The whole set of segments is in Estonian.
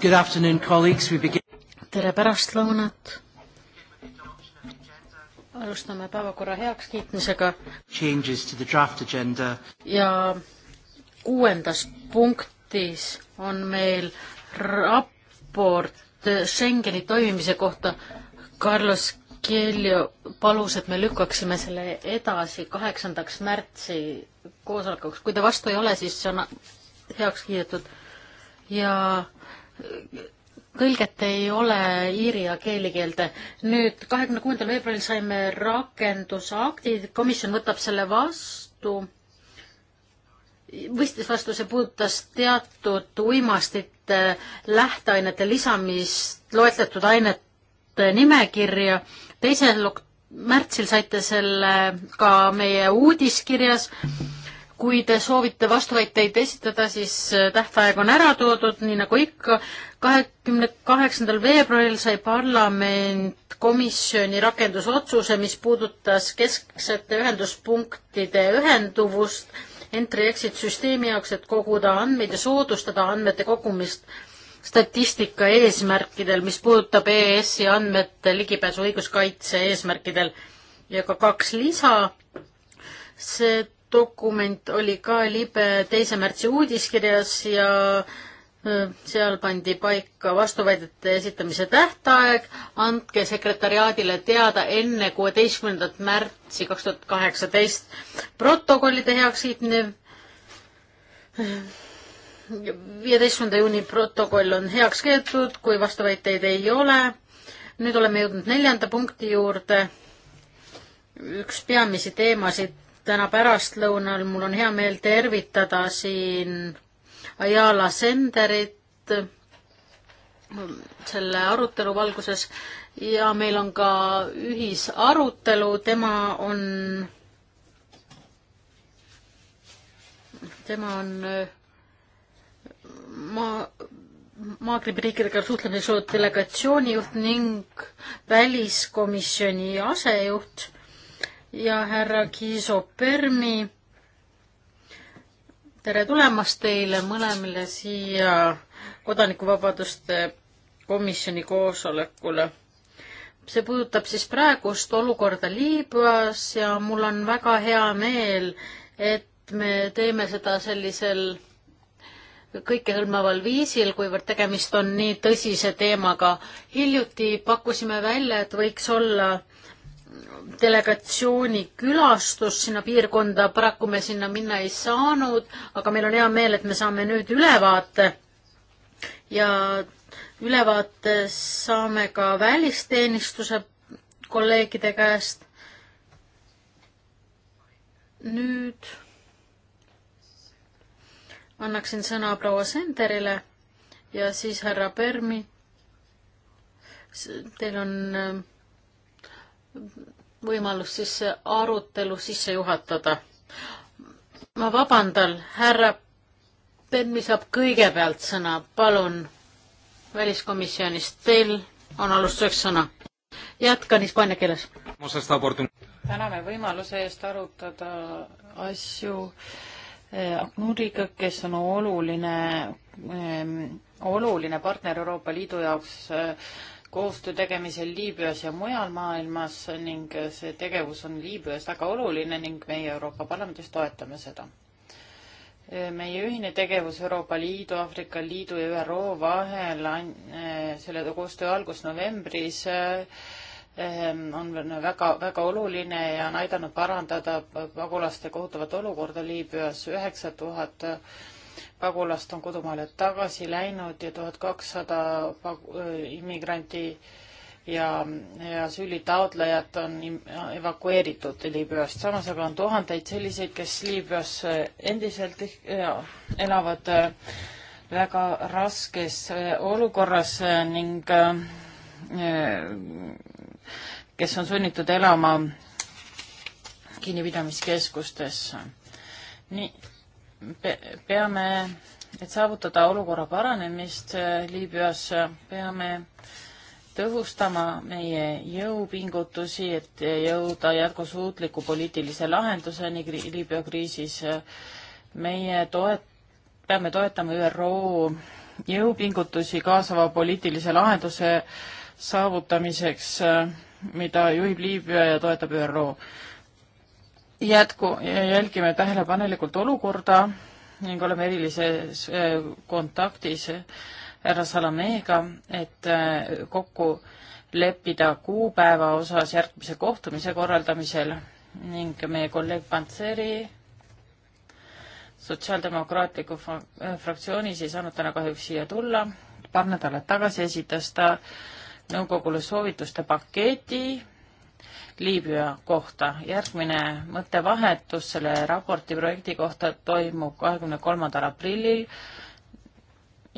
Good afternoon, colleagues. We begin... tere pärastlõunat. alustame päevakorra heakskiitmisega. Changes to the draft agenda. ja kuuendas punktis on meil raport Schengeni toimimise kohta. Carlos Keljo palus, et me lükkaksime selle edasi kaheksandaks märtsi koosolekuks. kui te vastu ei ole, siis see on heaks kiidetud. ja tõlget ei ole iiri ja keeli keelde. nüüd kahekümne kuuendal veebruaril saime rakendusaktid, komisjon võtab selle vastu. võistis vastu, see puudutas teatud uimastite lähteainete lisamist loetletud ainete nimekirja. teisel märtsil saite selle ka meie uudiskirjas kui te soovite vastuväiteid esitada, siis äh, tähtaeg on ära toodud, nii nagu ikka. kahekümne kaheksandal veebruaril sai parlament komisjoni rakendusotsuse, mis puudutas kesksete ühenduspunktide ühenduvust entry-exit süsteemi jaoks, et koguda andmeid ja soodustada andmete kogumist statistika eesmärkidel, mis puudutab EAS-i andmete ligipääsu õiguskaitse eesmärkidel ja ka kaks lisa. see dokument oli ka libe teise märtsi uudiskirjas ja seal pandi paika vastuväidete esitamise tähtaeg. andke sekretäriaadile teada enne kuueteistkümnendat märtsi kaks tuhat kaheksateist protokollide heakskiitmine. viieteistkümnenda juuni protokoll on heaks kiidetud, kui vastuväiteid ei ole. nüüd oleme jõudnud neljanda punkti juurde. üks peamisi teemasid täna pärastlõunal mul on hea meel tervitada siin Ayala Senderit mm, selle arutelu valguses ja meil on ka ühisarutelu, tema on, tema on äh, ma-, Maagribi riikidega suhtlemise delegatsiooni juht ning väliskomisjoni asejuht ja härra Kiiso Permi. tere tulemast teile mõlemile siia kodanikuvabaduste komisjoni koosolekule. see puudutab siis praegust olukorda Liibüas ja mul on väga hea meel, et me teeme seda sellisel kõikehõlmaval viisil, kuivõrd tegemist on nii tõsise teemaga. hiljuti pakkusime välja, et võiks olla äh, delegatsiooni külastus sinna piirkonda, paraku me sinna minna ei saanud, aga meil on hea meel, et me saame nüüd ülevaate ja ülevaate saame ka välisteenistuse kolleegide käest. nüüd annaksin sõna proua Senderile ja siis härra Permi. Teil on äh, võimalus siis see arutelu sisse juhatada. ma vabandan, härra Penmi saab kõigepealt sõna, palun, väliskomisjonist, teil on alustuseks sõna. jätkan hispaania keeles. täname võimaluse eest arutada asju eh, Agnuriga, kes on oluline, eh, oluline partner Euroopa Liidu jaoks eh, koostöö tegemisel Liibüas ja mujal maailmas ning see tegevus on Liibüas väga oluline ning meie Euroopa Parlamendis toetame seda. meie ühine tegevus Euroopa Liidu, Aafrika Liidu ja ÜRO vahel selle koostöö algus novembris ehm, on väga, väga oluline ja on aidanud parandada pagulaste kohutavat olukorda Liibüas. üheksa tuhat 000 pagulast on kodumaale tagasi läinud ja tuhat kakssada äh, immigranti ja, ja asüülitaotlejat on evakueeritud Liibüast. samas aga on tuhandeid selliseid, kes Liibüas äh, endiselt ja, äh, elavad väga raskes olukorras ning kes on sunnitud elama kinnipidamiskeskustes. nii peame, et saavutada olukorra paranemist äh, Liibüas, äh, peame tõhustama meie jõupingutusi, et jõuda jätkusuutliku poliitilise lahenduseni Liibüa kriisis. meie toet-, peame toetama ÜRO jõupingutusi kaasava poliitilise lahenduse saavutamiseks, äh, mida juhib Liibüa ja toetab ÜRO jätku, jälgime tähelepanelikult olukorda ning oleme erilises äh, kontaktis härra Salameega, et äh, kokku leppida kuupäeva osas järgmise kohtumise korraldamisel ning meie kolleeg Pantseri sotsiaaldemokraatliku äh, fraktsioonis ei saanud täna kahjuks siia tulla. paar nädalat tagasi esitas ta nõukogule soovituste paketi Liibüa kohta. järgmine mõttevahetus selle raporti projekti kohta toimub kahekümne kolmandal aprillil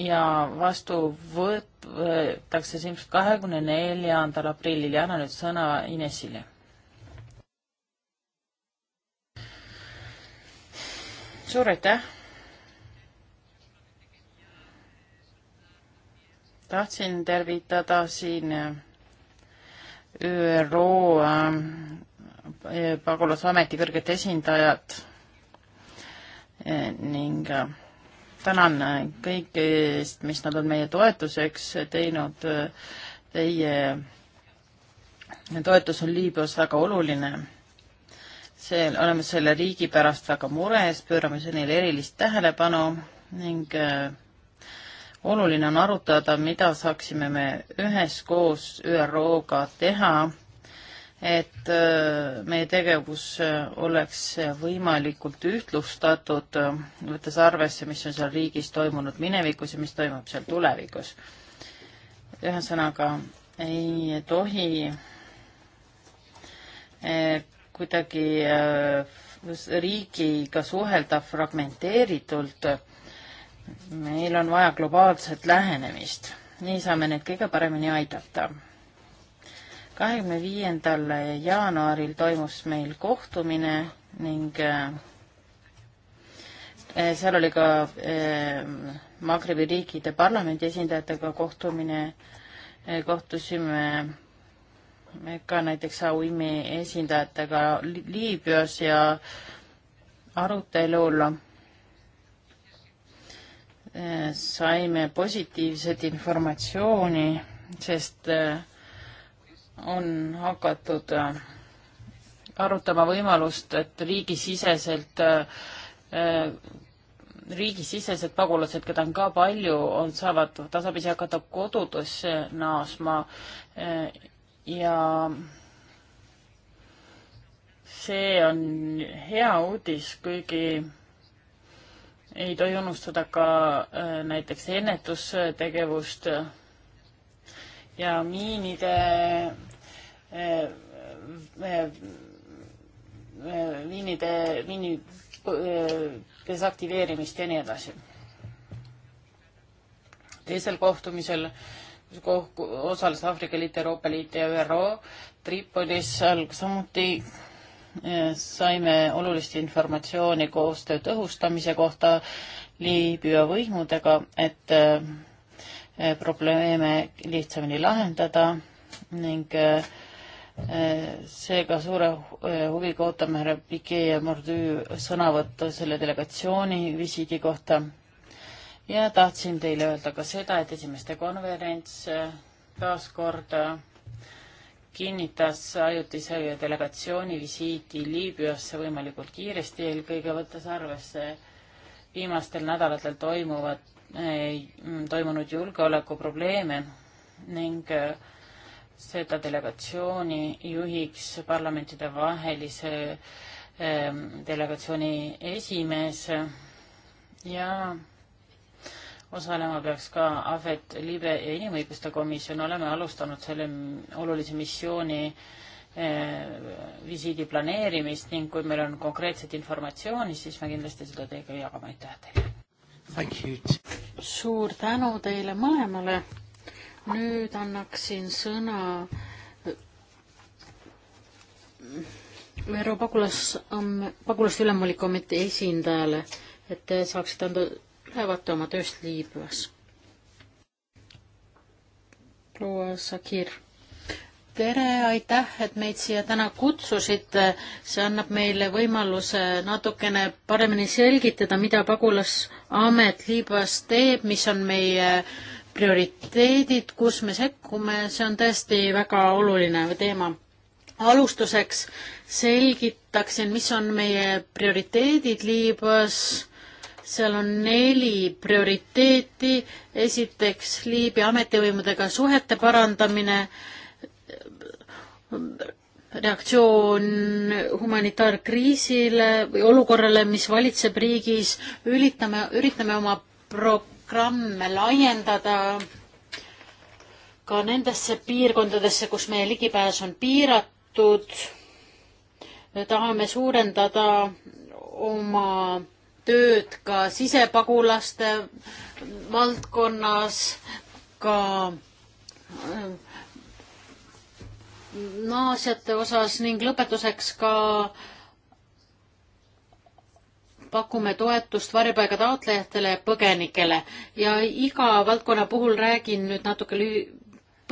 ja vastu võetakse see ilmselt kahekümne neljandal aprillil ja annan nüüd sõna Inesile. suur aitäh. tahtsin tervitada siin ÜRO äh, pagulasameti kõrget esindajat äh, ning äh, tänan kõigist, mis nad on meie toetuseks teinud. Teie toetus on Liibüas väga oluline. see, oleme selle riigi pärast väga mures, pöörame sellele erilist tähelepanu ning äh, oluline on arutada, mida saaksime me üheskoos ÜRO-ga teha, et äh, meie tegevus äh, oleks võimalikult ühtlustatud, äh, võttes arvesse, mis on seal riigis toimunud minevikus ja mis toimub seal tulevikus. ühesõnaga, ei tohi kuidagi riigiga suhelda fragmenteeritult meil on vaja globaalset lähenemist, nii saame neid kõige paremini aidata. kahekümne viiendal jaanuaril toimus meil kohtumine ning äh, äh, seal oli ka äh, Magribi riikide parlamendi esindajatega kohtumine, kohtusime ka näiteks Auimi esindajatega Liibüas ja arutelul saime positiivset informatsiooni, sest äh, on hakatud äh, arutama võimalust, et riigisiseselt, äh, riigisisesed pagulased, keda on ka palju, on, saavad tasapisi hakata kodudesse naasma ja see on hea uudis, kuigi ei tohi unustada ka äh, näiteks ennetustegevust ja miinide äh, äh, miinide, miini desaktiveerimist ja nii edasi. teisel kohtumisel kohku, osales Aafrika Liit, Euroopa Liit ja ÜRO Tripolis, seal samuti saime olulist informatsiooni koostöö tõhustamise kohta Liibüa võimudega, et äh, probleeme lihtsamini lahendada ning äh, seega suure äh, huviga ootame härra Pike ja Mordüü sõnavõttu selle delegatsiooni visiidi kohta. ja tahtsin teile öelda ka seda, et esimeste konverents taaskord kinnitas ajutise delegatsiooni visiidi Liibüasse võimalikult kiiresti, eelkõige võttes arvesse viimastel nädalatel toimuvat, eh, toimunud julgeolekuprobleeme ning eh, seda delegatsiooni juhiks parlamentide vahelise eh, delegatsiooni esimees ja osalema peaks ka Ahvet Libe ja Inimõiguste Komisjon, oleme alustanud selle olulise missiooni eh, visiidi planeerimist ning kui meil on konkreetset informatsiooni, siis me kindlasti seda teiega jagame, aitäh teile! suur tänu teile mõlemale, nüüd annaksin sõna ÜRO eh, pagulas, pagulaste ülemvolikomitee esindajale, et te saaksite anda lähevad oma tööst Liibüas. proua Sakir tere, aitäh, et meid siia täna kutsusite. see annab meile võimaluse natukene paremini selgitada, mida pagulasamet Liibüas teeb, mis on meie prioriteedid, kus me sekkume, see on tõesti väga oluline teema. alustuseks selgitaksin, mis on meie prioriteedid Liibüas seal on neli prioriteeti. esiteks Liibüa ametivõimudega suhete parandamine, reaktsioon humanitaarkriisile või olukorrale, mis valitseb riigis, üritame, üritame oma programme laiendada ka nendesse piirkondadesse, kus meie ligipääs on piiratud. tahame suurendada oma tööd ka sisepagulaste valdkonnas, ka äh, naasjate osas ning lõpetuseks ka pakume toetust varjupaiga taotlejatele ja põgenikele ja iga valdkonna puhul räägin nüüd natuke lüü-,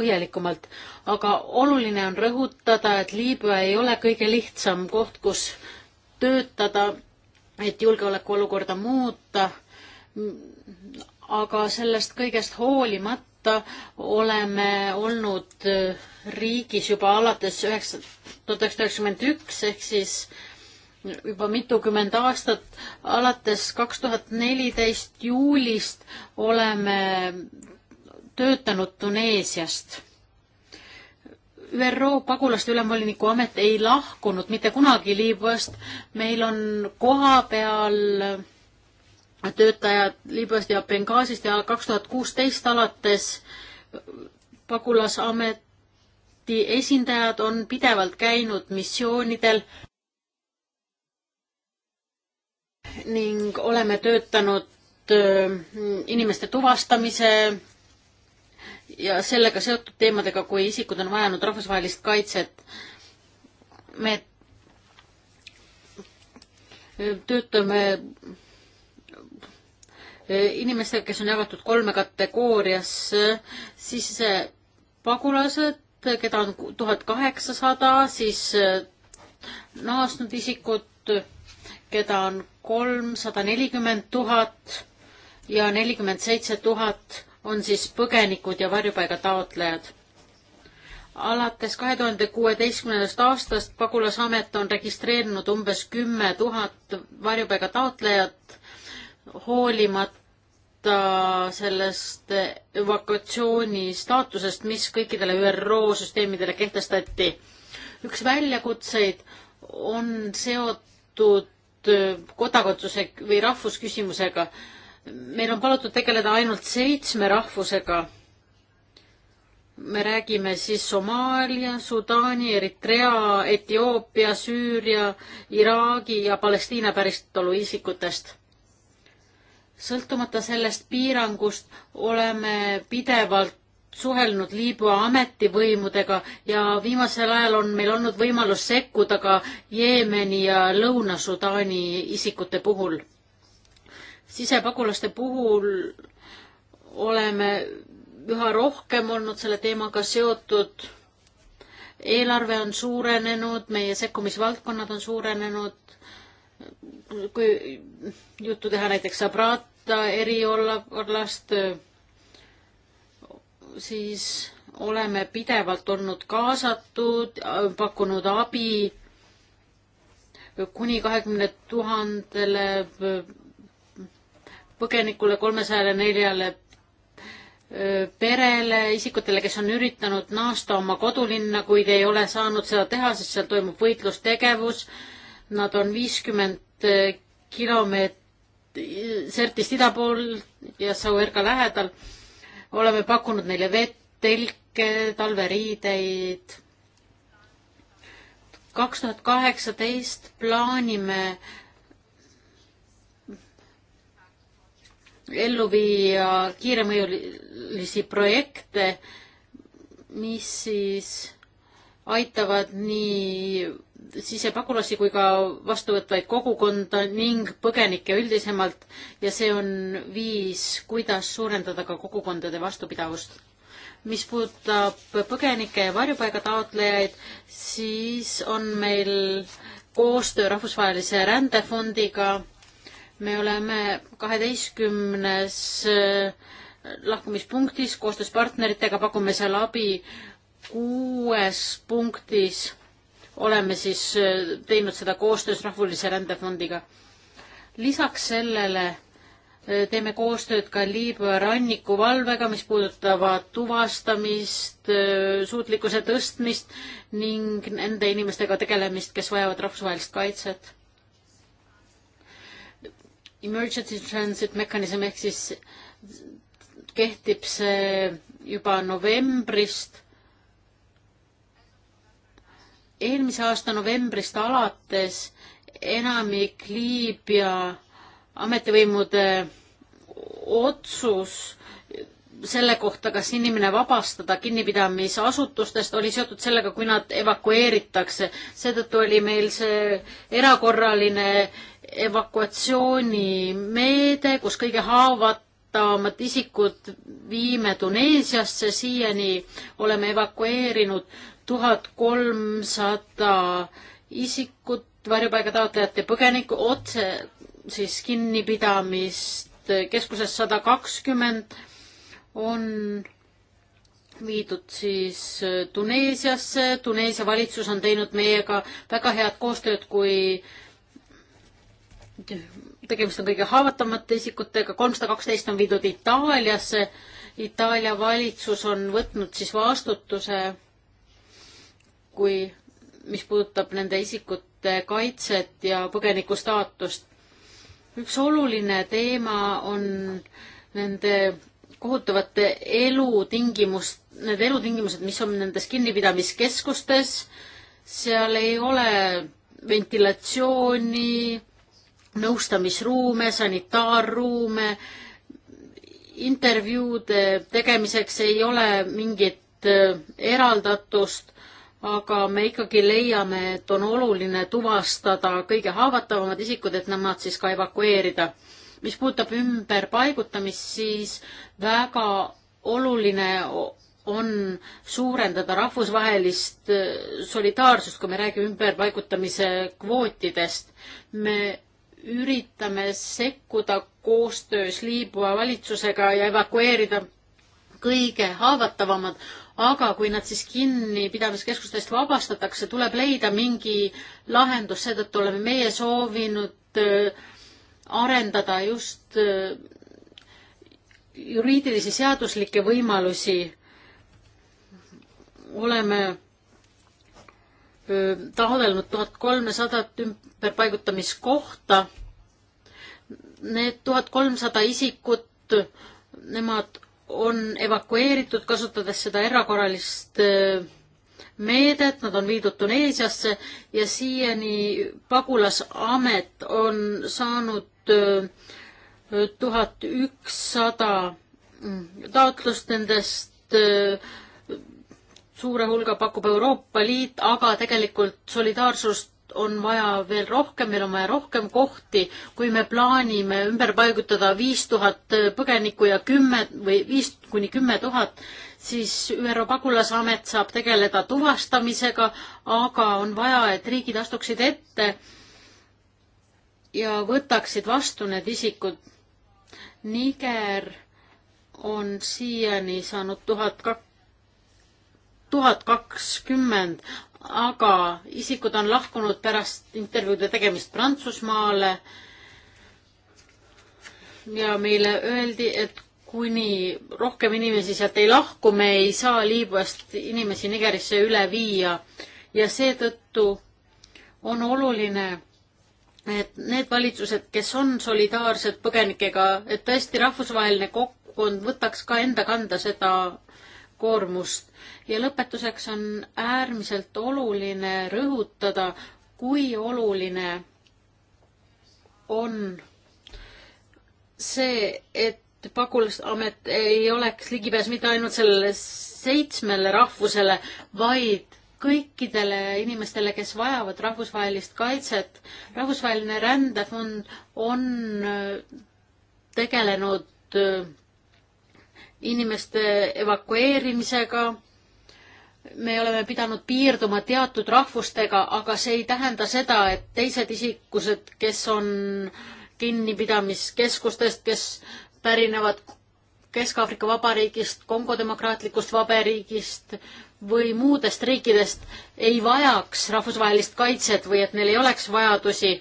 põhjalikumalt, aga oluline on rõhutada, et Liibüa ei ole kõige lihtsam koht, kus töötada et julgeolekuolukorda muuta. aga sellest kõigest hoolimata oleme olnud riigis juba alates üheksa, tuhat üheksasada üheksakümmend üks ehk siis juba mitukümmend aastat, alates kaks tuhat neliteist juulist oleme töötanud Tuneesiast ÜRO pagulaste ülemvoliniku amet ei lahkunud mitte kunagi Liibüast. meil on kohapeal töötajad Liibüast ja Benghazist ja kaks tuhat kuusteist alates pagulasameti esindajad on pidevalt käinud missioonidel ning oleme töötanud äh, inimeste tuvastamise ja sellega seotud teemadega, kui isikud on vajanud rahvusvahelist kaitset. me töötame inimestega, kes on jagatud kolme kategooriasse, sisepagulased, keda on tuhat kaheksasada, siis naasnud isikud, keda on kolmsada nelikümmend tuhat ja nelikümmend seitse tuhat on siis põgenikud ja varjupaiga taotlejad. alates kahe tuhande kuueteistkümnendast aastast pagulasamet on registreerinud umbes kümme tuhat varjupaiga taotlejat, hoolimata sellest evakuatsiooni staatusest, mis kõikidele ÜRO süsteemidele kehtestati. üks väljakutseid on seotud kodakondsuse või rahvusküsimusega meil on palutud tegeleda ainult seitsme rahvusega. me räägime siis Somaalia, Sudaani, Eritrea, Etioopia, Süüria, Iraagi ja Palestiina päristolu isikutest. sõltumata sellest piirangust oleme pidevalt suhelnud Liibüa ametivõimudega ja viimasel ajal on meil olnud võimalus sekkuda ka Jeemeni ja Lõuna-Sudaani isikute puhul sisepagulaste puhul oleme üha rohkem olnud selle teemaga seotud. eelarve on suurenenud, meie sekkumisvaldkonnad on suurenenud. kui juttu teha näiteks Sabrata eriolukorrast, siis oleme pidevalt olnud kaasatud, pakkunud abi kuni kahekümne tuhandele põgenikule, kolmesajale neljale perele, isikutele, kes on üritanud naasta oma kodulinna, kuid ei ole saanud seda teha, sest seal toimub võitlustegevus. Nad on viiskümmend kilomeetrit Sertist ida pool ja Sauerga lähedal. oleme pakkunud neile vett, telke, talveriideid. kaks tuhat kaheksateist plaanime ellu viia kiiremõjulisi projekte, mis siis aitavad nii sisepagulasi kui ka vastuvõtvaid kogukonda ning põgenikke üldisemalt ja see on viis, kuidas suurendada ka kogukondade vastupidavust. mis puudutab põgenike ja varjupaiga taotlejaid, siis on meil koostöö Rahvusvahelise Rändefondiga me oleme kaheteistkümnes äh, lahkumispunktis, koostöös partneritega pakume seal abi. kuues punktis oleme siis äh, teinud seda koostöös Rahvulise Rändefondiga. lisaks sellele äh, teeme koostööd ka Liibüa rannikuvalvega, mis puudutavad tuvastamist, suutlikkuse tõstmist ning nende inimestega tegelemist, kes vajavad rahvusvahelist kaitset emergency transit mechanism ehk siis kehtib see juba novembrist. eelmise aasta novembrist alates enamik Liibüa ametivõimude otsus selle kohta, kas inimene vabastada kinnipidamisasutustest, oli seotud sellega, kui nad evakueeritakse. seetõttu oli meil see erakorraline evakuatsioonimeede, kus kõige haavatavamad isikud viime Tuneesiasse, siiani oleme evakueerinud tuhat kolmsada isikut, varjupaiga taotlejate põgenikku, otse siis kinnipidamist keskuses sada kakskümmend on viidud siis Tuneesiasse, Tuneesia valitsus on teinud meiega väga head koostööd, kui tegemist on kõige haavatavamate isikutega, kolmsada kaksteist on viidud Itaaliasse, Itaalia valitsus on võtnud siis vastutuse, kui, mis puudutab nende isikute kaitset ja põgeniku staatust. üks oluline teema on nende kohutavate elutingimust, need elutingimused, mis on nendes kinnipidamiskeskustes, seal ei ole ventilatsiooni, nõustamisruume, sanitaarruume, intervjuude tegemiseks ei ole mingit äh, eraldatust, aga me ikkagi leiame, et on oluline tuvastada kõige haavatavamad isikud, et nemad siis ka evakueerida mis puudutab ümberpaigutamist, siis väga oluline on suurendada rahvusvahelist äh, solidaarsust, kui me räägime ümberpaigutamise kvootidest. me üritame sekkuda koostöös Liibüa valitsusega ja evakueerida kõige haavatavamad, aga kui nad siis kinnipidamiskeskustest vabastatakse, tuleb leida mingi lahendus, seetõttu oleme meie soovinud äh, arendada just äh, juriidilisi seaduslikke võimalusi. oleme äh, taotlenud tuhat kolmesadat ümberpaigutamiskohta. Need tuhat kolmsada isikut, nemad on evakueeritud, kasutades seda erakorralist äh, meedet, nad on viidud Tuneesiasse ja siiani pagulasamet on saanud Äh, tuhat ükssada mm, taotlust, nendest äh, suure hulga pakub Euroopa Liit, aga tegelikult solidaarsust on vaja veel rohkem, meil on vaja rohkem kohti, kui me plaanime ümber paigutada viis tuhat äh, põgenikku ja kümme või viis kuni kümme tuhat, siis ÜRO pagulasamet saab tegeleda tuvastamisega, aga on vaja, et riigid astuksid ette ja võtaksid vastu need isikud. Niger on siiani saanud tuhat kak-, tuhat kakskümmend, aga isikud on lahkunud pärast intervjuude tegemist Prantsusmaale ja meile öeldi, et kuni rohkem inimesi sealt ei lahku, me ei saa Liibüast inimesi Nigerisse üle viia ja seetõttu on oluline et need valitsused, kes on solidaarsed põgenikega, et tõesti rahvusvaheline kokkukond võtaks ka enda kanda seda koormust. ja lõpetuseks on äärmiselt oluline rõhutada, kui oluline on see, et pagulasamet ei oleks ligipääs mitte ainult sellele seitsmele rahvusele, vaid kõikidele inimestele, kes vajavad rahvusvahelist kaitset. rahvusvaheline rändefond on äh, tegelenud äh, inimeste evakueerimisega. me oleme pidanud piirduma teatud rahvustega, aga see ei tähenda seda, et teised isikused, kes on kinnipidamiskeskustest, kes pärinevad Kesk-Aafrika Vabariigist, Kongo Demokraatlikust Vabariigist, või muudest riikidest ei vajaks rahvusvahelist kaitset või et neil ei oleks vajadusi.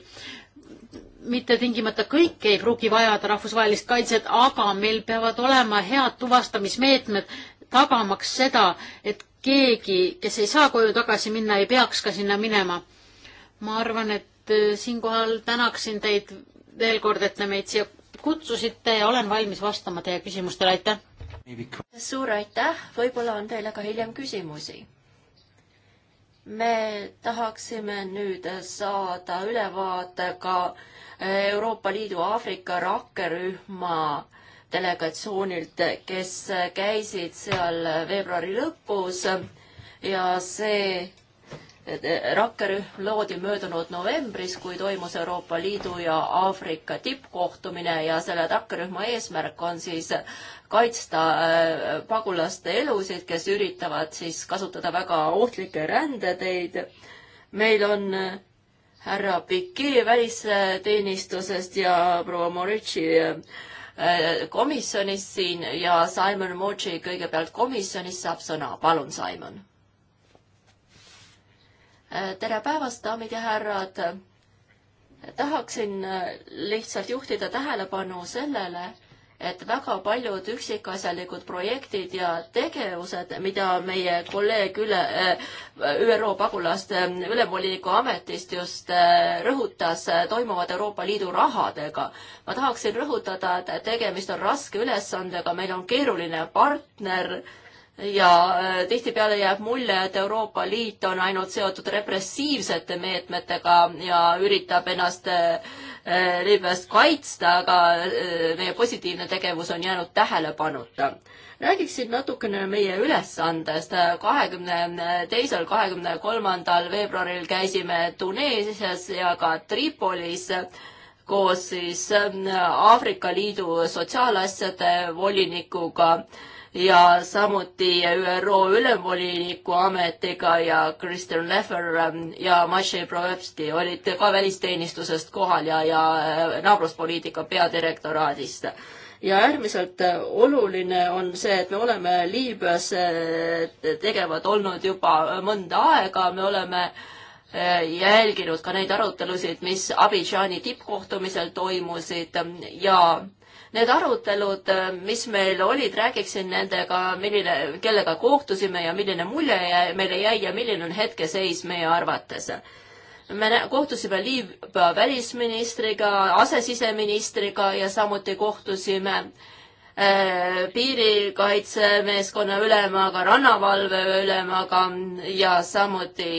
mitte tingimata kõik ei pruugi vajada rahvusvahelist kaitset, aga meil peavad olema head tuvastamismeetmed, tagamaks seda, et keegi, kes ei saa koju tagasi minna, ei peaks ka sinna minema. ma arvan, et äh, siinkohal tänaksin teid veel kord, et te meid siia kutsusite ja olen valmis vastama teie küsimustele, aitäh! suur aitäh, võib-olla on teile ka hiljem küsimusi. me tahaksime nüüd saada ülevaate ka Euroopa Liidu Aafrika rakkerühma delegatsioonilt, kes käisid seal veebruari lõpus ja see rakkerühm loodi möödunud novembris, kui toimus Euroopa Liidu ja Aafrika tippkohtumine ja selle rakkerühma eesmärk on siis kaitsta äh, pagulaste elusid, kes üritavad siis kasutada väga ohtlikke rändeteid. meil on äh, härra Piquet välisteenistusest ja proua Moritši äh, komisjonist siin ja Simon Mochi kõigepealt komisjonist saab sõna. palun, Simon tere päevast, daamid ja härrad. tahaksin äh, lihtsalt juhtida tähelepanu sellele, et väga paljud üksikasjalikud projektid ja tegevused, mida meie kolleeg üle, äh, ÜRO pagulaste äh, ülemvoliniku ametist just rõhutas, toimuvad Euroopa Liidu rahadega. ma tahaksin rõhutada, et tegemist on raske ülesandega, meil on keeruline partner ja äh, tihtipeale jääb mulje, et Euroopa Liit on ainult seotud repressiivsete meetmetega ja üritab ennast äh, äh, libest kaitsta, aga meie positiivne tegevus on jäänud tähelepanuta. räägiksin natukene meie ülesandest. kahekümne teisel, kahekümne kolmandal veebruaril käisime Tuneesias ja ka Tripolis koos siis Aafrika Liidu sotsiaalasjade volinikuga ja samuti ÜRO ülemvoliniku ametiga ja Kristen Leffer ähm, ja Maši Proevski olid ka välisteenistusest kohal ja, ja äh, naabruspoliitika peadirektoraadist ja äärmiselt äh, oluline on see, et me oleme Liibüas äh, tegevad olnud juba mõnda aega, me oleme jälginud ka neid arutelusid, mis Abidžaani tippkohtumisel toimusid ähm, ja Need arutelud, äh, mis meil olid, räägiksin nendega, milline, kellega kohtusime ja milline mulje meile jäi ja milline on hetkeseis meie arvates. me kohtusime Liibüa välisministriga, asesiseministriga ja samuti kohtusime äh, piirikaitsemeeskonna ülemaga, rannavalve ülemaga ja samuti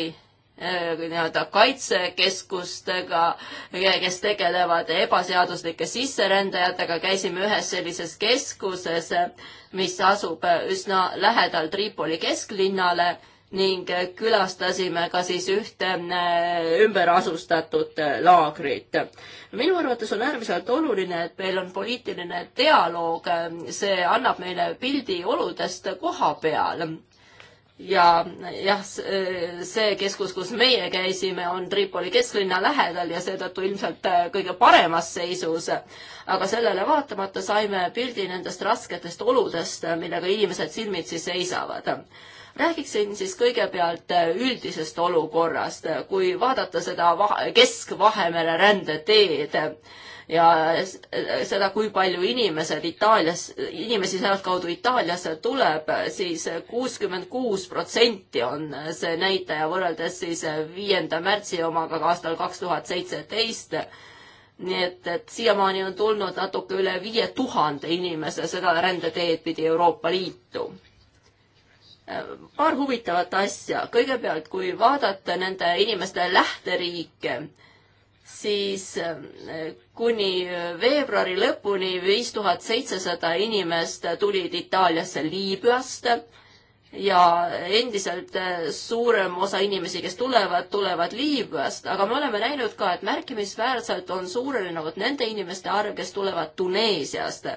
Äh, nii-öelda kaitsekeskustega, kes tegelevad ebaseaduslike sisserändajatega, käisime ühes sellises keskuses, mis asub üsna lähedal Tripoli kesklinnale ning külastasime ka siis ühte äh, ümberasustatud äh, laagrit. minu arvates on äärmiselt oluline, et meil on poliitiline dialoog, see annab meile pildi oludest koha peal ja jah, see keskus, kus meie käisime, on Tripoli kesklinna lähedal ja seetõttu ilmselt äh, kõige paremas seisus. aga sellele vaatamata saime pildi nendest rasketest oludest, millega inimesed silmitsi seisavad räägiksin siis kõigepealt äh, üldisest olukorrast, kui vaadata seda Kesk-Vahemere rändeteed ja seda, kui palju inimesed Itaalias, inimesi sealtkaudu Itaaliasse tuleb siis, siis kuuskümmend kuus protsenti on see näitaja võrreldes siis viienda märtsi omaga aastal kaks tuhat seitseteist nii et, et siiamaani on tulnud natuke üle viie tuhande inimese seda rändeteed pidi Euroopa Liitu paar huvitavat asja. kõigepealt, kui vaadata nende inimeste lähteriike, siis äh, kuni äh, veebruari lõpuni viis tuhat seitsesada inimest tulid Itaaliasse Liibüast ja endiselt äh, suurem osa inimesi, kes tulevad, tulevad Liibüast, aga me oleme näinud ka, et märkimisväärselt on suurenenud nende inimeste arv, kes tulevad Tuneesiast.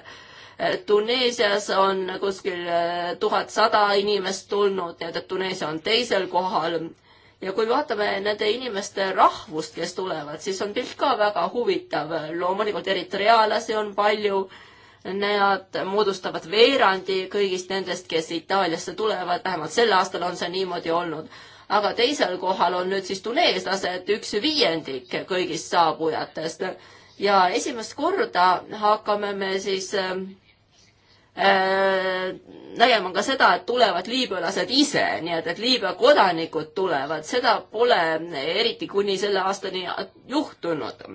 Tuneesias on kuskil tuhat sada inimest tulnud, nii et Tuneesia on teisel kohal ja kui vaatame nende inimeste rahvust, kes tulevad, siis on pilt ka väga huvitav. loomulikult eritreaalasi on palju. Nad moodustavad veerandi kõigist nendest, kes Itaaliasse tulevad, vähemalt sel aastal on see niimoodi olnud. aga teisel kohal on nüüd siis tuneeslased, üks viiendik kõigist saabujatest. ja esimest korda hakkame me siis äh, Äh, nägema ka seda, et tulevad liibüalased ise, nii et, et Liibüa kodanikud tulevad, seda pole eriti kuni selle aastani juhtunud.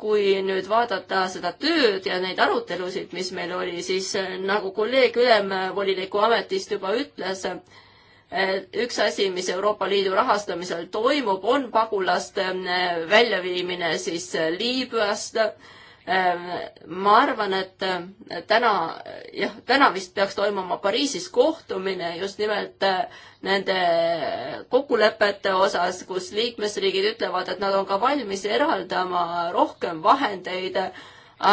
kui nüüd vaadata seda tööd ja neid arutelusid, mis meil oli, siis äh, nagu kolleeg ülemvoliniku ametist juba ütles, äh, üks asi, mis Euroopa Liidu rahastamisel toimub, on pagulaste väljaviimine siis Liibüast Ehm, ma arvan, et äh, täna, jah, täna vist peaks toimuma Pariisis kohtumine just nimelt äh, nende kokkulepete osas, kus liikmesriigid ütlevad, et nad on ka valmis eraldama rohkem vahendeid,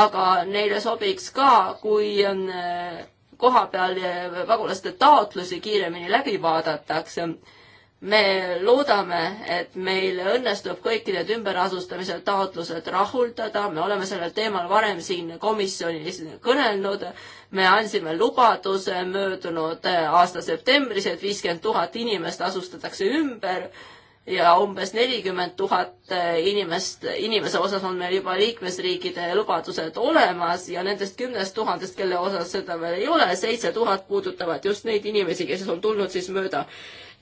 aga neile sobiks ka, kui äh, koha peal pagulaste taotlusi kiiremini läbi vaadatakse me loodame, et meil õnnestub kõik need ümberasustamise taotlused rahuldada, me oleme sellel teemal varem siin komisjonis kõnelnud, me andsime lubaduse möödunud äh, aasta septembris, et viiskümmend tuhat inimest asustatakse ümber ja umbes nelikümmend tuhat äh, inimest, inimese osas on meil juba liikmesriikide lubadused olemas ja nendest kümnest tuhandest, kelle osas seda veel ei ole, seitse tuhat puudutavad just neid inimesi, kes on tulnud siis mööda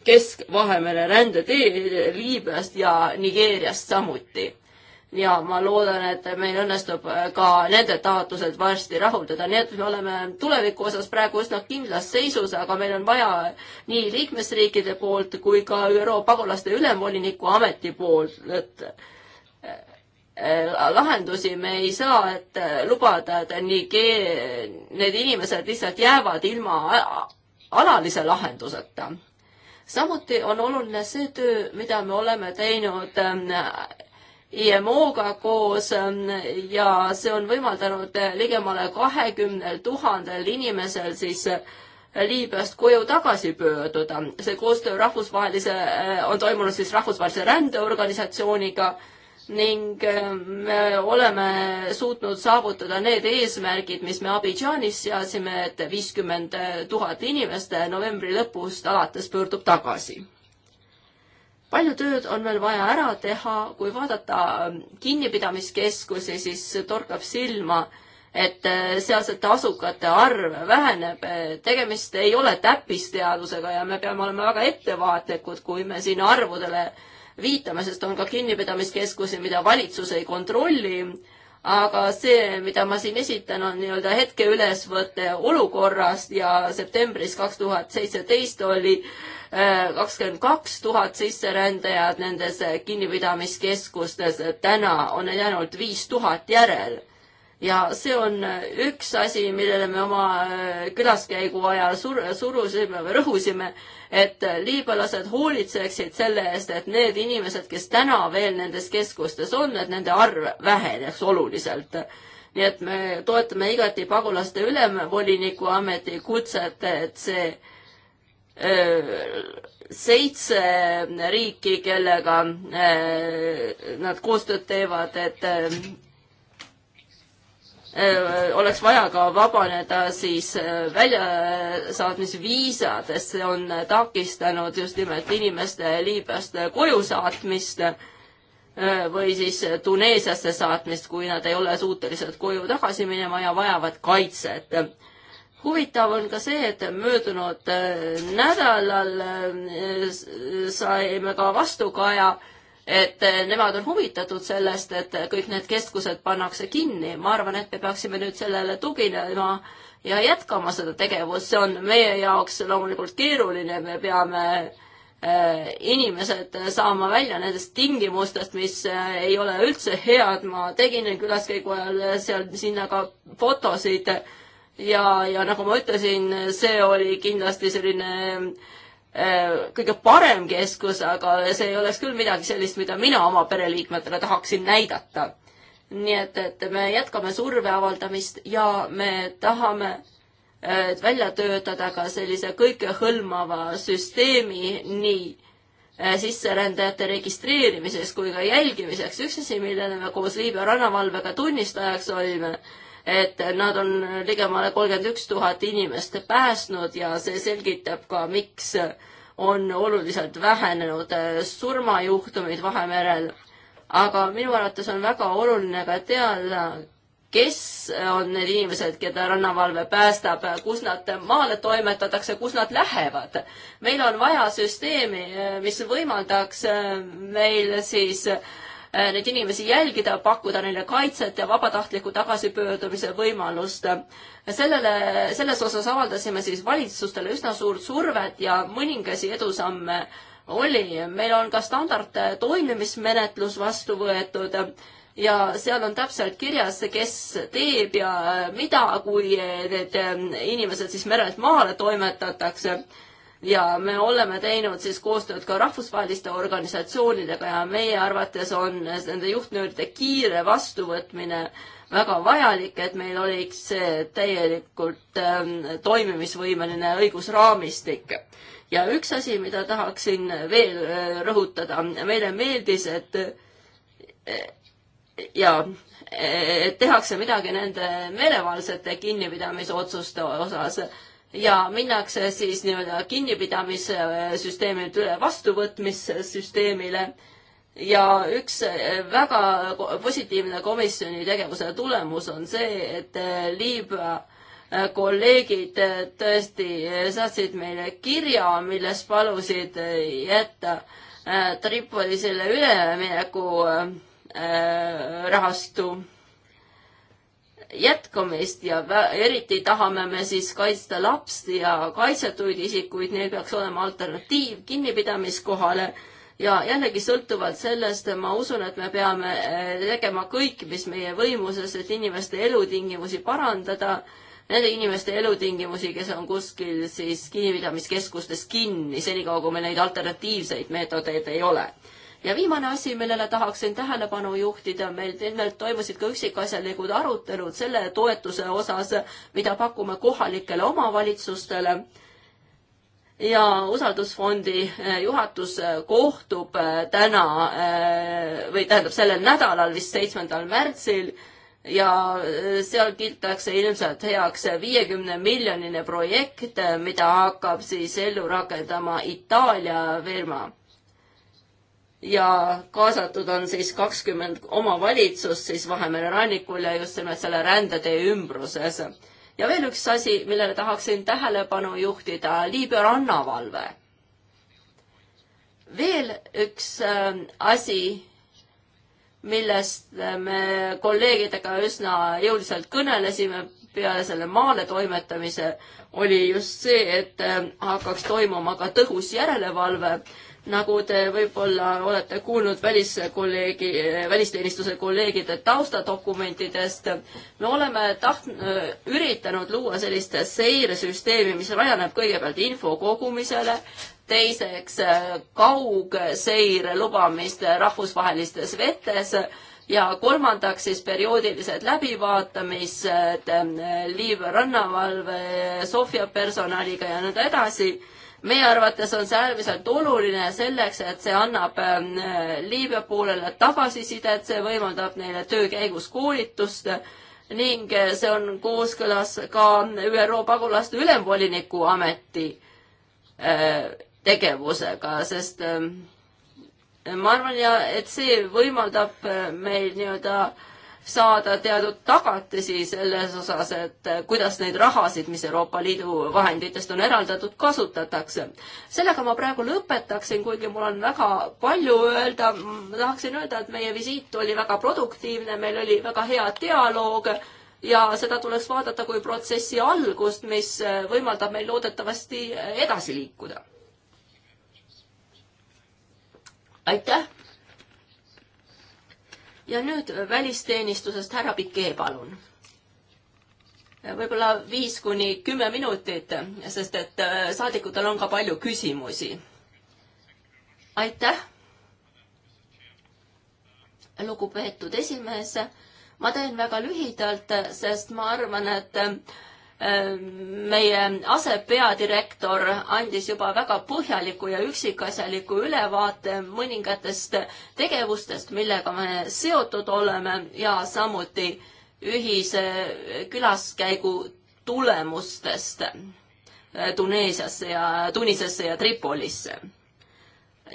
Kesk-Vahemere rändetee Liibüast ja Nigeeriast samuti. ja ma loodan, et meil õnnestub äh, ka nende taotlused varsti rahuldada, nii et me oleme tuleviku osas praegu üsna kindlas seisus, aga meil on vaja nii liikmesriikide poolt kui ka ÜRO pagulaste ülemvoliniku ameti poolt, et äh, lahendusi me ei saa, et äh, lubada, et Nigeer, need inimesed lihtsalt jäävad ilma alalise lahenduseta samuti on oluline see töö, mida me oleme teinud ähm, IMO-ga koos ähm, ja see on võimaldanud ligemale kahekümnel tuhandel inimesel siis äh, Liibüast koju tagasi pöörduda. see koostöö rahvusvahelise, äh, on toimunud siis rahvusvahelise rändeorganisatsiooniga ning äh, me oleme suutnud saavutada need eesmärgid, mis me Abidžaanis seadsime, et viiskümmend tuhat inimest novembri lõpust alates pöördub tagasi. palju tööd on veel vaja ära teha, kui vaadata ähm, kinnipidamiskeskusi, siis torkab silma, et äh, sealsete asukate arv väheneb, tegemist ei ole täppisteadusega ja me peame olema väga ettevaatlikud, kui me siin arvudele äh, viitame, sest on ka kinnipidamiskeskusi, mida valitsus ei kontrolli. aga see, mida ma siin esitan, on nii-öelda hetke ülesvõte olukorrast ja septembris kaks tuhat seitseteist oli äh, kakskümmend kaks tuhat sisserändajat nendes kinnipidamiskeskustes, täna on neid ainult viis tuhat järel ja see on äh, üks asi, millele me oma äh, külaskäigu ajal sur-, surusime või rõhusime, et äh, liibalased hoolitseksid selle eest, et need inimesed, kes täna veel nendes keskustes on, et nende arv väheneks oluliselt nii et me toetame igati pagulaste ülemvoliniku ameti kutset, et see öö, seitse riiki, kellega öö, nad koostööd teevad, et öö, Äh, oleks vaja ka vabaneda siis äh, väljasaatmisviisadest, see on äh, takistanud just nimelt inimeste Liibüast koju saatmist või siis Tuneesiasse saatmist, kui nad ei ole suutelised koju tagasi minema ja vajavad kaitset. huvitav on ka see, et möödunud nädalal saime ka vastukaja ka et eh, nemad on huvitatud sellest, et eh, kõik need keskused pannakse kinni. ma arvan, et me peaksime nüüd sellele tuginema ja jätkama seda tegevust, see on meie jaoks loomulikult keeruline, me peame eh, inimesed saama välja nendest tingimustest, mis ei ole üldse head. ma tegin külaskäigu ajal seal sinna ka fotosid ja, ja nagu ma ütlesin, see oli kindlasti selline Äh, kõige parem keskus, aga see ei oleks küll midagi sellist, mida mina oma pereliikmetele tahaksin näidata. nii et, et me jätkame surve avaldamist ja me tahame äh, välja töötada ka sellise kõikehõlmava süsteemi nii äh, sisserändajate registreerimiseks kui ka jälgimiseks. üks asi, millele me koos Liibüa rannavalvega tunnistajaks olime, et nad on ligemale kolmkümmend üks tuhat inimest päästnud ja see selgitab ka, miks on oluliselt vähenenud äh, surmajuhtumid Vahemerel. aga minu arvates on väga oluline ka teada, kes on need inimesed, keda rannavalve päästab, kus nad maale toimetatakse, kus nad lähevad. meil on vaja süsteemi, äh, mis võimaldaks äh, meil siis Äh, neid inimesi jälgida, pakkuda neile kaitset ja vabatahtliku tagasipöördumise võimalust. sellele, selles osas avaldasime siis valitsustele üsna suurt survet ja mõningasi edusamme oli. meil on ka standard toimimismenetlus vastu võetud ja seal on täpselt kirjas, kes teeb ja mida, kui need äh, inimesed siis merelt maale toimetatakse ja me oleme teinud siis koostööd ka rahvusvaheliste organisatsioonidega ja meie arvates on nende juhtnööride kiire vastuvõtmine väga vajalik, et meil oleks täielikult ähm, toimimisvõimeline õigusraamistik. ja üks asi, mida tahaksin veel äh, rõhutada, meile meeldis, et äh, ja äh, tehakse midagi nende meelevaldsete kinnipidamisotsuste osas ja minnakse siis nii-öelda kinnipidamissüsteemilt üle vastuvõtmissüsteemile ja üks väga positiivne komisjoni tegevuse tulemus on see, et eh, Liibüa eh, kolleegid eh, tõesti saatsid meile kirja, milles palusid jätta Tripoli selle ülemineku rahastu jätkamist ja eriti tahame me siis kaitsta lapsi ja kaitsetuid isikuid, neil peaks olema alternatiiv kinnipidamiskohale ja jällegi sõltuvalt sellest, ma usun, et me peame eh, tegema kõik, mis meie võimuses, et inimeste elutingimusi parandada. Nende inimeste elutingimusi, kes on kuskil siis kinnipidamiskeskustes kinni, senikaua kui meil neid alternatiivseid meetodeid ei ole ja viimane asi, millele tahaksin tähelepanu juhtida, meil nimelt toimusid ka üksikasjalikud arutelud selle toetuse osas, mida pakume kohalikele omavalitsustele ja usaldusfondi eh, juhatus eh, kohtub eh, täna või tähendab sellel nädalal vist seitsmendal märtsil ja seal kiidetakse ilmselt heaks viiekümne miljoniline projekt, mida hakkab siis ellu rakendama Itaalia firma ja kaasatud on siis kakskümmend omavalitsust siis Vahemere rannikul ja just nimelt selle rändetee ümbruses. ja veel üks asi, millele tahaksin tähelepanu juhtida, Liibüa rannavalve. veel üks äh, asi, millest ähm, me kolleegidega üsna jõuliselt kõnelesime peale selle maale toimetamise, oli just see, et äh, hakkaks toimuma ka tõhus järelevalve äh, nagu te võib-olla olete kuulnud väliskolleegi, välisteenistuse kolleegide taustadokumentidest, me oleme taht-, üritanud luua sellist seiresüsteemi, mis rajaneb kõigepealt info kogumisele, teiseks kaugseire lubamist rahvusvahelistes vetes ja kolmandaks siis perioodilised läbivaatamised liiv rannavalve, Sofia personaliga ja nõnda edasi meie arvates on see äärmiselt oluline selleks, et see annab ähm, Liibüa poolele tagasisidet, see võimaldab neile töö käigus koolitust ning see on kooskõlas ka ÜRO pagulaste ülemvoliniku ameti äh, tegevusega, sest ähm, ma arvan ja et see võimaldab äh, meil nii-öelda äh, saada teatud tagatisi selles osas, et eh, kuidas neid rahasid, mis Euroopa Liidu vahenditest on eraldatud, kasutatakse. sellega ma praegu lõpetaksin, kuigi mul on väga palju öelda. ma tahaksin öelda, et meie visiit oli väga produktiivne, meil oli väga hea dialoog ja seda tuleks vaadata kui protsessi algust, mis eh, võimaldab meil loodetavasti edasi liikuda. aitäh ja nüüd välisteenistusest härra Pikee, palun võib-olla viis kuni kümme minutit, sest et äh, saadikutel on ka palju küsimusi. aitäh. lugupeetud esimees, ma teen väga lühidalt, sest ma arvan, et Ehm, meie asepeadirektor andis juba väga põhjaliku ja üksikasjaliku ülevaate mõningatest tegevustest, millega me seotud oleme ja samuti ühise külaskäigu tulemustest eh, Tuneesiasse ja, Tunisesse ja Tripolisse,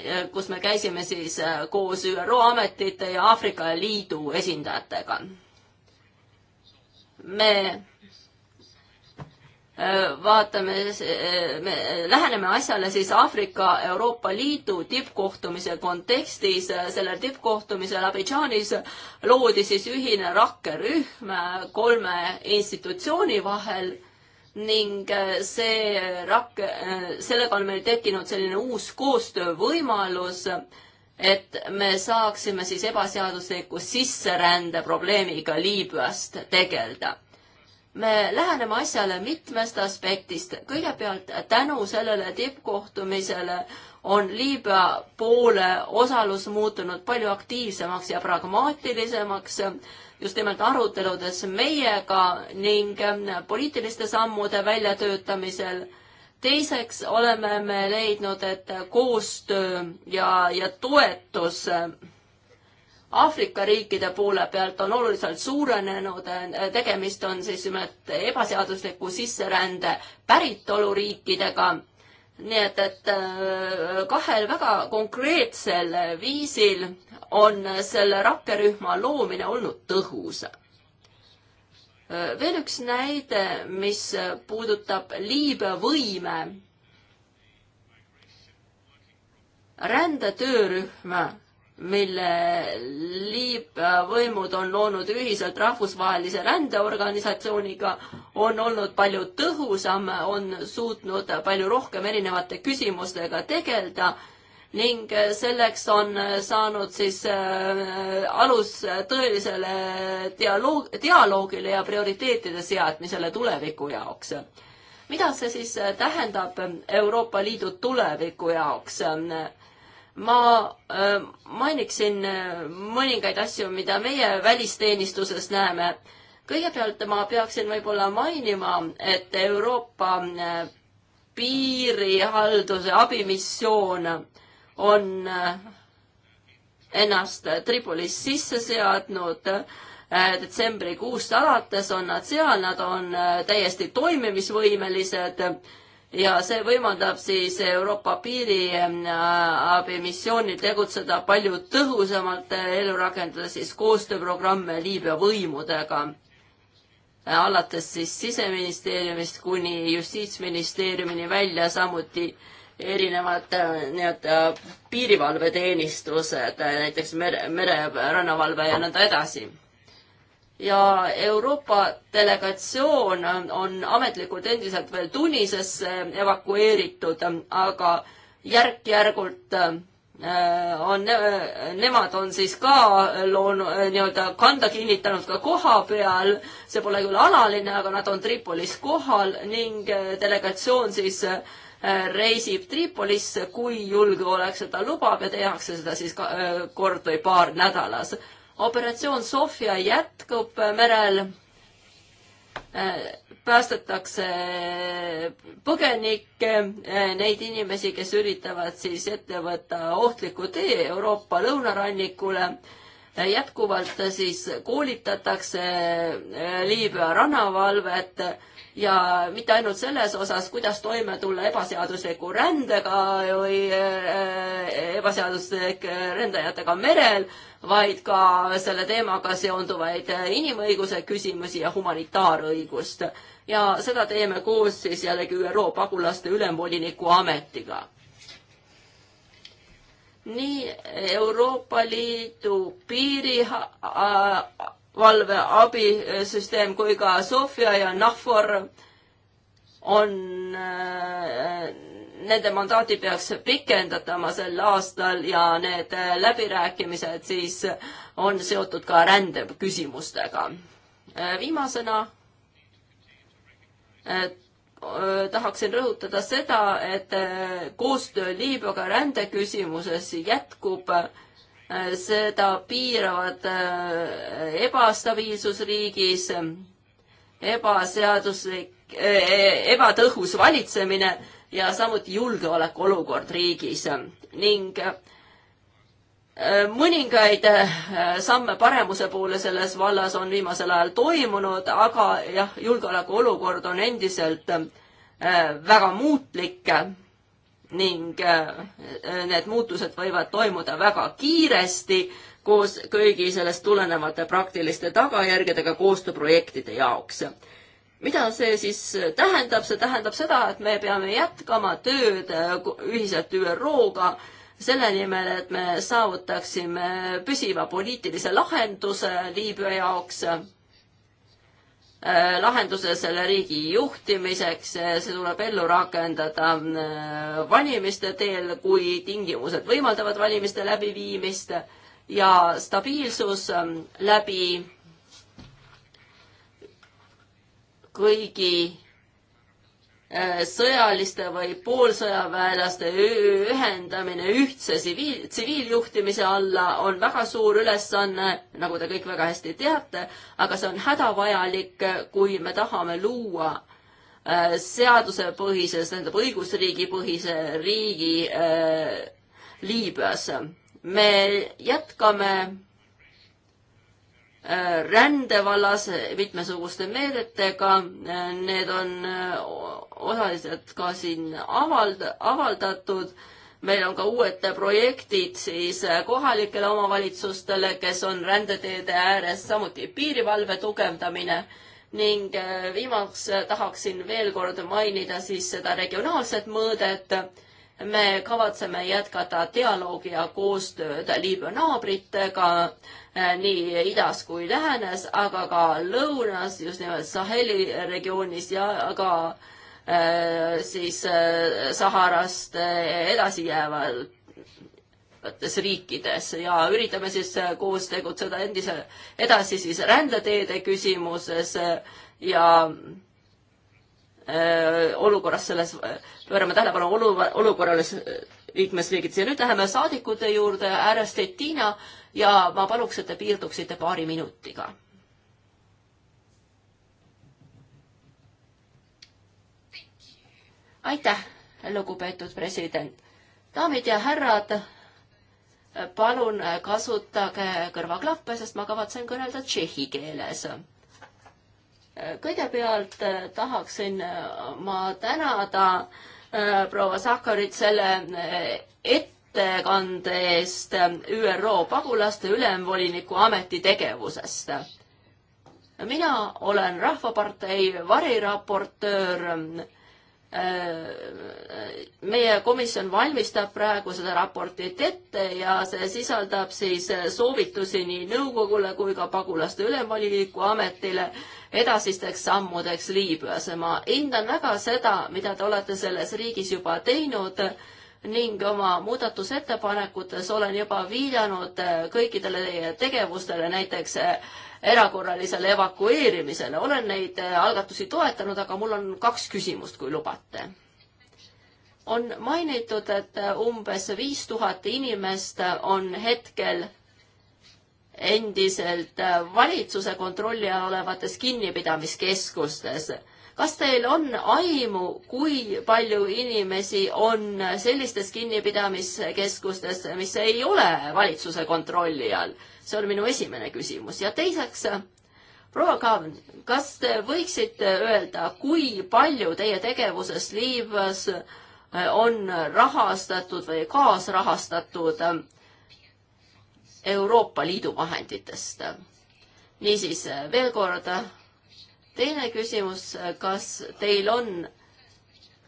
eh, kus me käisime siis eh, koos ÜRO ametite ja Aafrika Liidu esindajatega. me vaatame, me läheneme asjale siis Aafrika Euroopa Liidu tippkohtumise kontekstis. sellel tippkohtumisel Abidžaanis loodi siis ühine rakkerühm kolme institutsiooni vahel ning see rak-, sellega on meil tekkinud selline uus koostöövõimalus, et me saaksime siis ebaseadusliku sisserände probleemiga Liibüast tegeleda me läheneme asjale mitmest aspektist. kõigepealt tänu sellele tippkohtumisele on Liibüa poole osalus muutunud palju aktiivsemaks ja pragmaatilisemaks just nimelt aruteludes meiega ning poliitiliste sammude väljatöötamisel. teiseks oleme me leidnud, et koostöö ja, ja toetus Aafrika riikide poole pealt on oluliselt suurenenud, tegemist on siis nimelt ebaseadusliku sisserände päritoluriikidega. nii et, et äh, kahel väga konkreetsel viisil on selle rakkerühma loomine olnud tõhus. Äh, veel üks näide, mis puudutab Liibüa võime rändetöörühm mille Liibüa võimud on loonud ühiselt rahvusvahelise rändeorganisatsiooniga, on olnud palju tõhusam, on suutnud palju rohkem erinevate küsimustega tegeleda ning selleks on saanud siis äh, alus tõelisele dialoog, dialoogile ja prioriteetide seadmisele tuleviku jaoks mida see siis tähendab Euroopa Liidu tuleviku jaoks? ma äh, mainiksin äh, mõningaid asju, mida meie välisteenistuses näeme. kõigepealt ma peaksin võib-olla mainima, et Euroopa äh, piirihalduse abimissioon on ennast Tripolis sisse seadnud. detsembrikuust alates on nad seal, nad on täiesti toimimisvõimelised ja see võimaldab siis Euroopa piiriabimissioonil tegutseda palju tõhusamalt, ellu rakendada siis koostööprogramme Liibüa võimudega. alates siis siseministeeriumist kuni justiitsministeeriumini välja, samuti erinevad äh, nii-öelda äh, piirivalveteenistused, äh, näiteks mere, mere, rannavalve ja nõnda edasi ja Euroopa delegatsioon on ametlikult endiselt veel Tunisesse evakueeritud, aga järk-järgult äh, on ne,, nemad on siis ka loonud, äh, nii-öelda kanda kinnitanud ka koha peal, see pole küll alaline, aga nad on Tripolis kohal ning äh, delegatsioon siis reisib Tripolisse, kui julgeolek seda lubab ja tehakse seda siis ka, kord või paar nädalas operatsioon Sofia jätkub merel. päästetakse põgenikke, neid inimesi, kes üritavad siis ette võtta ohtliku tee Euroopa lõunarannikule jätkuvalt siis koolitatakse Liibüa rannavalvet ja mitte ainult selles osas, kuidas toime tulla ebaseadusliku rändega või äh, ebaseaduslike rändajatega merel, vaid ka selle teemaga seonduvaid inimõiguse küsimusi ja humanitaarõigust. ja seda teeme koos siis jällegi ÜRO pagulaste ülemvoliniku ametiga. nii Euroopa Liidu piirivalve abisüsteem kui ka Sofia ja NAFOR on äh, nende mandaati peaks pikendatama sel aastal ja need äh, läbirääkimised siis on seotud ka rändeküsimustega. Äh, viimasena äh, tahaksin rõhutada seda, et koostöö Liibüaga rändeküsimuses jätkub seda piiravad ebastabiilsus riigis, ebaseaduslik, ebatõhus valitsemine ja samuti julgeolekuolukord riigis ning äh, mõningaid äh, samme paremuse poole selles vallas on viimasel ajal toimunud, aga jah, julgeolekuolukord on endiselt äh, väga muutlik ning need muutused võivad toimuda väga kiiresti koos kõigi sellest tulenevate praktiliste tagajärgedega koostööprojektide jaoks mida see siis tähendab, see tähendab seda, et me peame jätkama tööd äh, ühiselt ÜRO-ga selle nimel, et me saavutaksime püsiva poliitilise lahenduse Liibüa jaoks äh, lahenduse selle riigi juhtimiseks, see tuleb ellu rakendada äh, valimiste teel, kui tingimused võimaldavad valimiste läbiviimist ja stabiilsus läbi kõigi äh, sõjaliste või poolsõjaväelaste ühendamine ühtse tsiviil, tsiviiljuhtimise alla on väga suur ülesanne, nagu te kõik väga hästi teate, aga see on hädavajalik, kui me tahame luua äh, seadusepõhise, see tähendab õigusriigipõhise riigi äh, Liibüas. me jätkame rände vallas mitmesuguste meedetega, need on äh, osaliselt ka siin avald-, avaldatud. meil on ka uued projektid siis äh, kohalikele omavalitsustele, kes on rändeteede ääres, samuti piirivalve tugevdamine ning äh, viimaks tahaksin veel kord mainida siis seda regionaalset mõõdet me kavatseme jätkata dialoogi ja koostööd Liibüa naabritega eh, nii idas kui läänes, aga ka lõunas, just nimelt Saheli regioonis ja ka äh, siis äh, Saharast äh, edasi jäävates riikides ja üritame siis koos tegutseda endise, edasi siis rändeteede küsimuses ja äh, Äh, olukorras selles, pöörame tähelepanu olu, olukorrale liikmesriigid ja nüüd läheme saadikute juurde, härra Stettina ja ma paluks, et te piirduksite paari minutiga. aitäh, lugupeetud president. daamid ja härrad, palun kasutage kõrvaklappe, sest ma kavatsen kõnelda tšehhi keeles kõigepealt äh, tahaksin äh, ma tänada äh, proua Sakarit selle ettekande eest ÜRO pagulaste ülemvoliniku ametitegevusest. mina olen Rahvapartei variraportöör Äh, äh, meie komisjon valmistab praegu seda raportit ette ja see sisaldab siis soovitusi nii nõukogule kui ka pagulaste ülemvoliniku ametile edasisteks sammudeks Liibüas. ma hindan väga seda, mida te olete selles riigis juba teinud ning oma muudatusettepanekutes olen juba viidanud kõikidele teie tegevustele, näiteks äh, erakorralisele evakueerimisele. olen neid äh, algatusi toetanud, aga mul on kaks küsimust, kui lubate. on mainitud, et äh, umbes viis tuhat inimest on hetkel endiselt äh, valitsuse kontrolli all olevates kinnipidamiskeskustes. kas teil on aimu, kui palju inimesi on sellistes kinnipidamiskeskustes, mis ei ole valitsuse kontrolli all? see on minu esimene küsimus ja teiseks, proua Kaavan, kas te võiksite öelda, kui palju teie tegevuses Liivas äh, on rahastatud või kaasrahastatud äh, Euroopa Liidu vahenditest? niisiis veel kord, teine küsimus, kas teil on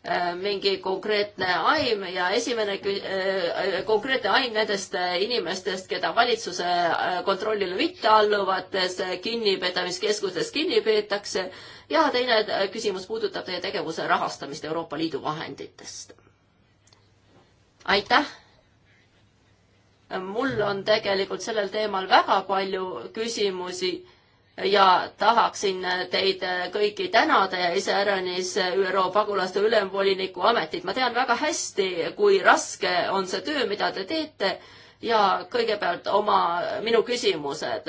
Äh, mingi konkreetne aim ja esimene äh, äh, konkreetne aim nendest inimestest, keda valitsuse kontrollile mitte alluvates kinnipidamiskeskustes kinni peetakse ja teine küsimus puudutab teie tegevuse rahastamist Euroopa Liidu vahenditest. aitäh! mul on tegelikult sellel teemal väga palju küsimusi ja tahaksin teid kõiki tänada ja iseäranis ÜRO pagulaste ülemvoliniku ametit. ma tean väga hästi, kui raske on see töö, mida te teete ja kõigepealt oma, minu küsimused.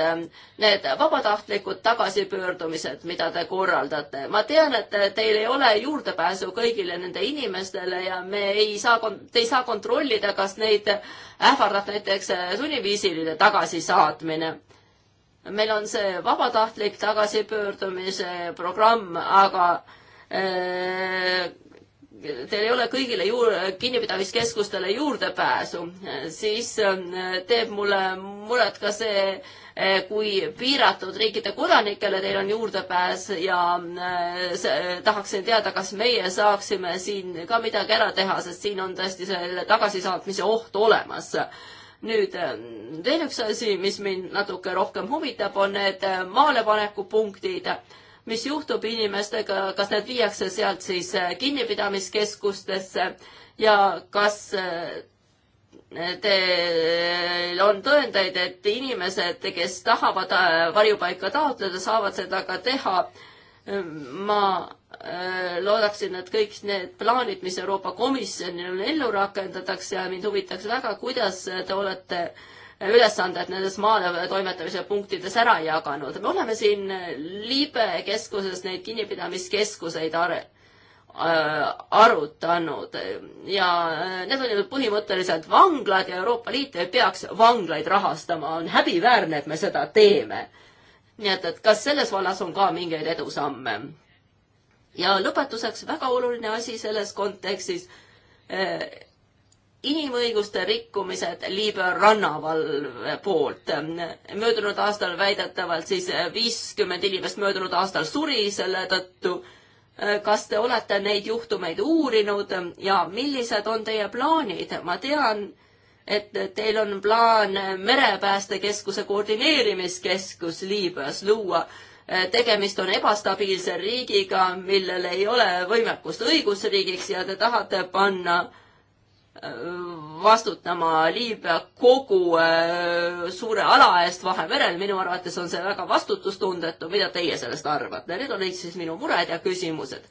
Need vabatahtlikud tagasipöördumised, mida te korraldate, ma tean, et teil ei ole juurdepääsu kõigile nende inimestele ja me ei saa, te ei saa kontrollida, kas neid ähvardab näiteks sunniviisiline tagasisaatmine meil on see vabatahtlik tagasipöördumise programm, aga äh, teil ei ole kõigile juur-, kinnipidamiskeskustele juurdepääsu, siis äh, teeb mulle muret ka see, äh, kui piiratud riikide kodanikele teil on juurdepääs ja see, tahaksin teada, kas meie saaksime siin ka midagi ära teha, sest siin on tõesti selle tagasisaatmise oht olemas nüüd veel äh, üks asi, mis mind natuke rohkem huvitab, on need äh, maalepaneku punktid, mis juhtub inimestega, kas need viiakse sealt siis äh, kinnipidamiskeskustesse ja kas teil on tõendeid, et inimesed, kes tahavad varjupaika taotleda, saavad seda ka teha. ma Äh, loodaksin, et kõik need plaanid, mis Euroopa Komisjonil on, ellu rakendatakse ja mind huvitaks väga, kuidas te olete äh, ülesanded nendes maade toimetamise punktides ära jaganud. me oleme siin Liibe keskuses neid kinnipidamiskeskuseid are, äh, arutanud ja need on ju põhimõtteliselt vanglad ja Euroopa Liit ei peaks vanglaid rahastama. on häbiväärne, et me seda teeme. nii et, et kas selles vallas on ka mingeid edusamme? ja lõpetuseks väga oluline asi selles kontekstis äh,, inimõiguste rikkumised Liibüa rannavalve poolt. möödunud aastal väidetavalt siis viiskümmend inimest möödunud aastal suri selle tõttu eh, kas te olete neid juhtumeid uurinud ja millised on teie plaanid? ma tean, et teil on plaan merepäästekeskuse koordineerimiskeskus Liibüas luua Äh, tegemist on ebastabiilse riigiga, millel ei ole võimekust õigusriigiks ja te tahate panna äh, vastutama Liibüa kogu äh, suure ala eest Vahemerel, minu arvates on see väga vastutustundetu, mida teie sellest arvate? Need olid siis minu mured ja küsimused.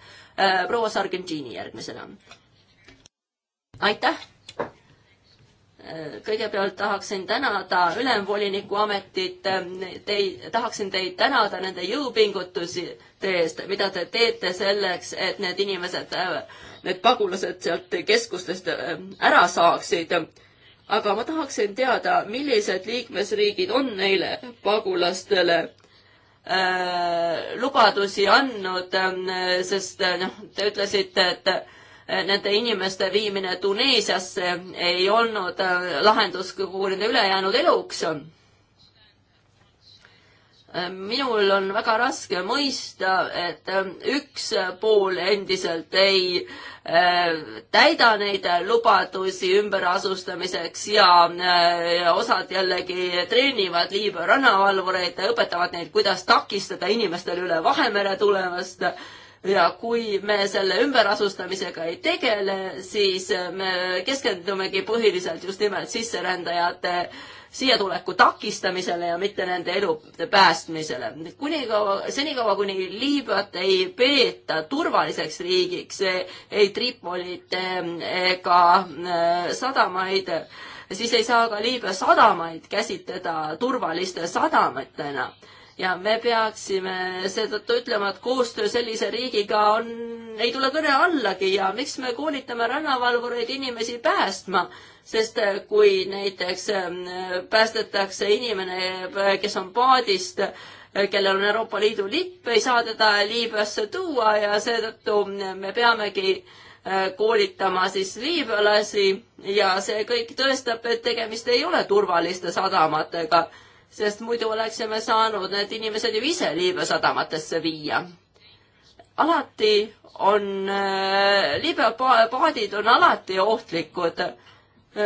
proua Sargentini järgmisena. aitäh kõigepealt tahaksin tänada ülemvoliniku ametit, teid, tahaksin teid tänada nende jõupingutusi eest, mida te teete selleks, et need inimesed, need pagulased sealt keskustest ära saaksid. aga ma tahaksin teada, millised liikmesriigid on neile pagulastele äh, lubadusi andnud äh,, sest noh, te ütlesite, et Äh, nende inimeste viimine Tuneesiasse ei olnud äh, lahendus kogu nende ülejäänud eluks. Äh, minul on väga raske mõista, et üks pool endiselt ei täida neid lubadusi ümberasustamiseks ja, ja osad jällegi treenivad Liibüa rannavalvureid, õpetavad neid, kuidas takistada inimestel üle Vahemere tulemast ja kui me selle ümberasustamisega ei tegele, siis me keskendumegi põhiliselt just nimelt sisserändajate siia tuleku takistamisele ja mitte nende elu päästmisele. kunikaua, senikaua kuni Liibüat ei peeta turvaliseks riigiks, ei Tripolit ehm, ega äh, sadamaid, siis ei saa ka Liibüa sadamaid käsitleda turvaliste sadamatena ja me peaksime seetõttu ütlema, et koostöö sellise riigiga on, ei tule kõne allagi ja miks me koolitame rannavalvureid inimesi päästma, sest äh, kui näiteks ähm, päästetakse inimene, äh, kes on paadist, äh, kellel on Euroopa Liidu lipp, ei saa teda Liibüasse tuua ja seetõttu me peamegi koolitama siis liibüalasi ja see kõik tõestab, et tegemist ei ole turvaliste sadamatega sest muidu oleksime saanud need inimesed ju ise Liibüa sadamatesse viia. alati on äh,, Liibüa paadid on alati ohtlikud äh,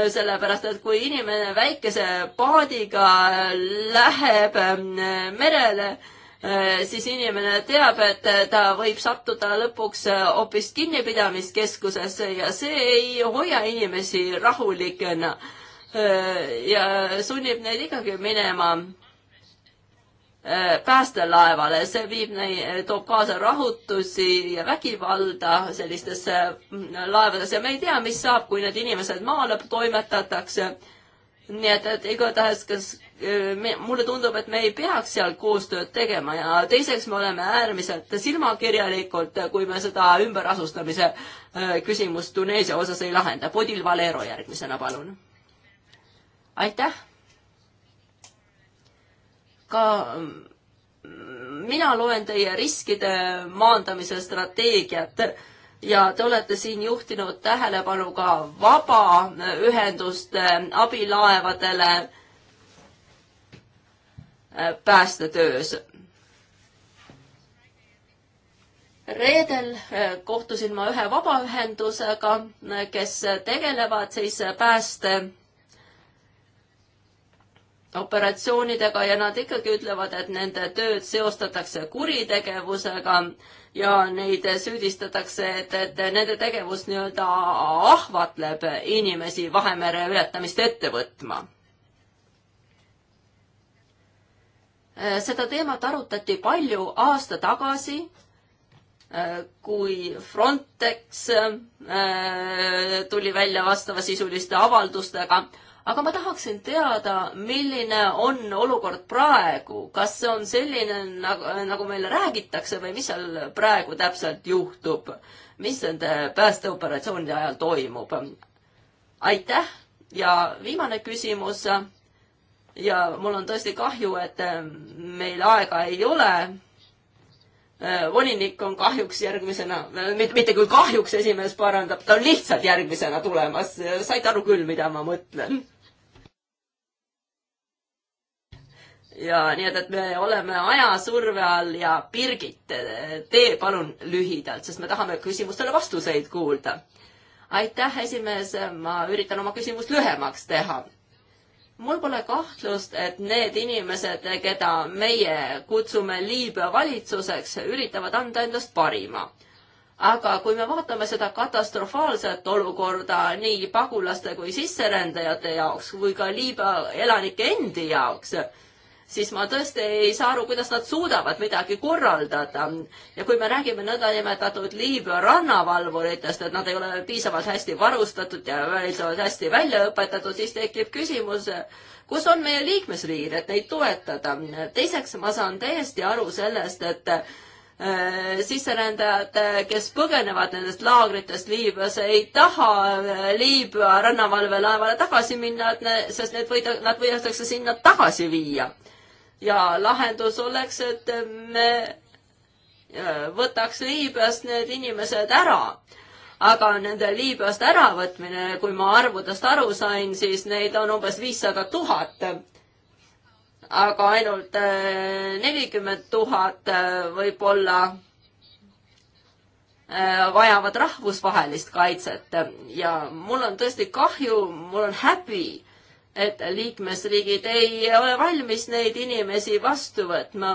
sellepärast, et kui inimene väikese paadiga läheb äh, merele, äh, siis inimene teab, et ta võib sattuda lõpuks hoopis kinnipidamiskeskusesse ja see ei hoia inimesi rahulikena ja sunnib neid ikkagi minema päästelaevale, see viib neid, toob kaasa rahutusi ja vägivalda sellistesse mm, laevadesse ja me ei tea, mis saab, kui need inimesed maale toimetatakse. nii et, et igatahes, kas me, mulle tundub, et me ei peaks seal koostööd tegema ja teiseks me oleme äärmiselt silmakirjalikud, kui me seda ümberasustamise küsimust Tuneesia osas ei lahenda. Bodil Valero järgmisena, palun aitäh! ka mm, mina loen teie riskide maandamise strateegiat ja te olete siin juhtinud tähelepanu ka vabaühenduste abilaevadele äh, päästetöös. reedel äh, kohtusin ma ühe vabaühendusega, äh, kes tegelevad siis pääste operatsioonidega ja nad ikkagi ütlevad, et nende tööd seostatakse kuritegevusega ja neid süüdistatakse, et, et nende tegevus nii-öelda ahvatleb inimesi Vahemere ületamist ette võtma. seda teemat arutati palju aasta tagasi, kui Frontex äh, tuli välja vastavasisuliste avaldustega aga ma tahaksin teada, milline on olukord praegu, kas see on selline, nagu, nagu meile räägitakse või mis seal praegu täpselt juhtub, mis nende päästeoperatsioonide ajal toimub? aitäh ja viimane küsimus. ja mul on tõesti kahju, et ähm, meil aega ei ole äh, volinik on kahjuks järgmisena, äh, mitte, mitte küll kahjuks, esimees parandab, ta on lihtsalt järgmisena tulemas. said aru küll, mida ma mõtlen. ja nii et, et me oleme ajasurve all ja Birgit, tee palun lühidalt, sest me tahame küsimustele vastuseid kuulda. aitäh, esimees, ma üritan oma küsimust lühemaks teha. mul pole kahtlust, et need inimesed, keda meie kutsume Liibüa valitsuseks, üritavad anda endast parima aga kui me vaatame seda katastrofaalset olukorda nii pagulaste kui sisserändajate jaoks kui ka Liibüa elanike endi jaoks, siis ma tõesti ei saa aru, kuidas nad suudavad midagi korraldada. ja kui me räägime nõndanimetatud Liibüa rannavalvuritest, et nad ei ole piisavalt hästi varustatud ja piisavalt hästi välja õpetatud, siis tekib küsimus, kus on meie liikmesriigid, et neid toetada. teiseks, ma saan täiesti aru sellest, et äh, sisserändajad, kes põgenevad nendest laagritest Liibüas, ei taha äh, Liibüa rannavalvelaevale tagasi minna, et ne, sest need võida-, nad võidakse sinna tagasi viia ja lahendus oleks, et me äh, võtaks Liibüast need inimesed ära. aga nende Liibüast äravõtmine, kui ma arvudest aru sain, siis neid on umbes viissada tuhat. aga ainult äh, nelikümmend tuhat äh, võib-olla vajavad rahvusvahelist kaitset ja mul on tõesti kahju, mul on häbi et liikmesriigid ei ole valmis neid inimesi vastu võtma.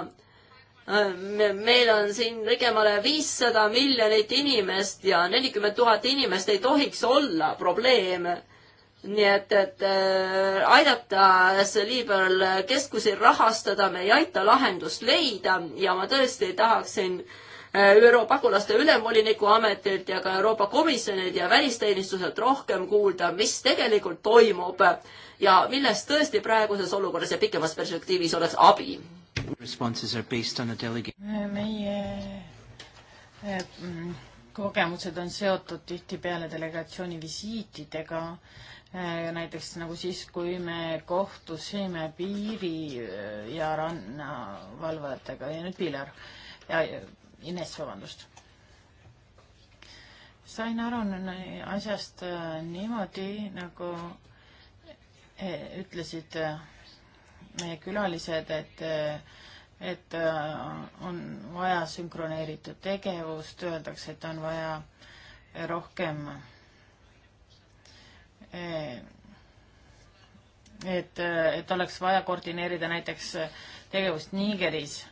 meil on siin ligemale viissada miljonit inimest ja nelikümmend tuhat inimest ei tohiks olla probleem. nii et, et äh, aidata Liibüal keskusi rahastada, me ei aita lahendust leida ja ma tõesti tahaksin äh, ÜRO pagulaste ülemvoliniku ametilt ja ka Euroopa Komisjonilt ja välisteenistuselt rohkem kuulda, mis tegelikult toimub ja millest tõesti praeguses olukorras ja pikemas perspektiivis oleks abi? meie eh, mm, kogemused on seotud tihtipeale delegatsiooni visiitidega, eh, näiteks nagu siis, kui me kohtusime piiri eh, ja rannavalvajatega ja nüüd Pilar ja Ines, vabandust. sain aru asjast niimoodi, nagu Eh, ütlesid eh, meie külalised, et, eh, et on vaja sünkroneeritud tegevust, öeldakse, et on vaja rohkem, et, et oleks vaja koordineerida näiteks tegevust Nigeris,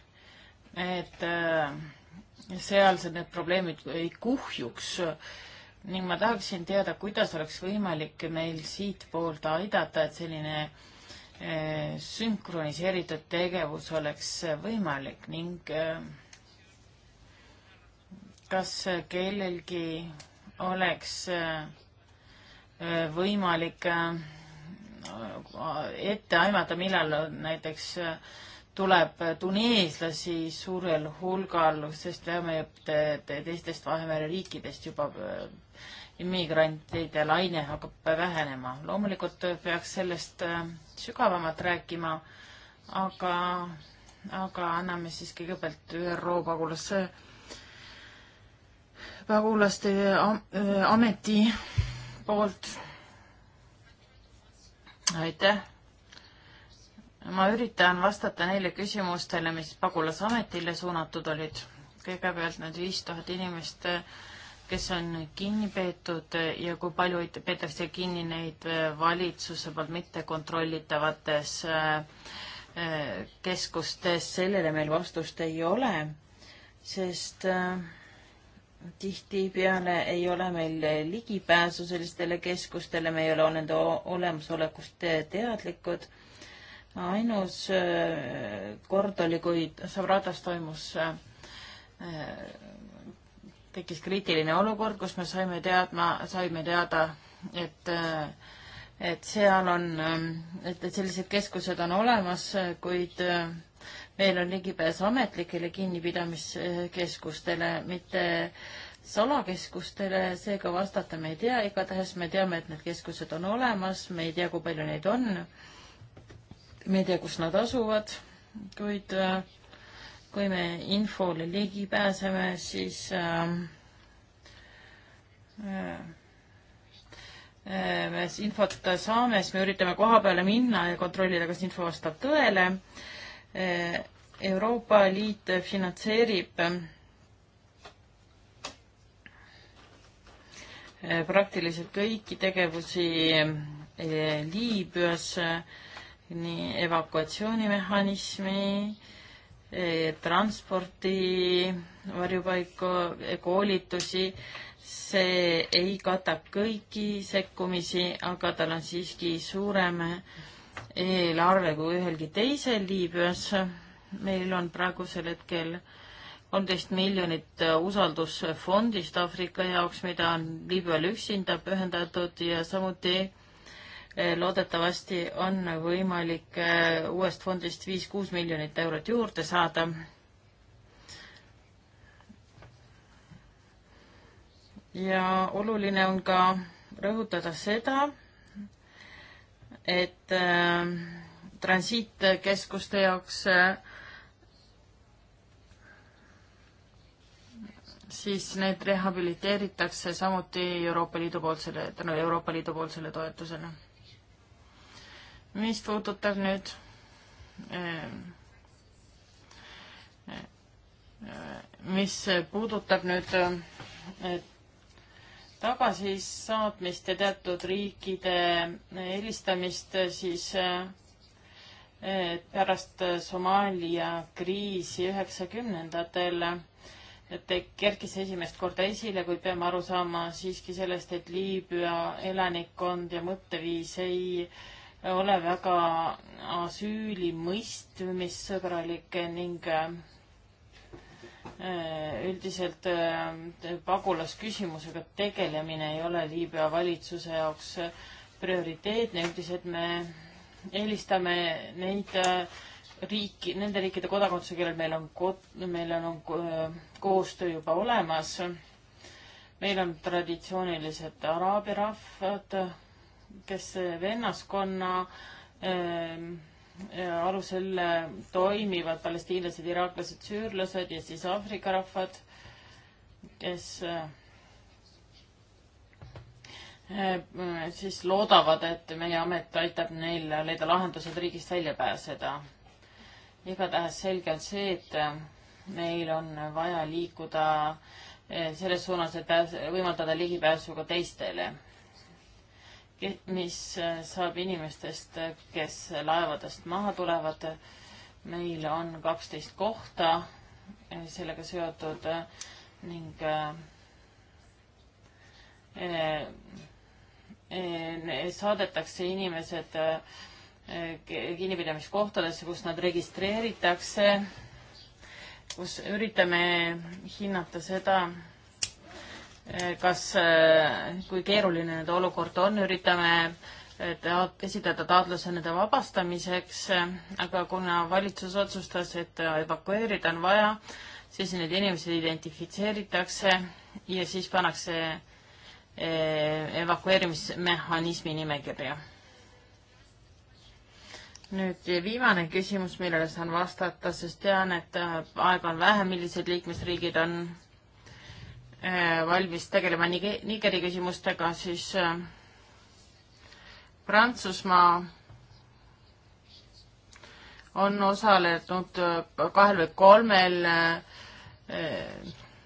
et sealsed need probleemid ei kuhjuks äh, ning ma tahaksin teada, kuidas oleks võimalik meil siitpoolt aidata, et selline äh, sünkroniseeritud tegevus oleks võimalik ning äh, kas kellelgi oleks äh, võimalik ette aimata, millal näiteks tuleb tuneeslasi suurel hulgal, sest teame ju teistest Vahemere riikidest juba immigrantide laine hakkab vähenema. loomulikult peaks sellest äh, sügavamalt rääkima, aga, aga anname siis kõigepealt ÜRO pagulasse, pagulaste äh, ameti poolt. aitäh. ma üritan vastata neile küsimustele, mis pagulasametile suunatud olid. kõigepealt need viis tuhat inimest äh, kes on kinni peetud ja kui palju peetakse kinni neid äh, valitsuse poolt mitte kontrollitavates äh, äh, keskustes, sellele meil vastust ei ole, sest tihtipeale ei ole meil ligipääsu sellistele keskustele, me ei ole nende olemasolekust teadlikud. ainus kord oli, kui Savradas toimus tekkis kriitiline olukord, kus me saime teadma, saime teada, et, et seal on, et, et sellised keskused on olemas, kuid meil on ligipääs ametlikele kinnipidamiskeskustele, mitte salakeskustele, seega vastata me ei tea, igatahes me teame, et need keskused on olemas, me ei tea, kui palju neid on, me ei tea, kus nad asuvad, kuid äh, kui me infole ligi pääseme, siis ähm, äh, äh, me infot saame, siis me üritame koha peale minna ja kontrollida, kas info vastab tõele. Äh, Euroopa Liit finantseerib äh, praktiliselt kõiki tegevusi Liibüas, nii evakuatsioonimehhanismi, Eh, transporti, varjupaiku, koolitusi, see ei kata kõiki sekkumisi, aga tal on siiski suurem eelarve kui ühelgi teisel Liibüas. meil on praegusel hetkel kolmteist miljonit usaldusfondist Aafrika jaoks, mida on Liibüal üksinda pühendatud ja samuti Eh, loodetavasti on võimalik eh, uuest fondist viis-kuus miljonit eurot juurde saada. ja oluline on ka rõhutada seda, et äh, transiitkeskuste jaoks äh, siis neid rehabiliteeritakse samuti Euroopa Liidu poolsele, tänu Euroopa Liidu poolsele toetusele mis puudutab nüüd ehm, ehm, mis puudutab nüüd ehm, tagasisaatmist ja teatud riikide eelistamist, siis pärast Somaalia kriisi üheksakümnendatel kerkis esimest korda esile, kuid peame aru saama siiski sellest, et Liibüa elanikkond ja mõtteviis ei äh, ole väga asüülimõistmissõbralik ning äh, üldiselt äh, pagulasküsimusega tegelemine ei ole Liibüa valitsuse jaoks äh, prioriteetne, üldiselt me eelistame neid riiki, nende riikide kodakondsuse, kellel meil on kod-, meil on koostöö juba olemas. meil on traditsioonilised araabia rahvad kes vennaskonna ähm, äh, alusel äh, toimivad palestiinlased, iraaklased, süürlased ja siis Aafrika rahvad, kes äh, siis loodavad, et meie amet aitab neil leida lahendused riigist välja pääseda. igatahes selge on see, et meil on vaja liikuda selles suunas, et pääs-, võimaldada ligipääsu ka teistele mis äh, saab inimestest, kes laevadest maha tulevad. meil on kaksteist kohta äh, sellega seotud äh, ning saadetakse inimesed kinnipidamiskohtadesse, kus nad registreeritakse, kus üritame hinnata seda, kas, äh, kui keeruline nende olukord on, üritame äh, taot-, esitada taotluse nende vabastamiseks, äh, aga kuna valitsus otsustas, et evakueerida on vaja, siis need inimesed identifitseeritakse ja siis pannakse evakueerimismehhanismi nimekirja. nüüd viimane küsimus, millele saan vastata, sest tean, et aega on vähe, millised liikmesriigid on Äh, valmis tegelema Nigeri küsimustega, siis äh, Prantsusmaa on osalenud äh, kahel või kolmel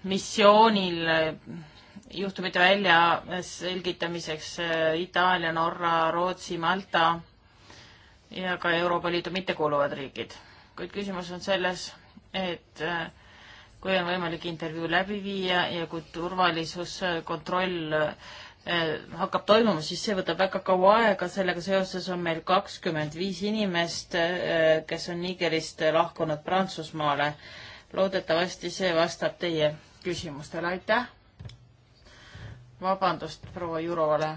missioonil juhtumite välja selgitamiseks Itaalia, Norra, Rootsi, Malta ja ka Euroopa Liidu mittekuuluvad riigid. kuid küsimus on selles, et äh, kui on võimalik intervjuu läbi viia ja kui turvalisuskontroll eh, hakkab toimuma, siis see võtab väga kaua aega, sellega seoses on meil kakskümmend viis inimest, eh, kes on Nigerist lahkunud Prantsusmaale. loodetavasti see vastab teie küsimustele, aitäh. vabandust proua Jurovale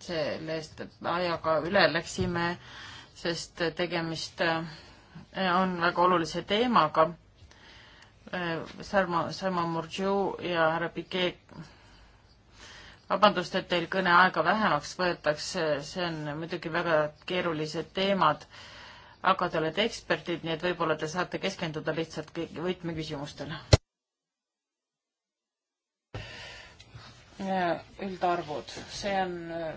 selle eest, et ajaga üle läksime, sest tegemist eh, on väga olulise teemaga Äh, Sarma, Sarma Murdžu ja härra Piquet. vabandust, et teil kõneaega vähemaks võetakse, see on muidugi väga keerulised teemad, aga te olete eksperdid, nii et võib-olla te saate keskenduda lihtsalt võtmeküsimustele. Äh, üldarvud, see on, äh,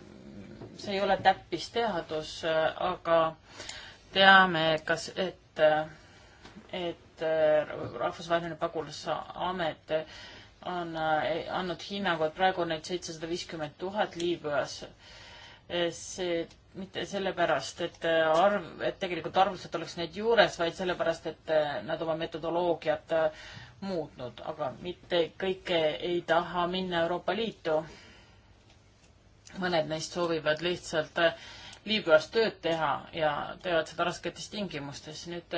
see ei ole täppisteadus, aga teame, kas, et, et et äh, Rahvusvaheline Pagulasamet on äh, andnud hinnangu, et praegu on neid seitsesada viiskümmend tuhat Liibüas. Äh, see mitte sellepärast, et arv, et tegelikult arvuliselt oleks neid juures, vaid sellepärast, et nad oma metodoloogiat muutnud, aga mitte kõike ei taha minna Euroopa Liitu. mõned neist soovivad lihtsalt Liibüas tööd teha ja teevad seda rasketes tingimustes. nüüd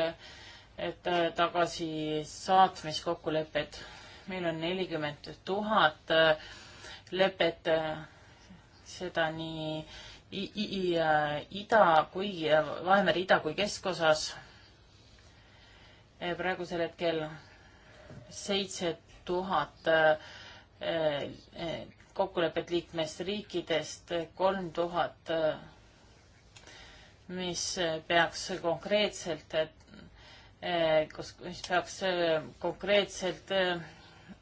et äh, tagasisaatmiskokkulepped, meil on nelikümmend tuhat äh, lepet, äh, seda nii ida kui Vahemere ida kui keskosas. praegusel hetkel seitse tuhat kokkulepet liikmesriikidest, kolm tuhat, mis peaks konkreetselt Eh, kus, mis peaks eh, konkreetselt eh,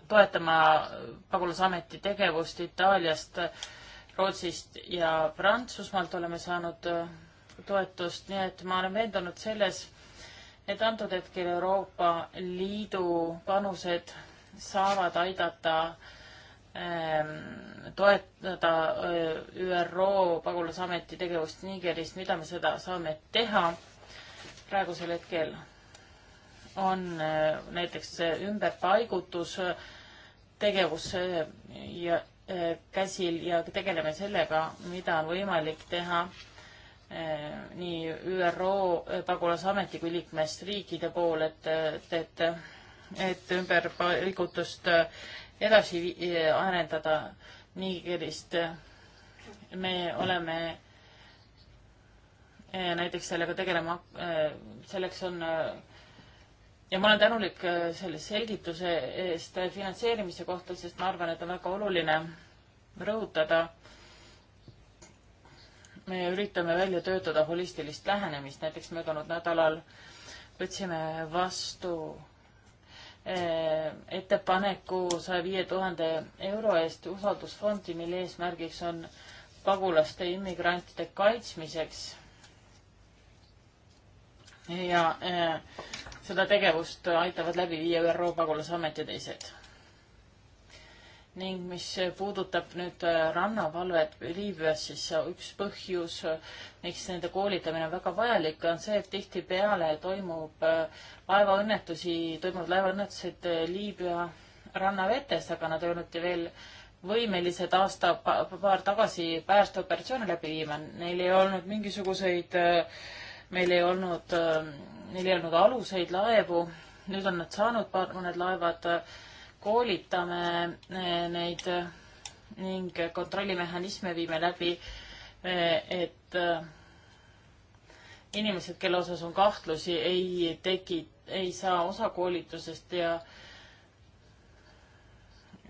toetama pagulasameti tegevust Itaaliast, Rootsist ja Prantsusmaalt oleme saanud toetust, nii et ma olen veendunud selles, et antud hetkel Euroopa Liidu panused saavad aidata ehm, toetada ÜRO pagulasameti tegevust Nigeris, mida me seda saame teha praegusel hetkel on äh, näiteks ümberpaigutus äh, tegevus äh, ja käsil ja tegeleme sellega, mida on võimalik teha nii ÜRO pagulasameti kui liikmesriikide pool, et, et, et, et ümberpaigutust edasi arendada Nigerist. me oleme näiteks sellega tegelema, selleks on ja ma olen tänulik äh, selle selgituse eest finantseerimise kohta, sest ma arvan, et on väga oluline rõhutada. me üritame välja töötada holistilist lähenemist, näiteks möödunud nädalal võtsime vastu äh, ettepaneku saja viie tuhande euro eest usaldusfondi, mille eesmärgiks on pagulaste immigrantide kaitsmiseks. ja äh, seda tegevust aitavad läbi viia ÜRO pagulasamet ja teised. ning mis puudutab nüüd äh, rannavalvet Liibüas, siis üks põhjus, äh, miks nende koolitamine on väga vajalik, on see, et tihtipeale toimub äh, laevaõnnetusi, toimuvad laevaõnnetused Liibüa rannavetes, aga nad ei olnud ju veel võimelised aasta pa, paar tagasi päästeoperatsioone läbi viima, neil ei olnud mingisuguseid, meil ei olnud äh, neil ei olnud aluseid laevu, nüüd on nad saanud paar, mõned laevad, koolitame eh, neid eh, ning kontrollimehhanisme viime läbi, eh, et inimesed, kelle osas on kahtlusi, ei teki, ei saa osa koolitusest ja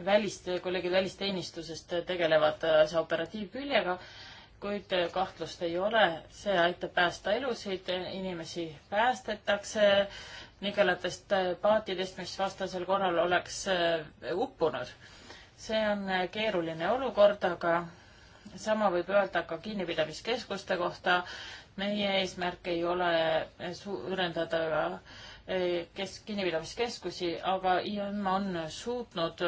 välist, kolleegid välisteenistusest tegelevad asja operatiivküljega kuid kahtlust ei ole, see aitab päästa elusid, inimesi päästetakse nigelatest äh, paatidest, mis vastasel korral oleks äh, uppunud. see on äh, keeruline olukord, aga sama võib öelda ka kinnipidamiskeskuste kohta. meie eesmärk ei ole suurendada kes-, kinnipidamiskeskusi, aga IM on suutnud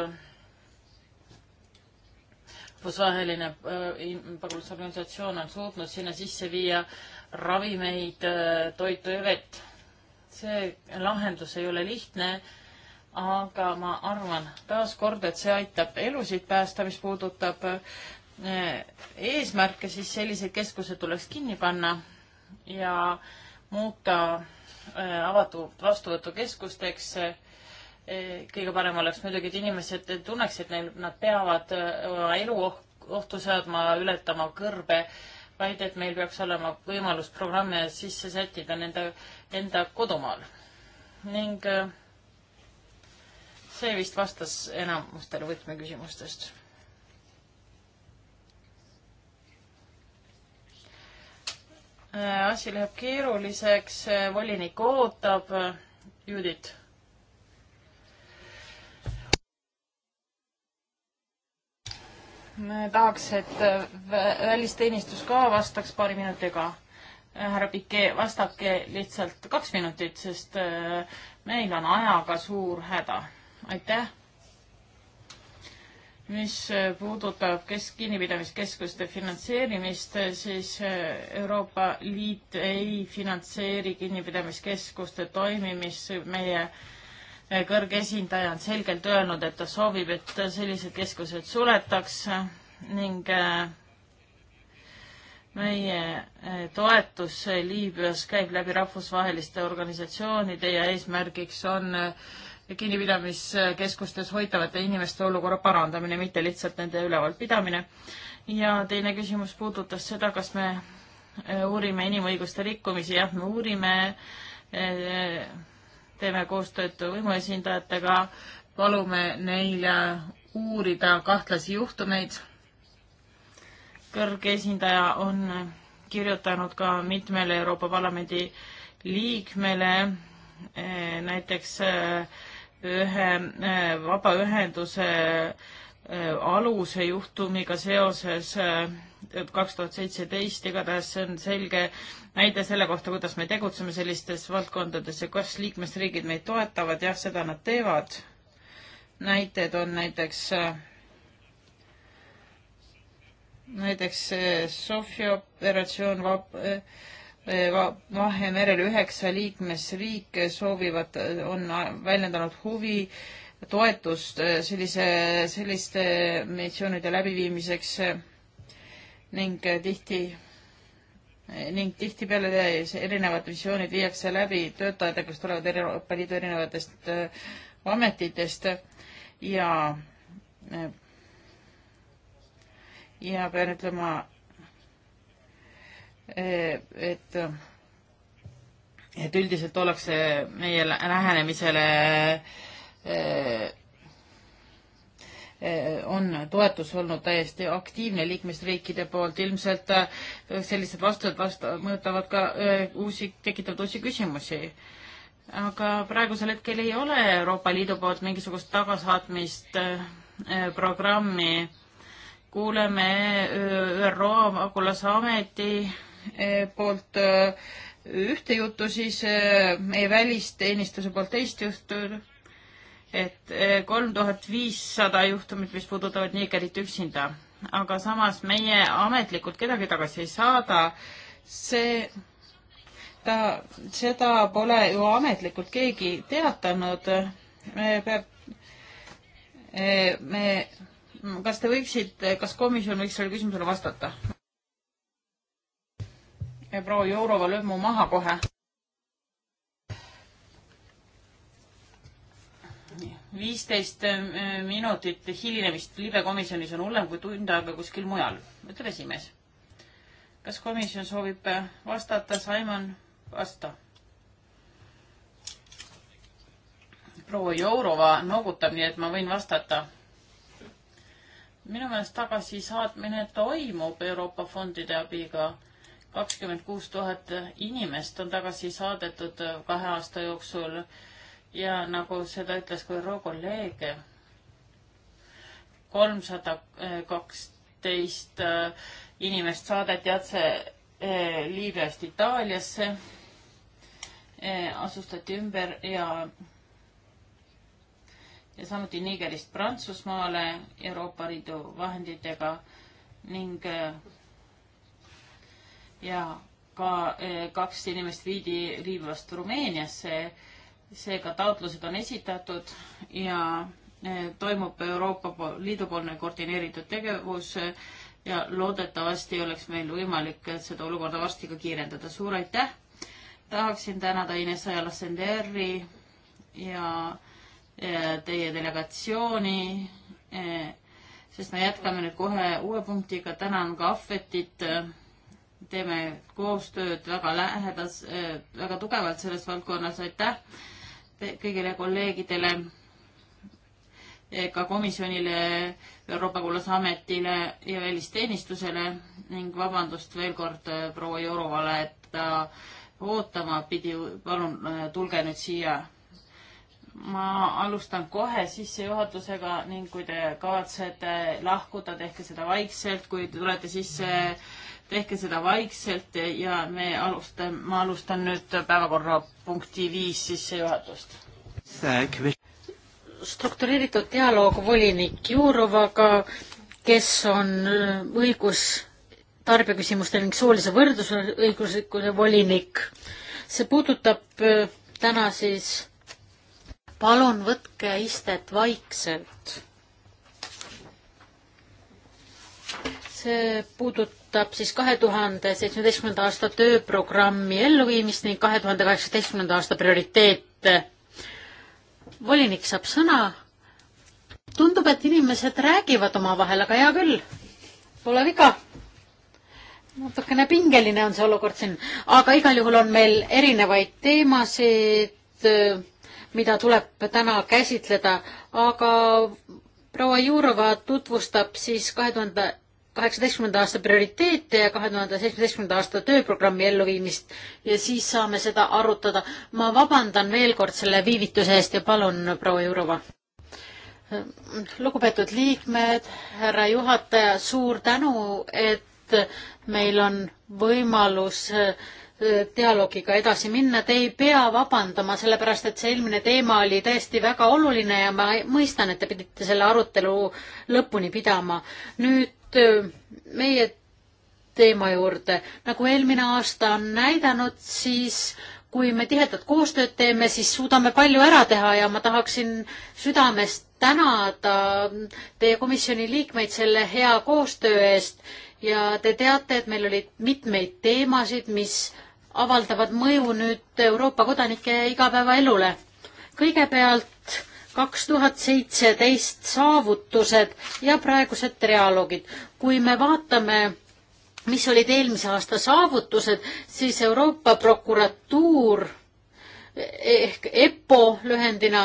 rahvusvaheline äh, pagulasorganisatsioon on suutnud sinna sisse viia ravimeid, äh, toitu ja vett. see lahendus ei ole lihtne, aga ma arvan taaskord, et see aitab elusid päästa, mis puudutab äh, eesmärke, siis sellised keskused tuleks kinni panna ja muuta avatud vastuvõtukeskusteks kõige parem oleks muidugi, et inimesed tunneksid, neil, nad peavad äh, oma elu ohtu seadma, ületama kõrbe, vaid et meil peaks olema võimalus programme sisse sättida nende enda kodumaal. ning äh, see vist vastas enamustele võtmeküsimustest. Äh, asi läheb keeruliseks, volinik ootab Judit tahaks, et äh, välisteenistus ka vastaks paari minutiga. Äh, härra Pikee, vastake lihtsalt kaks minutit, sest äh, meil on ajaga suur häda. aitäh. mis puudutab kesk-, kinnipidamiskeskuste finantseerimist, siis Euroopa Liit ei finantseeri kinnipidamiskeskuste toimimist meie äh, Eh, kõrge esindaja on selgelt öelnud, et ta soovib, et sellised keskused suletaks ning eh, meie eh, toetus Liibüas käib läbi rahvusvaheliste organisatsioonide ja eesmärgiks on kinnipidamiskeskustes hoitavate inimeste olukorra parandamine, mitte lihtsalt nende ülevalpidamine. ja teine küsimus puudutas seda, kas me uurime inimõiguste rikkumisi, jah, me uurime teeme koostööd võimuesindajatega, palume neil uurida kahtlasi juhtumeid. kõrge esindaja on kirjutanud ka mitmele Euroopa Parlamendi liikmele, eh, näiteks eh, ühe eh, vabaühenduse aluse juhtumiga seoses kaks tuhat seitseteist, igatahes see on selge näide selle kohta, kuidas me tegutseme sellistes valdkondades ja kas liikmesriigid meid toetavad, jah, seda nad teevad. näited on näiteks, äh, näiteks äh, Sofia operatsioon vab-, äh, Vahemerel üheksa liikmesriike soovivad, on väljendanud huvi toetust sellise, selliste missioonide läbiviimiseks ning tihti ning tihtipeale erinevad visioonid viiakse läbi töötajatega, kes tulevad Euroopa Liidu erinevatest äh, ametitest ja äh, ja pean ütlema, äh, et et üldiselt ollakse meie lähenemisele Eh, on toetus olnud täiesti aktiivne liikmesriikide poolt, ilmselt eh, sellised vastused vast-, mõjutavad ka eh, uusi, tekitavad uusi küsimusi. aga praegusel hetkel ei ole Euroopa Liidu poolt mingisugust tagasaatmist programmi. kuuleme ÜRO pagulasameti poolt ühte juttu, siis meie välisteenistuse poolt teist juttu et eh, kolm tuhat viissada juhtumit, mis puudutavad Nigerit üksinda. aga samas meie ametlikult kedagi tagasi ei saada, see, ta, seda pole ju ametlikult keegi teatanud. me peab, eh, me, kas te võiksite, kas komisjon võiks sellele küsimusele vastata? proua Jourova, löö mu maha kohe viisteist äh, minutit hilinemist libekomisjonis on hullem kui tund aega kuskil mujal, ütleb esimees. kas komisjon soovib äh, vastata, Simon, vasta. proua Jourova noogutab, nii et ma võin vastata. minu meelest tagasisaatmine toimub Euroopa fondide abiga. kakskümmend kuus tuhat inimest on tagasi saadetud äh, kahe aasta jooksul ja nagu seda ütles ka ÜRO kolleeg, kolmsada kaksteist äh, inimest saadeti otse äh, Liibüast Itaaliasse, äh, asustati ümber ja ja samuti Nigerist Prantsusmaale Euroopa Liidu vahenditega ning ja ka kaks inimest viidi Liibüast Rumeeniasse seega taotlused on esitatud ja eh, toimub Euroopa Liidu poolne koordineeritud tegevus eh, ja loodetavasti oleks meil võimalik seda olukorda varsti ka kiirendada. suur aitäh! tahaksin tänada Ines Ajala-Senderi ja eh, teie delegatsiooni, sest me jätkame nüüd kohe uue punktiga. tänan ka Ahvetit. teeme koostööd väga lähedas, väga tugevalt selles valdkonnas. aitäh! kõigile kolleegidele, ka komisjonile, Euroopa Kuulasametile ja välisteenistusele ning vabandust veel kord äh, proua Jorovale, et ta ootama pidi, palun äh, tulge nüüd siia ma alustan kohe sissejuhatusega ning kui te kavatsete lahkuda, tehke seda vaikselt, kui te tulete sisse, tehke seda vaikselt ja me alustame, ma alustan nüüd päevakorrapunkti viis sissejuhatust. struktureeritud dialoog volinik Jurovaga, kes on äh, õigus tarbijaküsimuste ning soolise võrdlusõiguslikkuse volinik. see puudutab äh, täna siis palun võtke istet vaikselt. see puudutab siis kahe tuhande seitsmeteistkümnenda aasta tööprogrammi elluviimist ning kahe tuhande kaheksateistkümnenda aasta prioriteete. volinik saab sõna. tundub, et inimesed räägivad omavahel, aga hea küll, pole viga natukene pingeline on see olukord siin, aga igal juhul on meil erinevaid teemasid mida tuleb täna käsitleda, aga proua Jurova tutvustab siis kahe tuhande kaheksateistkümnenda aasta prioriteete ja kahe tuhande seitsmeteistkümnenda aasta tööprogrammi elluviimist ja siis saame seda arutada. ma vabandan veel kord selle viivituse eest ja palun, proua Jurova. lugupeetud liikmed, härra juhataja, suur tänu, et meil on võimalus äh, dialoogiga edasi minna, te ei pea vabandama, sellepärast et see eelmine teema oli tõesti väga oluline ja ma mõistan, et te pidite selle arutelu lõpuni pidama. nüüd meie teema juurde, nagu eelmine aasta on näidanud, siis kui me tihedat koostööd teeme, siis suudame palju ära teha ja ma tahaksin südamest tänada teie komisjoni liikmeid selle hea koostöö eest ja te teate, et meil olid mitmeid teemasid, mis avaldavad mõju nüüd Euroopa kodanike igapäevaelule. kõigepealt kaks tuhat seitseteist saavutused ja praegused trialoogid. kui me vaatame, mis olid eelmise aasta saavutused, siis Euroopa prokuratuur ehk EPPO lühendina,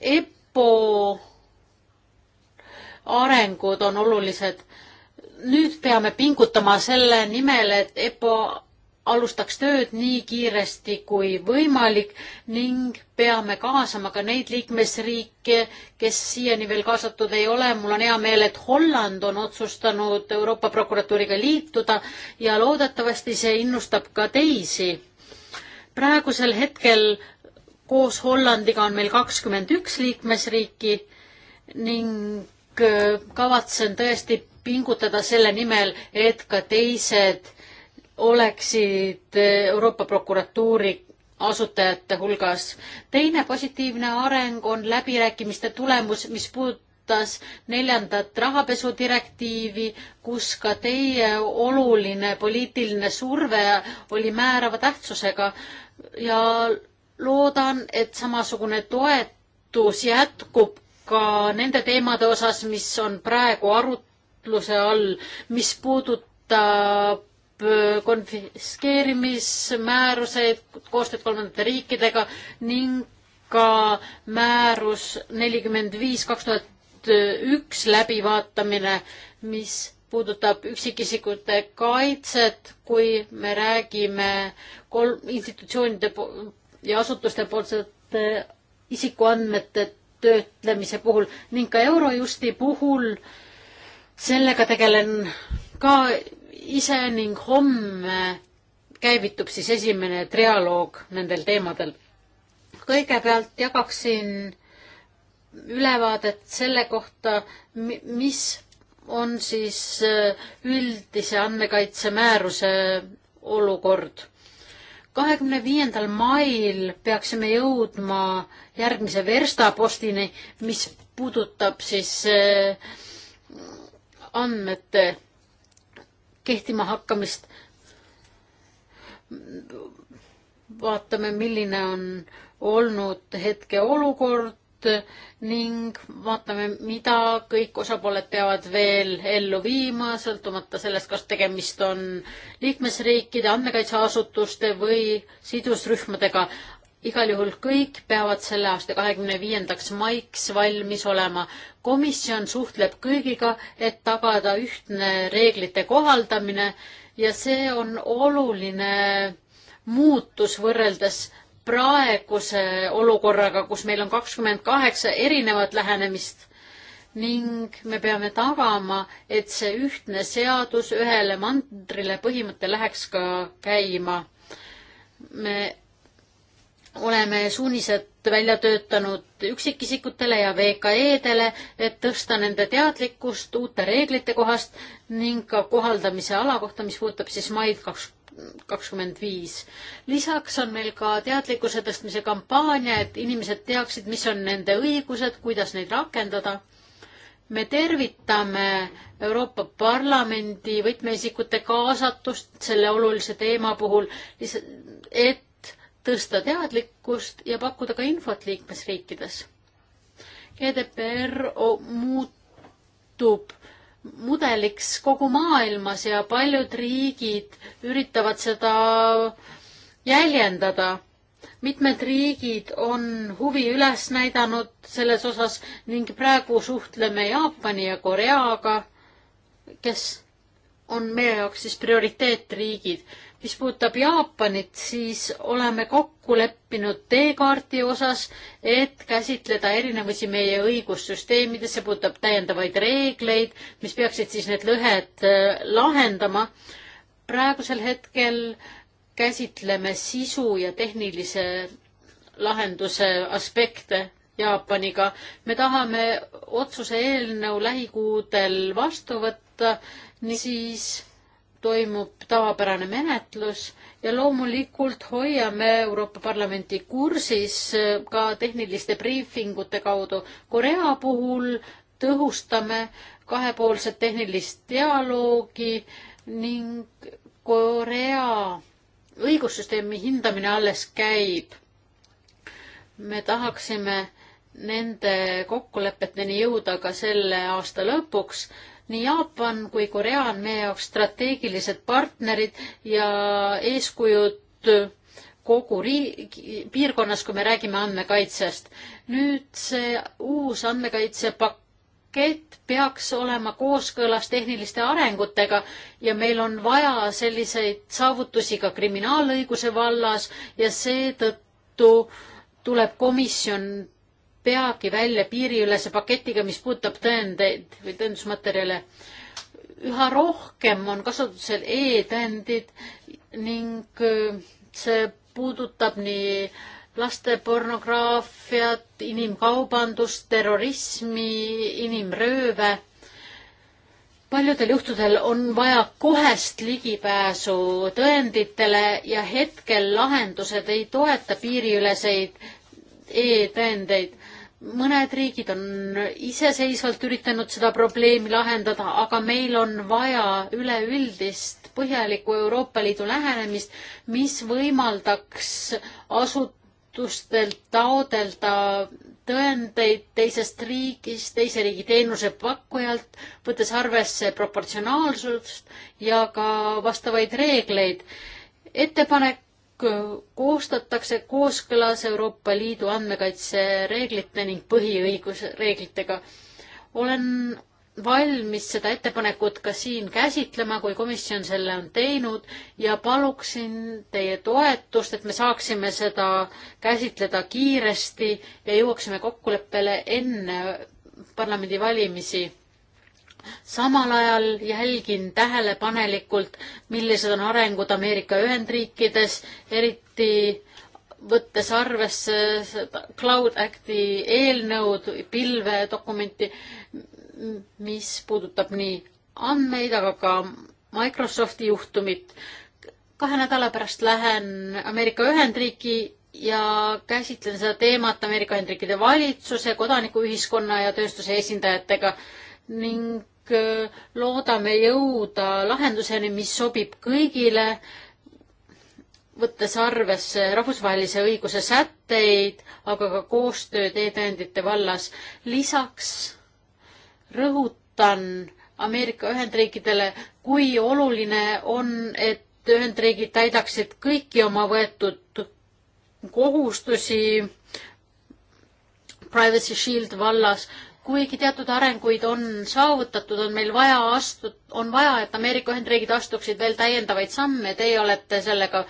EPPO arengud on olulised. nüüd peame pingutama selle nimel, et EPPO alustaks tööd nii kiiresti kui võimalik ning peame kaasama ka neid liikmesriike, kes siiani veel kaasatud ei ole. mul on hea meel, et Holland on otsustanud Euroopa prokuratuuriga liituda ja loodetavasti see innustab ka teisi. praegusel hetkel koos Hollandiga on meil kakskümmend üks liikmesriiki ning äh, kavatsen tõesti pingutada selle nimel, et ka teised oleksid Euroopa prokuratuuri asutajate hulgas. teine positiivne areng on läbirääkimiste tulemus, mis puudutas neljandat rahapesudirektiivi, kus ka teie oluline poliitiline surve oli määrava tähtsusega ja loodan, et samasugune toetus jätkub ka nende teemade osas, mis on praegu arutluse all, mis puudutab konfiskeerimismääruseid koostööd kolmandate riikidega ning ka määrus nelikümmend viis kaks tuhat üks läbivaatamine, mis puudutab üksikisikute kaitset, kui me räägime kolm institutsioonide ja asutuste poolsete isikuandmete töötlemise puhul ning ka Eurojusti puhul. sellega tegelen ka ise ning homme käivitub siis esimene trialoog nendel teemadel. kõigepealt jagaksin ülevaadet selle kohta, mis on siis äh, üldise andmekaitsemääruse olukord. kahekümne viiendal mail peaksime jõudma järgmise verstapostini, mis puudutab siis äh, andmete kehtima hakkamist. vaatame, milline on olnud hetkeolukord ning vaatame, mida kõik osapooled peavad veel ellu viima, sõltumata sellest, kas tegemist on liikmesriikide andmekaitseasutuste või sidusrühmadega igal juhul kõik peavad selle aasta kahekümne viiendaks maiks valmis olema. komisjon suhtleb kõigiga, et tagada ühtne reeglite kohaldamine ja see on oluline muutus võrreldes praeguse olukorraga, kus meil on kakskümmend kaheksa erinevat lähenemist ning me peame tagama, et see ühtne seadus ühele mandrile põhimõte läheks ka käima. me oleme suunised välja töötanud üksikisikutele ja VKE-dele, et tõsta nende teadlikkust uute reeglite kohast ning ka kohaldamise ala kohta, mis puudutab siis maid kaks kakskümmend viis. lisaks on meil ka teadlikkuse tõstmise kampaania, et inimesed teaksid, mis on nende õigused, kuidas neid rakendada. me tervitame Euroopa Parlamendi võtmeisikute kaasatust selle olulise teema puhul, et tõsta teadlikkust ja pakkuda ka infot liikmesriikides. GDPR muutub mudeliks kogu maailmas ja paljud riigid üritavad seda jäljendada. mitmed riigid on huvi üles näidanud selles osas ning praegu suhtleme Jaapani ja Koreaga, kes on meie jaoks siis prioriteetriigid mis puudutab Jaapanit, siis oleme kokku leppinud teekaardi osas, et käsitleda erinevusi meie õigussüsteemides, see puudutab täiendavaid reegleid, mis peaksid siis need lõhed äh, lahendama. praegusel hetkel käsitleme sisu ja tehnilise lahenduse aspekte Jaapaniga. me tahame otsuse eelnõu lähikuudel vastu võtta, niisiis toimub tavapärane menetlus ja loomulikult hoiame Euroopa Parlamenti kursis äh, ka tehniliste briifingute kaudu. Korea puhul tõhustame kahepoolset tehnilist dialoogi ning Korea õigussüsteemi hindamine alles käib. me tahaksime nende kokkulepeteni jõuda ka selle aasta lõpuks nii Jaapan kui Korea on meie jaoks strateegilised partnerid ja eeskujud kogu riigi, piirkonnas, kui me räägime andmekaitsest. nüüd see uus andmekaitsepakett peaks olema kooskõlas tehniliste arengutega ja meil on vaja selliseid saavutusi ka kriminaalõiguse vallas ja seetõttu tuleb komisjon peabki välja piiriülese paketiga, mis puudutab tõendeid või tõendusmaterjale. üha rohkem on kasutusel e-tõendid ning äh, see puudutab nii laste pornograafiat, inimkaubandust, terrorismi, inimrööve. paljudel juhtudel on vaja kohest ligipääsu tõenditele ja hetkel lahendused ei toeta piiriüleseid e-tõendeid mõned riigid on iseseisvalt üritanud seda probleemi lahendada, aga meil on vaja üleüldist põhjalikku Euroopa Liidu lähenemist, mis võimaldaks asutustelt taodelda tõendeid teisest riigist, teise riigi teenusepakkujalt, võttes arvesse proportsionaalsust ja ka vastavaid reegleid. ettepanek koostatakse kooskõlas Euroopa Liidu andmekaitsereeglite ning põhiõigusreeglitega. olen valmis seda ettepanekut ka siin käsitlema, kui komisjon selle on teinud ja paluksin teie toetust, et me saaksime seda käsitleda kiiresti ja jõuaksime kokkuleppele enne parlamendivalimisi samal ajal jälgin tähelepanelikult, millised on arengud Ameerika Ühendriikides, eriti võttes arvesse Cloud Acti eelnõud, pilvedokumenti, mis puudutab nii andmeid, aga ka Microsofti juhtumit. kahe nädala pärast lähen Ameerika Ühendriiki ja käsitlen seda teemat Ameerika Ühendriikide valitsuse, kodanikuühiskonna ja tööstuse esindajatega ning loodame jõuda lahenduseni, mis sobib kõigile, võttes arvesse rahvusvahelise õiguse sätteid, aga ka koostööd e-tõendite vallas. lisaks rõhutan Ameerika Ühendriikidele, kui oluline on, et Ühendriigid täidaksid kõiki oma võetud kohustusi Privacy Shield vallas kuigi teatud arenguid on saavutatud, on meil vaja astu-, on vaja, et Ameerika Ühendriigid astuksid veel täiendavaid samme, teie olete sellega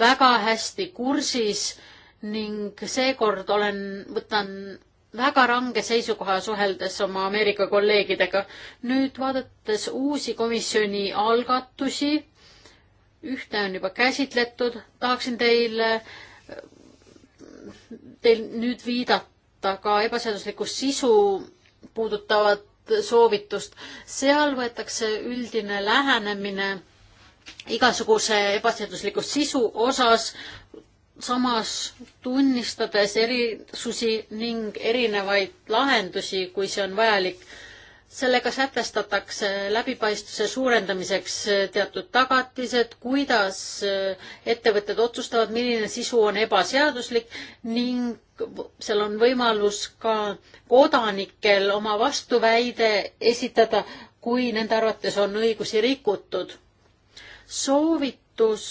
väga hästi kursis ning seekord olen, võtan väga range seisukoha suheldes oma Ameerika kolleegidega. nüüd vaadates uusi komisjoni algatusi, ühte on juba käsitletud, tahaksin teile, teil nüüd viidata ka ebaseadusliku sisu puudutavat soovitust. seal võetakse üldine lähenemine igasuguse ebaseadusliku sisu osas, samas tunnistades erisusi ning erinevaid lahendusi, kui see on vajalik sellega sätestatakse läbipaistvuse suurendamiseks teatud tagatised, kuidas ettevõtted otsustavad, milline sisu on ebaseaduslik ning seal on võimalus ka kodanikel oma vastuväide esitada, kui nende arvates on õigusi rikutud. soovitus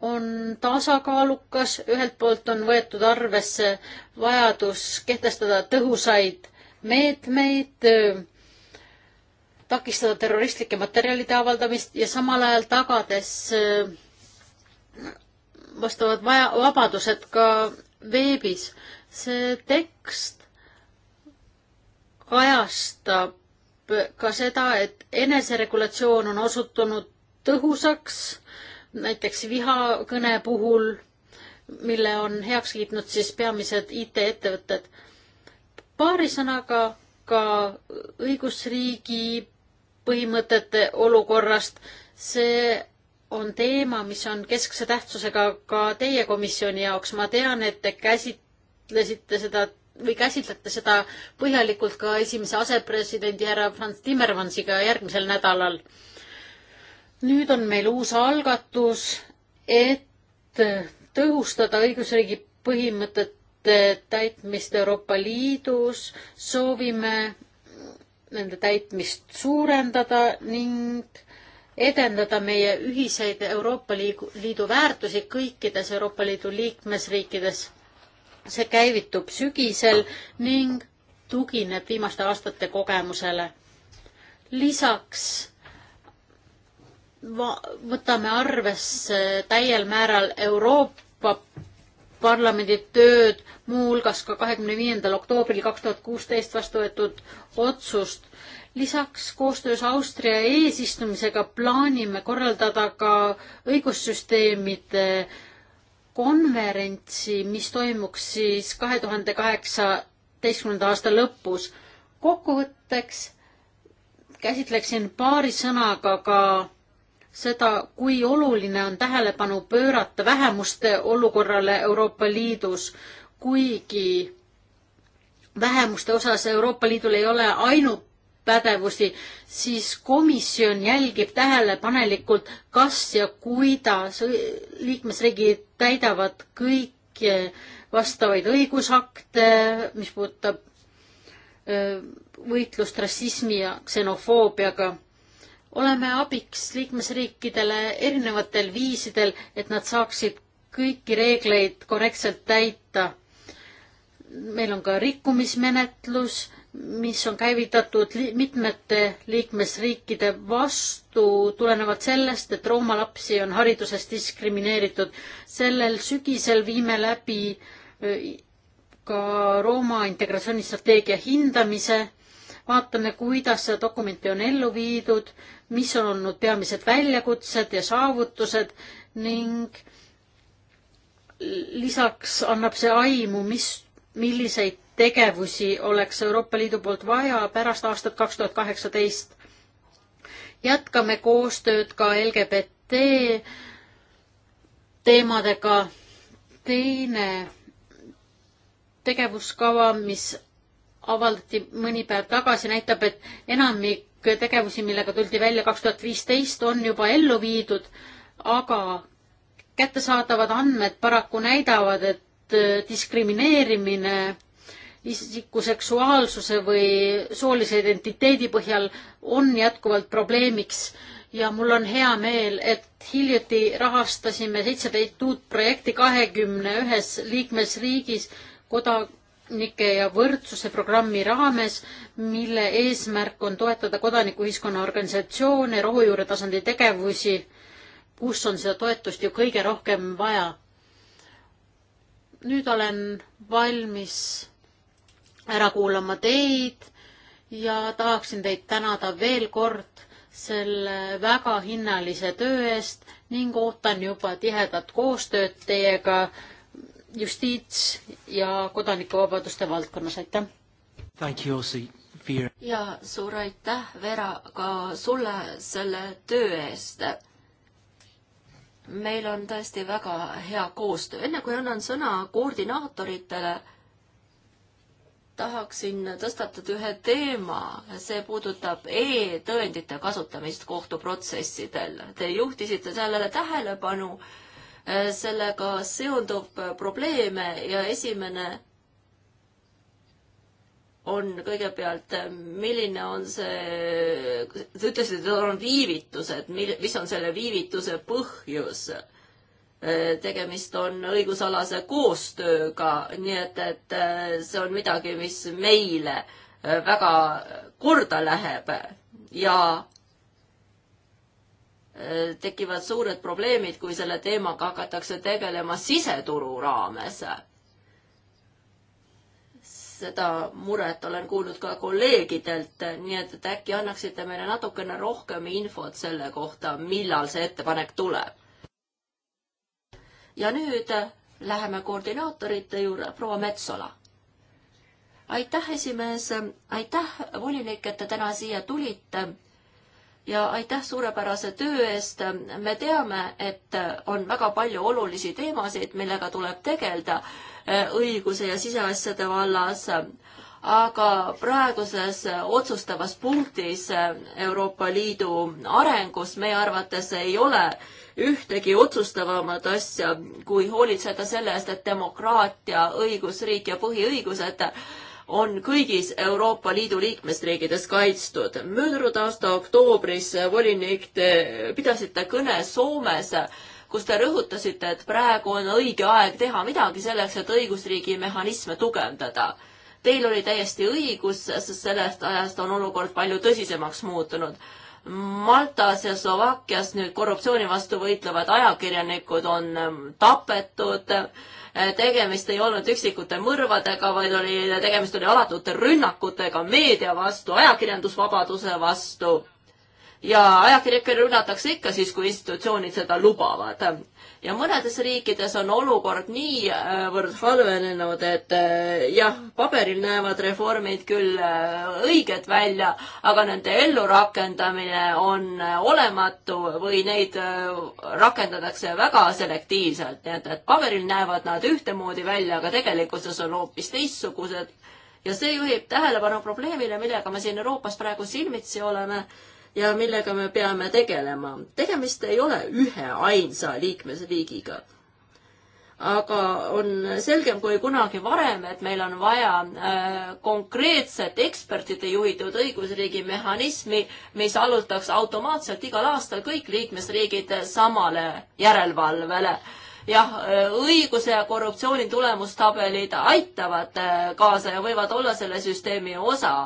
on tasakaalukas, ühelt poolt on võetud arvesse vajadus kehtestada tõhusaid meetmeid meet, takistada terroristlike materjalide avaldamist ja samal ajal tagades äh, vastavad vaja, vabadused ka veebis. see tekst kajastab ka seda, et eneseregulatsioon on osutunud tõhusaks, näiteks vihakõne puhul, mille on heaks kiitnud siis peamised IT-ettevõtted. paari sõnaga ka õigusriigi põhimõtete olukorrast. see on teema, mis on keskse tähtsusega ka teie komisjoni jaoks. ma tean, et te käsitlesite seda või käsitlete seda põhjalikult ka esimese asepresidendi härra Franz Timmermansiga järgmisel nädalal. nüüd on meil uus algatus, et tõhustada õigusriigi põhimõtete täitmist Euroopa Liidus. soovime nende täitmist suurendada ning edendada meie ühiseid Euroopa Liidu väärtusi kõikides Euroopa Liidu liikmesriikides. see käivitub sügisel ning tugineb viimaste aastate kogemusele. lisaks võtame arvesse täiel määral Euroopa parlamendi tööd, muuhulgas ka kahekümne viiendal oktoobril kaks tuhat kuusteist vastu võetud otsust. lisaks koostöös Austria eesistumisega plaanime korraldada ka õigussüsteemide konverentsi, mis toimuks siis kahe tuhande kaheksateistkümnenda aasta lõpus. kokkuvõtteks käsitleksin paari sõnaga ka seda, kui oluline on tähelepanu pöörata vähemuste olukorrale Euroopa Liidus, kuigi vähemuste osas Euroopa Liidul ei ole ainult pädevusi, siis komisjon jälgib tähelepanelikult, kas ja kuidas liikmesriigid täidavad kõiki vastavaid õigusakte, mis puudutab äh, võitlust rassismi ja ksenofoobiaga oleme abiks liikmesriikidele erinevatel viisidel, et nad saaksid kõiki reegleid korrektselt täita. meil on ka rikkumismenetlus, mis on käivitatud mitmete liikmesriikide vastu tulenevalt sellest, et Rooma lapsi on hariduses diskrimineeritud. sellel sügisel viime läbi äh, ka Rooma integratsioonistrateegia hindamise vaatame, kuidas seda dokumenti on ellu viidud, mis on olnud peamised väljakutsed ja saavutused ning lisaks annab see aimu, mis, milliseid tegevusi oleks Euroopa Liidu poolt vaja pärast aastat kaks tuhat kaheksateist. jätkame koostööd ka LGBT teemadega. teine tegevuskava, mis avaldati mõni päev tagasi, näitab, et enamik tegevusi, millega tuldi välja kaks tuhat viisteist, on juba ellu viidud, aga kättesaadavad andmed paraku näidavad, et äh, diskrimineerimine isiku seksuaalsuse või soolise identiteedi põhjal on jätkuvalt probleemiks ja mul on hea meel, et hiljuti rahastasime seitseteist uut projekti kahekümne ühes liikmesriigis koda-, kodanike ja võrdsuse programmi raames, mille eesmärk on toetada kodanikuühiskonna organisatsioone, rohujuuretasandi tegevusi, kus on seda toetust ju kõige rohkem vaja. nüüd olen valmis ära kuulama teid ja tahaksin teid tänada veel kord selle väga hinnalise töö eest ning ootan juba tihedat koostööd teiega justiits- ja kodanikuvabaduste valdkonnas, aitäh! ja suur aitäh, Vera, ka sulle selle töö eest. meil on tõesti väga hea koostöö. enne kui annan sõna koordinaatoritele, tahaksin tõstatada ühe teema, see puudutab e-tõendite kasutamist kohtuprotsessidel. Te juhtisite sellele tähelepanu Äh, sellega seondub äh, probleeme ja esimene on kõigepealt, äh, milline on see, sa ütlesid, et on viivitused, mis on selle viivituse põhjus? tegemist on õigusalase koostööga, nii et, et see on midagi, mis meile väga korda läheb ja Äh, tekivad suured probleemid, kui selle teemaga hakatakse tegelema siseturu raames. seda muret olen kuulnud ka kolleegidelt, nii et, et äkki annaksite meile natukene rohkem infot selle kohta, millal see ettepanek tuleb. ja nüüd läheme koordinaatorite juurde, proua Metsola. aitäh, esimees, aitäh, volinik, et te täna siia tulite ja aitäh suurepärase töö eest. me teame, et on väga palju olulisi teemasid, millega tuleb tegeleda äh, õiguse ja siseasjade vallas. aga praeguses otsustavas punktis äh, Euroopa Liidu arengus meie arvates ei ole ühtegi otsustavamat asja, kui hoolitseda selle eest, et demokraatia, õigusriik ja põhiõigused et on kõigis Euroopa Liidu liikmesriikides kaitstud. möödunud aasta oktoobris äh, volinik, te pidasite kõne Soomes, kus te rõhutasite, et praegu on õige aeg teha midagi selleks, et õigusriigi mehhanisme tugevdada teil oli täiesti õigus, sest sellest ajast on olukord palju tõsisemaks muutunud. Maltas ja Slovakkias nüüd korruptsiooni vastu võitlevad ajakirjanikud on ähm, tapetud tegemist ei olnud üksikute mõrvadega, vaid oli, tegemist oli alatute rünnakutega meedia vastu, ajakirjandusvabaduse vastu ja ajakirjanikke rünnatakse ikka siis, kui institutsioonid seda lubavad ja mõnedes riikides on olukord niivõrd äh, halvenenud, et äh, jah, paberil näevad reformid küll äh, õiged välja, aga nende ellurakendamine on olematu või neid rakendatakse väga selektiivselt, nii et, et paberil näevad nad ühtemoodi välja, aga tegelikkuses on hoopis teistsugused ja see juhib tähelepanu probleemile, millega me siin Euroopas praegu silmitsi oleme ja millega me peame tegelema. tegemist ei ole ühe ainsa liikmesriigiga. aga on selgem kui kunagi varem, et meil on vaja äh, konkreetset ekspertide juhitud õigusriigi mehhanismi, mis allutaks automaatselt igal aastal kõik liikmesriigid samale järelevalvele jah, äh, õiguse ja korruptsiooni tulemustabelid aitavad äh, kaasa ja võivad olla selle süsteemi osa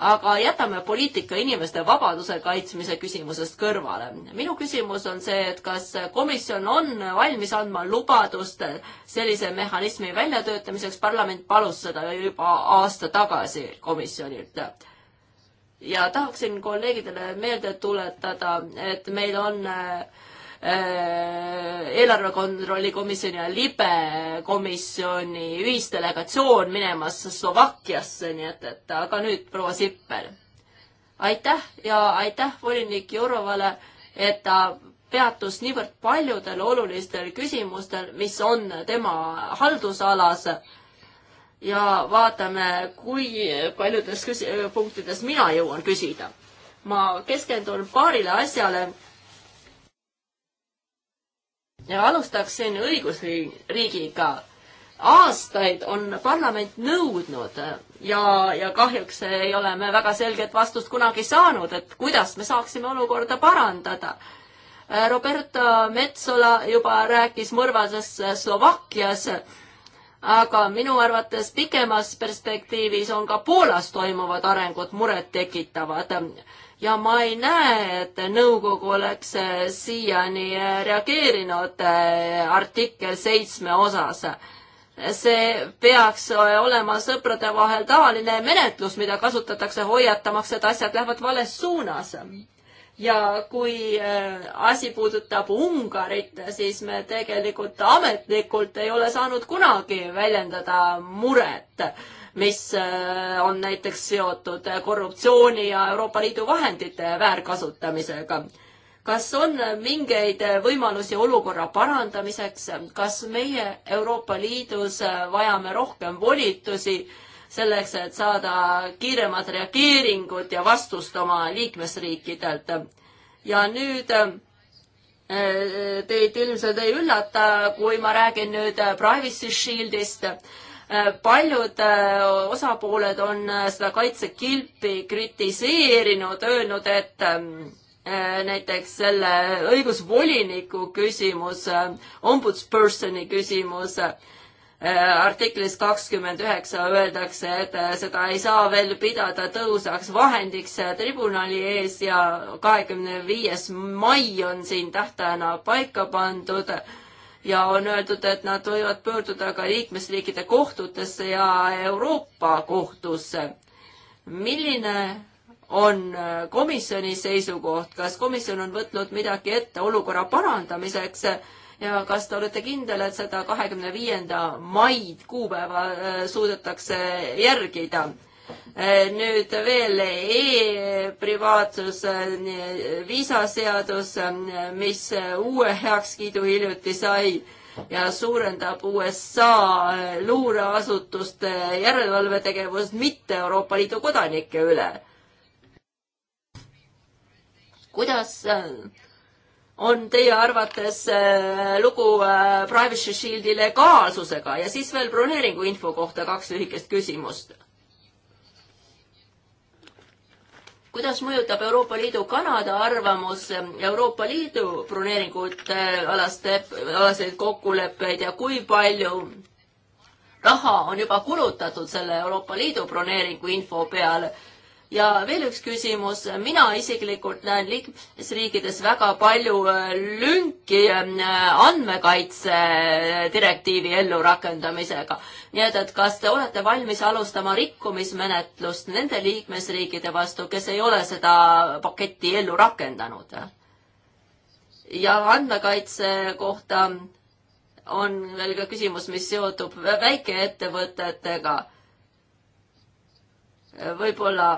aga jätame poliitika inimeste vabaduse kaitsmise küsimusest kõrvale. minu küsimus on see, et kas komisjon on valmis andma lubadust sellise mehhanismi väljatöötamiseks, parlament palus seda juba aasta tagasi komisjonilt ja tahaksin kolleegidele meelde tuletada, et meil on äh, Äh, eelarve kontrolli komisjoni ja libe komisjoni ühisdelegatsioon minemas Slovakkiasse, nii et, et aga nüüd proua Sipper. aitäh ja aitäh volinik Jurovale, et ta peatus niivõrd paljudel olulistel küsimustel, mis on tema haldusalas ja vaatame, kui paljudes punktides mina jõuan küsida. ma keskendun paarile asjale ja alustaksin õigusriigiga. aastaid on parlament nõudnud ja, ja kahjuks ei ole me väga selget vastust kunagi saanud, et kuidas me saaksime olukorda parandada. Roberta Metsola juba rääkis mõrvasest Slovakkias, aga minu arvates pikemas perspektiivis on ka Poolas toimuvad arengud murettekitavad ja ma ei näe, et nõukogu oleks äh, siiani äh, reageerinud äh, artikkel seitsme osas. see peaks olema sõprade vahel tavaline menetlus, mida kasutatakse hoiatamaks, et asjad lähevad vales suunas ja kui asi puudutab Ungarit, siis me tegelikult ametlikult ei ole saanud kunagi väljendada muret äh, mis äh, on näiteks seotud korruptsiooni ja Euroopa Liidu vahendite väärkasutamisega. kas on mingeid võimalusi olukorra parandamiseks, kas meie Euroopa Liidus vajame rohkem volitusi selleks, et saada kiiremat reageeringut ja vastust oma liikmesriikidelt? ja nüüd äh, teid ilmselt ei üllata, kui ma räägin nüüd Privacy Shieldist Äh, paljud äh, osapooled on äh, seda kaitsekilpi kritiseerinud, öelnud, et ähm, näiteks selle õigusvoliniku küsimus, ombudspersoni küsimus, artiklis kakskümmend üheksa öeldakse, et seda ei saa veel pidada tõhusaks vahendiks tribunali ees ja kahekümne viies mai on siin tähtajana paika pandud ja on öeldud, et nad võivad pöörduda ka liikmesriikide kohtutesse ja Euroopa kohtusse. milline on komisjoni seisukoht, kas komisjon on võtnud midagi ette olukorra parandamiseks ja kas te olete kindel, et seda kahekümne viienda maid kuupäeva äh, suudetakse järgida? Eh, nüüd veel e-privaatsus, eh, viisaseadus, eh, mis uue heakskiidu hiljuti sai ja suurendab USA luureasutuste järelevalvetegevust mitte Euroopa Liidu kodanike üle. kuidas on teie arvates lugu Privacy Shieldi legaalsusega ja siis veel broneeringu info kohta kaks lühikest küsimust kuidas mõjutab Euroopa Liidu Kanada arvamus Euroopa Liidu broneeringute äh, alaste, alaseid kokkuleppeid ja kui palju raha on juba kulutatud selle Euroopa Liidu broneeringu info peale ja veel üks küsimus, mina isiklikult näen liikmesriikides väga palju äh, lünki äh, andmekaitse äh, direktiivi ellurakendamisega. nii et, et kas te olete valmis alustama rikkumismenetlust nende liikmesriikide vastu, kes ei ole seda paketti ellu rakendanud? ja andmekaitse kohta on veel ka küsimus, mis seotub väikeettevõtetega võib-olla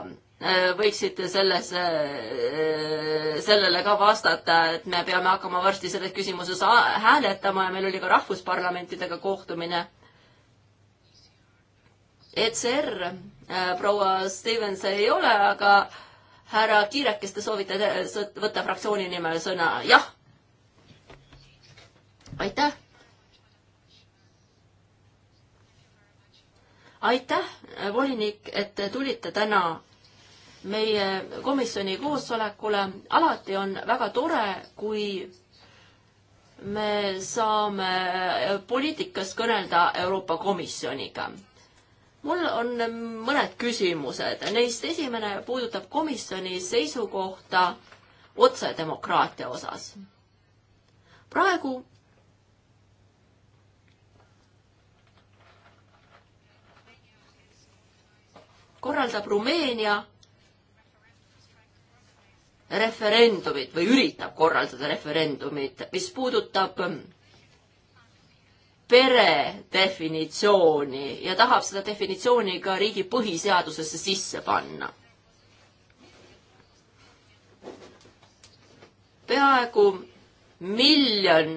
Äh, võiksite selles, äh, sellele ka vastata, et me peame hakkama varsti selles küsimuses hääletama ja meil oli ka rahvusparlamentidega kohtumine. ECR äh, proua Stevens ei ole, aga härra Kiirek, kes te soovite võtta fraktsiooni nimel sõna, jah? aitäh aitäh, volinik, et te tulite täna meie komisjoni koosolekule. alati on väga tore, kui me saame poliitikas kõnelda Euroopa Komisjoniga. mul on mõned küsimused, neist esimene puudutab komisjoni seisukohta otsedemokraatia osas. praegu korraldab Rumeenia referendumit või üritab korraldada referendumit, mis puudutab ähm, pere definitsiooni ja tahab seda definitsiooni ka riigi põhiseadusesse sisse panna. peaaegu miljon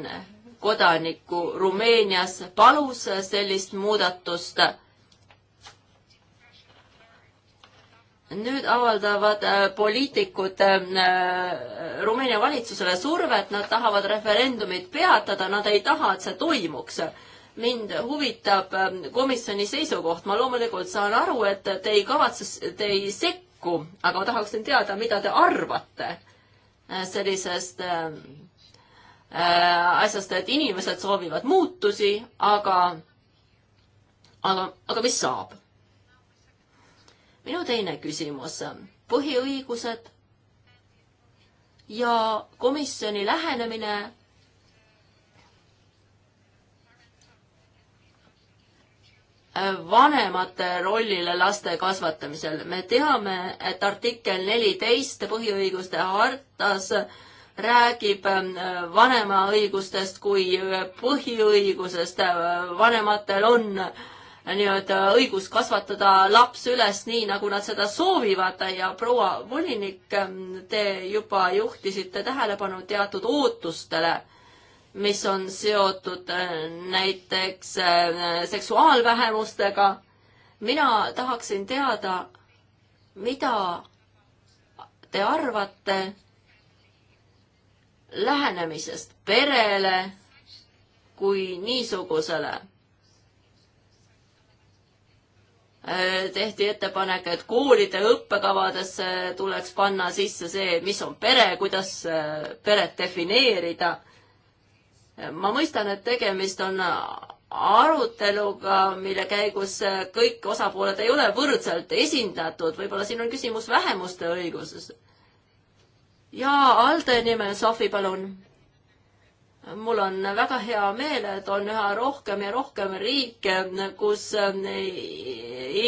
kodanikku Rumeenias palus sellist muudatust nüüd avaldavad äh, poliitikud äh, äh, Rumeenia valitsusele survet, nad tahavad referendumit peatada, nad ei taha, et see toimuks. mind huvitab ähm, komisjoni seisukoht, ma loomulikult saan aru, et te ei kavatse, te ei sekku, aga ma tahaksin teada, mida te arvate sellisest ähm, asjast, et inimesed soovivad muutusi, aga, aga, aga mis saab? minu teine küsimus, põhiõigused ja komisjoni lähenemine vanemate rollile laste kasvatamisel. me teame, et artikkel neliteist põhiõiguste hartas räägib ähm, vanema õigustest kui põhiõigusest. vanematel on äh, nii-öelda õigus kasvatada laps üles nii, nagu nad seda soovivad ja proua volinik, ähm, te juba juhtisite tähelepanu teatud ootustele, mis on seotud äh, näiteks äh, seksuaalvähemustega. mina tahaksin teada, mida te arvate lähenemisest perele kui niisugusele Äh, tehti ettepanek, et koolide õppekavadesse tuleks panna sisse see, mis on pere, kuidas äh, peret defineerida. Äh, ma mõistan, et tegemist on aruteluga, mille käigus kõik osapooled ei ole võrdselt esindatud, võib-olla siin on küsimus vähemuste õiguses. jaa, Alde nimel, Sofi, palun mul on väga hea meel, et on üha rohkem ja rohkem riike, kus eh,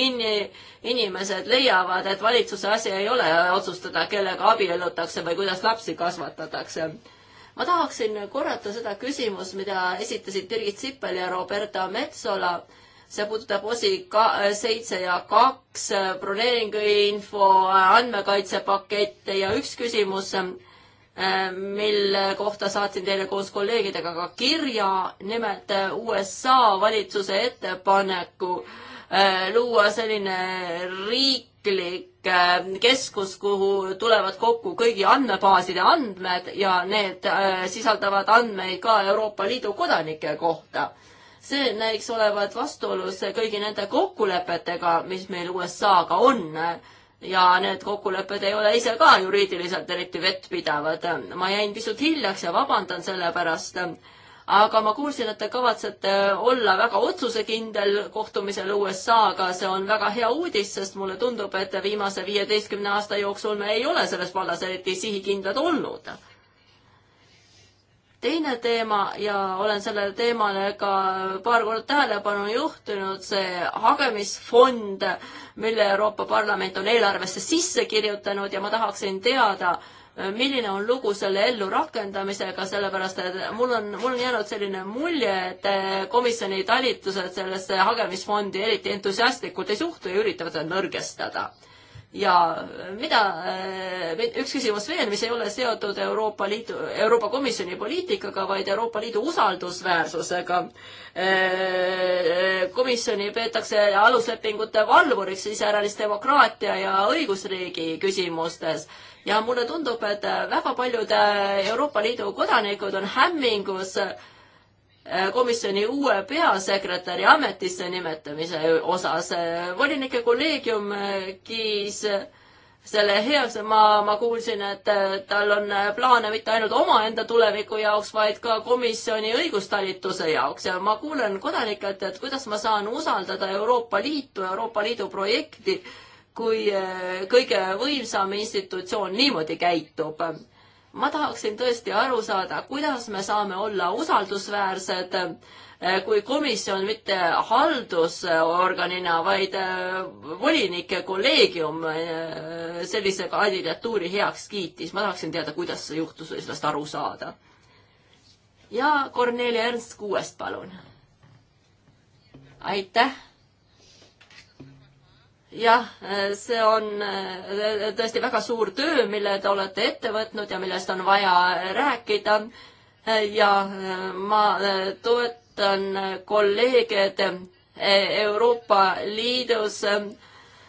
in-, inimesed leiavad, et valitsuse asi ei ole otsustada, kellega abiellutakse või kuidas lapsi kasvatatakse. ma tahaksin korrata seda küsimust, mida esitasid Birgit Sippel ja Roberta Metsola. see puudutab osi ka-, eh, seitse ja kaks, broneeringuinfo andmekaitsepakette ja üks küsimus Äh, mille kohta saatsin teile koos kolleegidega ka kirja, nimelt äh, USA valitsuse ettepaneku äh, luua selline riiklik keskus, kuhu tulevad kokku kõigi andmebaaside andmed ja need sisaldavad andmeid ka Euroopa Liidu kodanike kohta. see näiks olevat vastuolus kõigi nende kokkulepetega, mis meil USA-ga on ja need kokkulepped ei ole ise ka juriidiliselt eriti vettpidavad. ma jäin pisut hiljaks ja vabandan selle pärast. aga ma kuulsin, et te kavatsete olla väga otsusekindel kohtumisel USA-ga, see on väga hea uudis, sest mulle tundub, et viimase viieteistkümne aasta jooksul me ei ole selles vallas eriti sihikindlad olnud teine teema ja olen sellele teemale ka paar korda tähelepanu juhtinud, see hagemisfond, mille Euroopa Parlament on eelarvesse sisse kirjutanud ja ma tahaksin teada, milline on lugu selle ellurakendamisega, sellepärast et mul on, mul on jäänud selline mulje, et komisjoni talitused sellesse hagemisfondi eriti entusiastlikult ei suhtu ja üritavad seda nõrgestada ja mida, äh, üks küsimus veel, mis ei ole seotud Euroopa Liidu, Euroopa Komisjoni poliitikaga, vaid Euroopa Liidu usaldusväärsusega. Äh, komisjoni peetakse aluslepingute valvuriks iseäranis demokraatia ja õigusriigi küsimustes ja mulle tundub, et väga paljud äh, Euroopa Liidu kodanikud on hämmingus äh, komisjoni uue peasekretäri ametisse nimetamise osas. volinike kolleegium kiis selle heaks, ma, ma kuulsin, et tal on plaane mitte ainult omaenda tuleviku jaoks, vaid ka komisjoni õigustalituse jaoks ja ma kuulen kodanikelt, et kuidas ma saan usaldada Euroopa Liitu, Euroopa Liidu projekti, kui kõige võimsam institutsioon niimoodi käitub ma tahaksin tõesti aru saada, kuidas me saame olla usaldusväärsed, eh, kui komisjon mitte haldusorganina, vaid eh, volinike kolleegium eh, sellise kandidatuuri heaks kiitis. ma tahaksin teada, kuidas see juhtus või sellest aru saada. ja Kornelia Ernst kuuest, palun. aitäh jah, see on äh, tõesti väga suur töö, mille te olete ette võtnud ja millest on vaja rääkida. Äh, ja äh, ma toetan kolleege, et Euroopa Liidus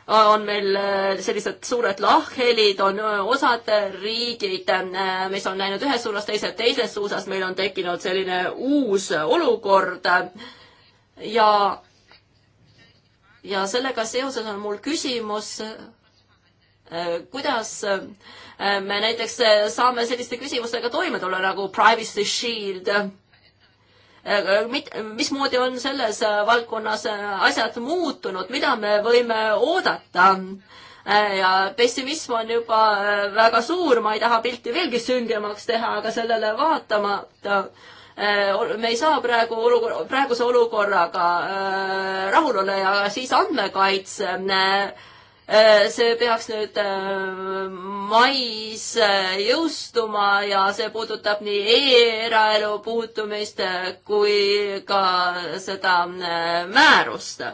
on meil sellised suured lahkhelid, on osad riigid, mis on läinud ühes suunas, teised teises suunas, meil on tekkinud selline uus olukord ja ja sellega seoses on mul küsimus, äh, kuidas äh, me näiteks äh, saame selliste küsimustega toime tulla nagu privacy shield? mismoodi on selles valdkonnas asjad muutunud, mida me võime oodata? ja pessimism on juba väga suur, ma ei taha pilti veelgi süngemaks teha, aga sellele vaatamata Äh, me ei saa praegu olukorra, praeguse olukorraga äh, rahul olla ja siis andmekaitse äh, see peaks nüüd mais jõustuma ja see puudutab nii e-eraelu puutumist kui ka seda määrust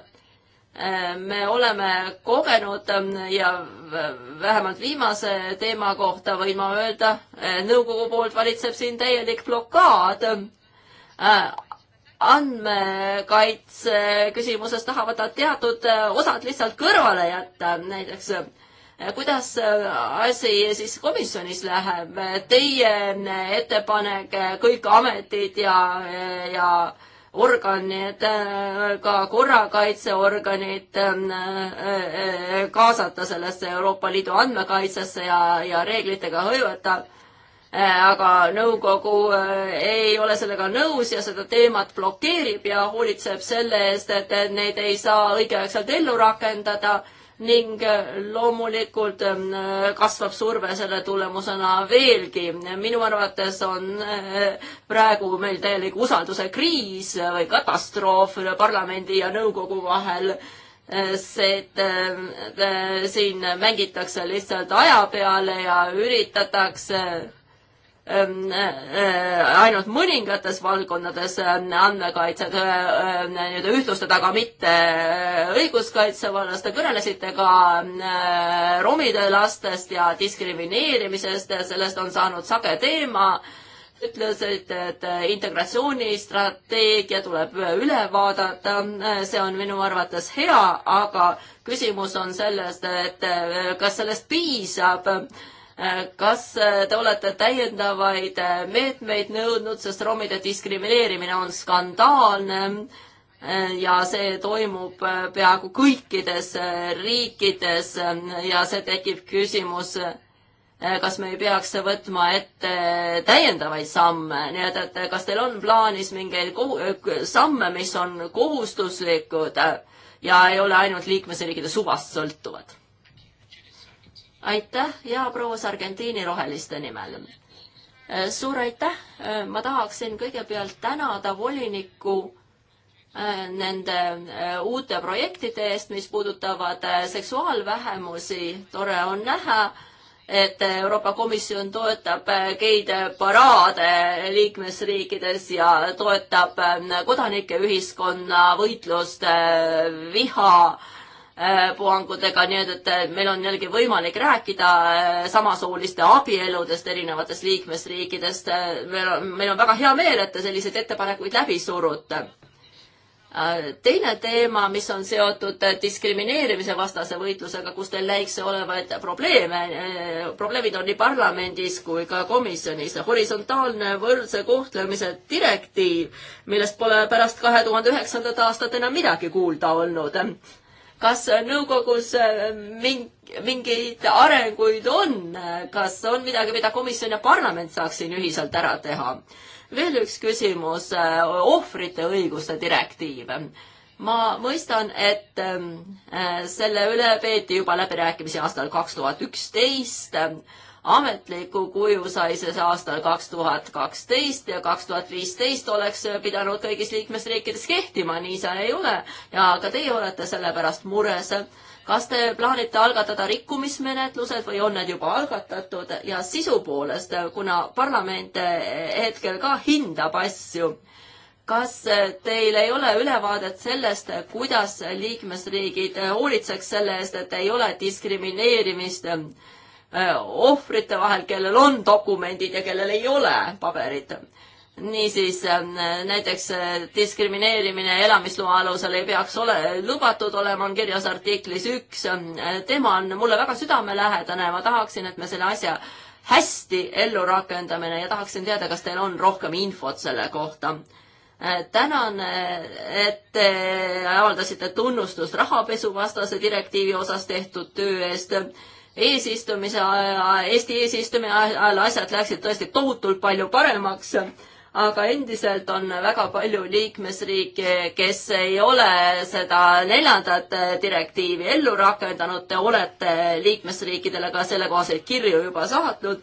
Äh, me oleme kogenud ähm, ja vähemalt viimase teema kohta võin ma öelda, äh, nõukogu poolt valitseb siin täielik blokaad. Äh, andmekaitse küsimuses tahavad nad teatud osad lihtsalt kõrvale jätta, näiteks kuidas asi siis komisjonis läheb, teie ettepanek kõik ametid ja, ja organid, ka korrakaitseorganid äh, äh, äh, kaasata sellesse Euroopa Liidu andmekaitsesse ja, ja reeglitega hõivata. aga nõukogu ei ole sellega nõus ja seda teemat blokeerib ja hoolitseb selle eest, et neid ei saa õigeaegselt ellu rakendada ning loomulikult ähm, kasvab surve selle tulemusena veelgi. minu arvates on äh, praegu meil täielik usalduse kriis või katastroof üle parlamendi ja nõukogu vahel äh, see, et äh, siin mängitakse lihtsalt aja peale ja üritatakse Ehm, eh, ainult mõningates valdkondades eh, andmekaitset eh, nii-öelda ühtlustada, aga mitte õiguskaitse vallas. Te kõnelesite ka romide lastest ja diskrimineerimisest, sellest on saanud sage teema. ütlesite, et integratsioonistrateegia tuleb üle vaadata, see on minu arvates hea, aga küsimus on sellest, et kas sellest piisab Äh, kas äh, te olete täiendavaid äh, meetmeid nõudnud, sest romide diskrimineerimine on skandaalne ja see toimub peaaegu kõikides riikides ja see tekib küsimus, kas me ei peaks võtma ette täiendavaid samme, nii et, et kas teil on plaanis mingeid samme, mis on kohustuslikud ja ei ole ainult liikmesriikide suvast sõltuvad? aitäh ja proua Sargentini Roheliste nimel. Äh, suur aitäh, äh, ma tahaksin kõigepealt tänada volinikku äh, nende uute projektide eest, mis puudutavad seksuaalvähemusi, tore on näha, et Euroopa Komisjon toetab geid paraade liikmesriikides ja toetab kodanike ühiskonna võitlust viha puhangutega, nii et, et meil on jällegi võimalik rääkida äh, samasooliste abieludest erinevatest liikmesriikidest. Äh, meil on, meil on väga hea meel, et te selliseid ettepanekuid läbi surute. Äh, teine teema, mis on seotud diskrimineerimise vastase võitlusega, kus teil näiks olevaid probleeme, probleemid on nii parlamendis kui ka komisjonis. horisontaalne võrdse kohtlemise direktiiv, millest pole pärast kahe tuhande üheksandat aastat enam midagi kuulda olnud kas nõukogus äh, mingeid arenguid on, kas on midagi, mida komisjon ja parlament saaks siin ühiselt ära teha? veel üks küsimus, äh, ohvrite õiguste direktiiv ma mõistan, et ähm, äh, selle üle peeti juba läbirääkimisi aastal kaks tuhat üksteist, ametliku kuju sai see aastal kaks tuhat kaksteist ja kaks tuhat viisteist oleks pidanud kõigis liikmesriikides kehtima, nii see ei ole. ja ka teie olete selle pärast mures. kas te plaanite algatada rikkumismenetlused või on need juba algatatud ja sisu poolest, kuna parlament hetkel ka hindab asju kas teil ei ole ülevaadet sellest, kuidas liikmesriigid hoolitseks selle eest, et ei ole diskrimineerimist Äh, ohvrite vahel, kellel on dokumendid ja kellel ei ole paberit. niisiis ähm, näiteks äh, diskrimineerimine elamisloa alusel ei peaks ole lubatud olema, on kirjas artiklis üks. Äh, tema on mulle väga südamelähedane, ma tahaksin, et me selle asja hästi ellu rakendamine ja tahaksin teada, kas teil on rohkem infot selle kohta. tänan, et te avaldasite tunnustust rahapesuvastase direktiivi osas tehtud töö eest eesistumise, Eesti eesistumine ajal asjad läksid tõesti tohutult palju paremaks, aga endiselt on väga palju liikmesriike, kes ei ole seda neljandat direktiivi ellu rakendanud, te olete liikmesriikidele ka sellekohaseid kirju juba saatnud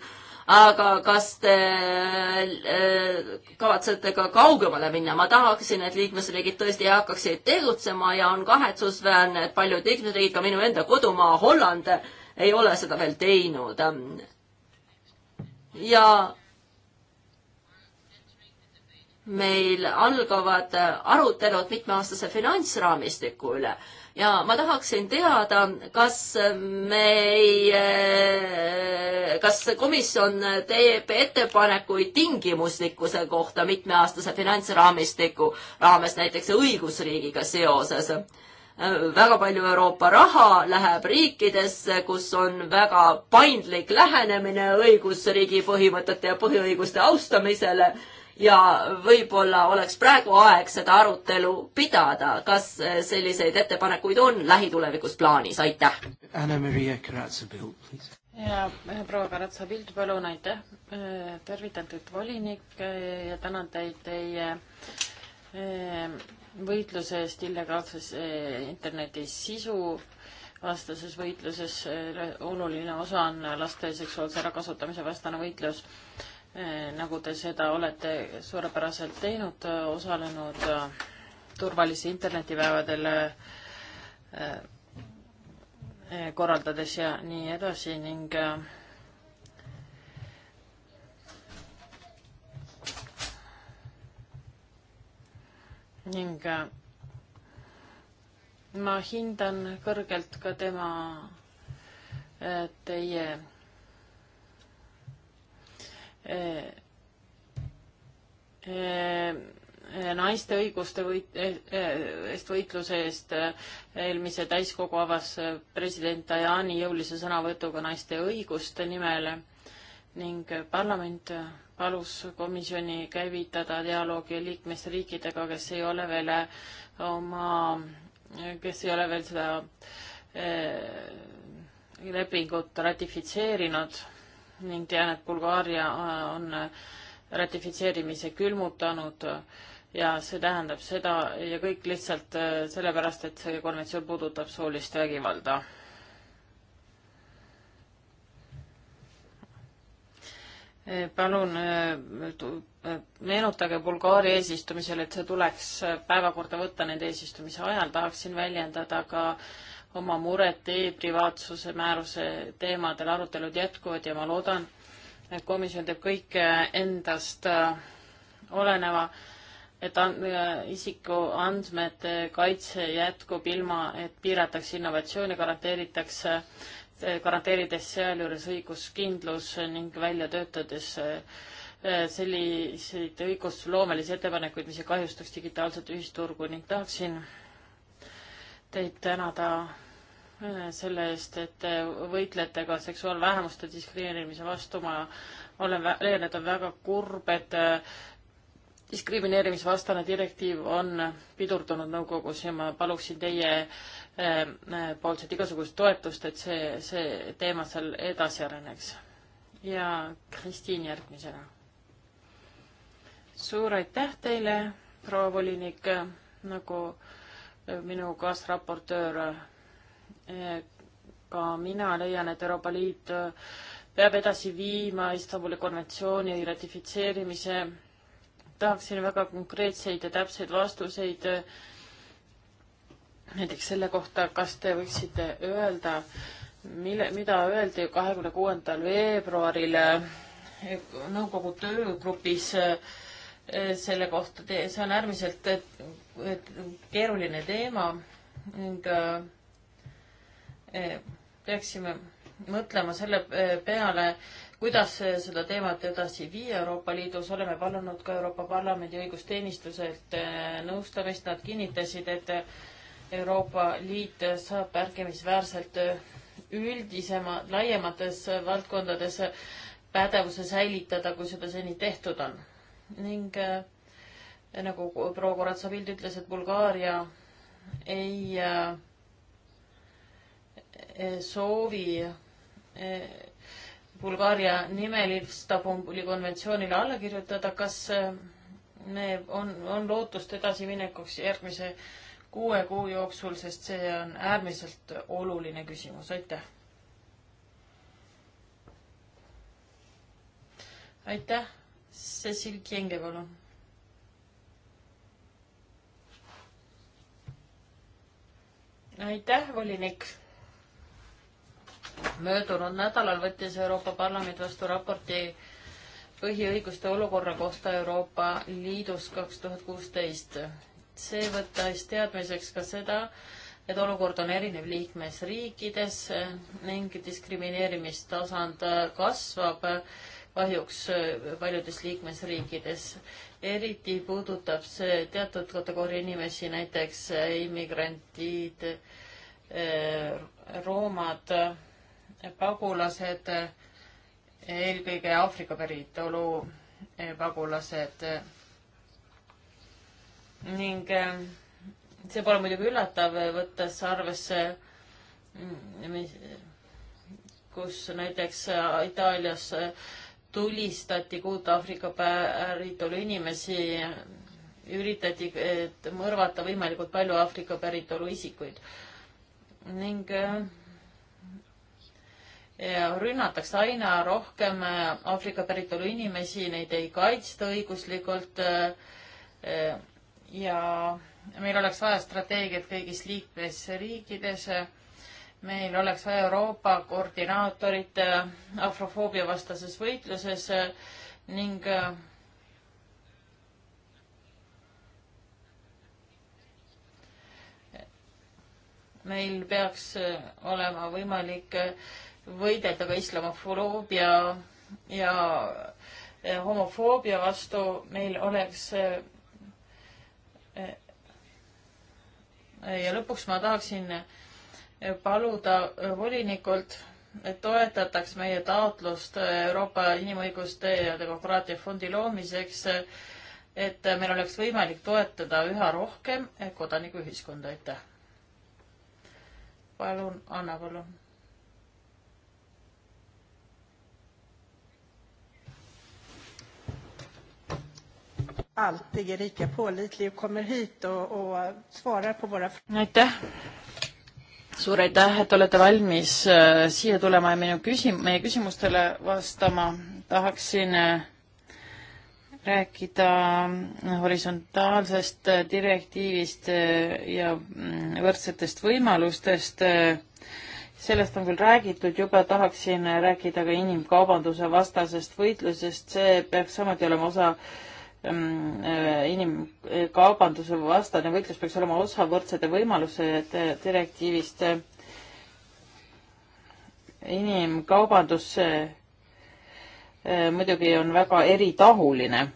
aga kas te äh, kavatsete ka kaugemale minna? ma tahaksin, et liikmesriigid tõesti hakkaksid tegutsema ja on kahetsusväärne, et paljud liikmesriigid, ka minu enda kodumaa Holland, ei ole seda veel teinud. ja meil algavad arutelud mitmeaastase finantsraamistiku üle ja ma tahaksin teada, kas me ei, kas komisjon teeb ettepanekuid tingimuslikkuse kohta mitmeaastase finantsraamistiku raames, näiteks õigusriigiga seoses väga palju Euroopa raha läheb riikidesse, kus on väga paindlik lähenemine õigusriigi põhimõtete ja põhiõiguste austamisele ja võib-olla oleks praegu aeg seda arutelu pidada, kas eh, selliseid ettepanekuid on lähitulevikus plaanis, aitäh. Anna-Maria Karatsa-Pilt, please. ja eh, proua Karatsa-Pilt, palun, aitäh. Eh, tervitan teid, volinik, ja tänan teid teie võitluse eest illegaalses eh, internetis sisu vastases võitluses eh, oluline osa on laste seksuaalse ärakasutamise vastane võitlus. Eh, nagu te seda olete suurepäraselt teinud, osalenud turvalisi internetipäevadel korraldades ja nii edasi ning ning äh, ma hindan kõrgelt ka tema, äh, teie äh, naiste õiguste võit-, eest võitluse eest eelmise täiskogu avas president Tajani jõulise sõnavõtuga naiste õiguste nimel ning parlament palus komisjoni käivitada dialoogi liikmesriikidega, kes ei ole veel eh, oma, kes ei ole veel seda eh, lepingut ratifitseerinud ning tean, et Bulgaaria eh, on ratifitseerimise külmutanud ja see tähendab seda ja kõik lihtsalt eh, sellepärast, et see konventsioon puudutab soolist vägivalda Eh, palun eh, eh, meenutage Bulgaaria eesistumisel, et see tuleks päevakorda võtta nende eesistumise ajal, tahaksin väljendada ka oma muret e-privaatsuse määruse teemadel, arutelud jätkuvad ja ma loodan, et komisjon teeb kõik endast oleneva, et and-, isikuandmete kaitse jätkub ilma, et piiratakse innovatsiooni, garanteeritakse äh, garanteerides sealjuures õiguskindlus ning välja töötades äh, selliseid õigusloomelisi ettepanekuid, mis ei kahjustaks digitaalset ühisturgu ning tahaksin teid tänada äh, selle eest, et te võitlete ka seksuaalvähemuste diskrimineerimise vastu. ma olen, leian, et on väga kurb, et äh, diskrimineerimisvastane direktiiv on pidurdunud nõukogus ja ma paluksin teie Ehm, äh, poolset igasugust toetust, et see, see teema seal edasi areneks. ja Kristiin järgmisena. suur aitäh teile, proua volinik, nagu äh, minu kaasraportöör äh, ka mina leian, et Euroopa Liit peab edasi viima Istanbuli konventsiooni ratifitseerimise. tahaksin väga konkreetseid ja täpseid vastuseid äh, näiteks selle kohta, kas te võiksite öelda, mille, mida öeldi kahekümne kuuendal veebruaril eh, nõukogu töögrupis eh, selle kohta, see on äärmiselt keeruline teema ning eh, peaksime mõtlema selle peale, kuidas seda teemat edasi viia Euroopa Liidus, oleme palunud ka Euroopa Parlamendi õigusteenistuselt nõustamist, nad kinnitasid, et Euroopa Liit saab märkimisväärselt üldisema, laiemates valdkondades pädevuse säilitada, kui seda seni tehtud on. ning äh, nagu proua Koratsapild ütles, et Bulgaaria ei äh, soovi äh, Bulgaaria nimel Istanbuli konventsioonile alla kirjutada, kas me, on, on lootust edasiminekuks järgmise äh, kuue kuu jooksul, sest see on äärmiselt oluline küsimus, aitäh. aitäh, Cecil Kienge, palun. aitäh, volinik. möödunud nädalal võttis Euroopa Parlament vastu raporti põhiõiguste olukorra kohta Euroopa Liidus kaks tuhat kuusteist see võttes teadmiseks ka seda, et olukord on erinev liikmesriikides ning diskrimineerimistasand kasvab kahjuks paljudes liikmesriikides. eriti puudutab see teatud kategooria inimesi, näiteks immigrantid, roomad, pagulased, eelkõige Aafrika päritolu pagulased ning ähm, see pole muidugi üllatav, võttes arvesse, mm, kus näiteks äh, Itaalias äh, tulistati Kuut-Aafrika päritolu inimesi, üritati mõrvata võimalikult palju Aafrika päritolu isikuid ning äh, ja rünnatakse aina rohkem Aafrika päritolu inimesi, neid ei kaitsta õiguslikult äh, ja meil oleks vaja strateegiat kõigis liikmesriikides. meil oleks vaja Euroopa koordinaatorit afrofoobia vastases võitluses ning meil peaks olema võimalik võidelda ka islamofoobia ja homofoobia vastu, meil oleks Eh, ja lõpuks ma tahaksin eh, paluda eh, volinikult, et toetataks meie taotlust Euroopa Inimõiguste ja Demokraatia Fondi loomiseks, et meil oleks võimalik toetada üha rohkem kodanikuühiskonda, aitäh. palun, Anna, palun alltid är lika pålitlig och kommer hit och, och svarar på våra aitäh, suur aitäh, et olete valmis äh, siia tulema ja minu küsim-, meie küsimustele vastama. tahaksin äh, rääkida äh, horisontaalsest äh, direktiivist äh, ja mm, võrdsetest võimalustest. sellest on küll räägitud juba, tahaksin rääkida ka inimkaubanduse vastasest võitlusest, see peaks samuti olema osa äh, Ähm, äh, inimkaubanduse vastane võitlus peaks olema osa võrdsete võimaluste direktiivist. inimkaubandus äh, äh, muidugi on väga eritahuline.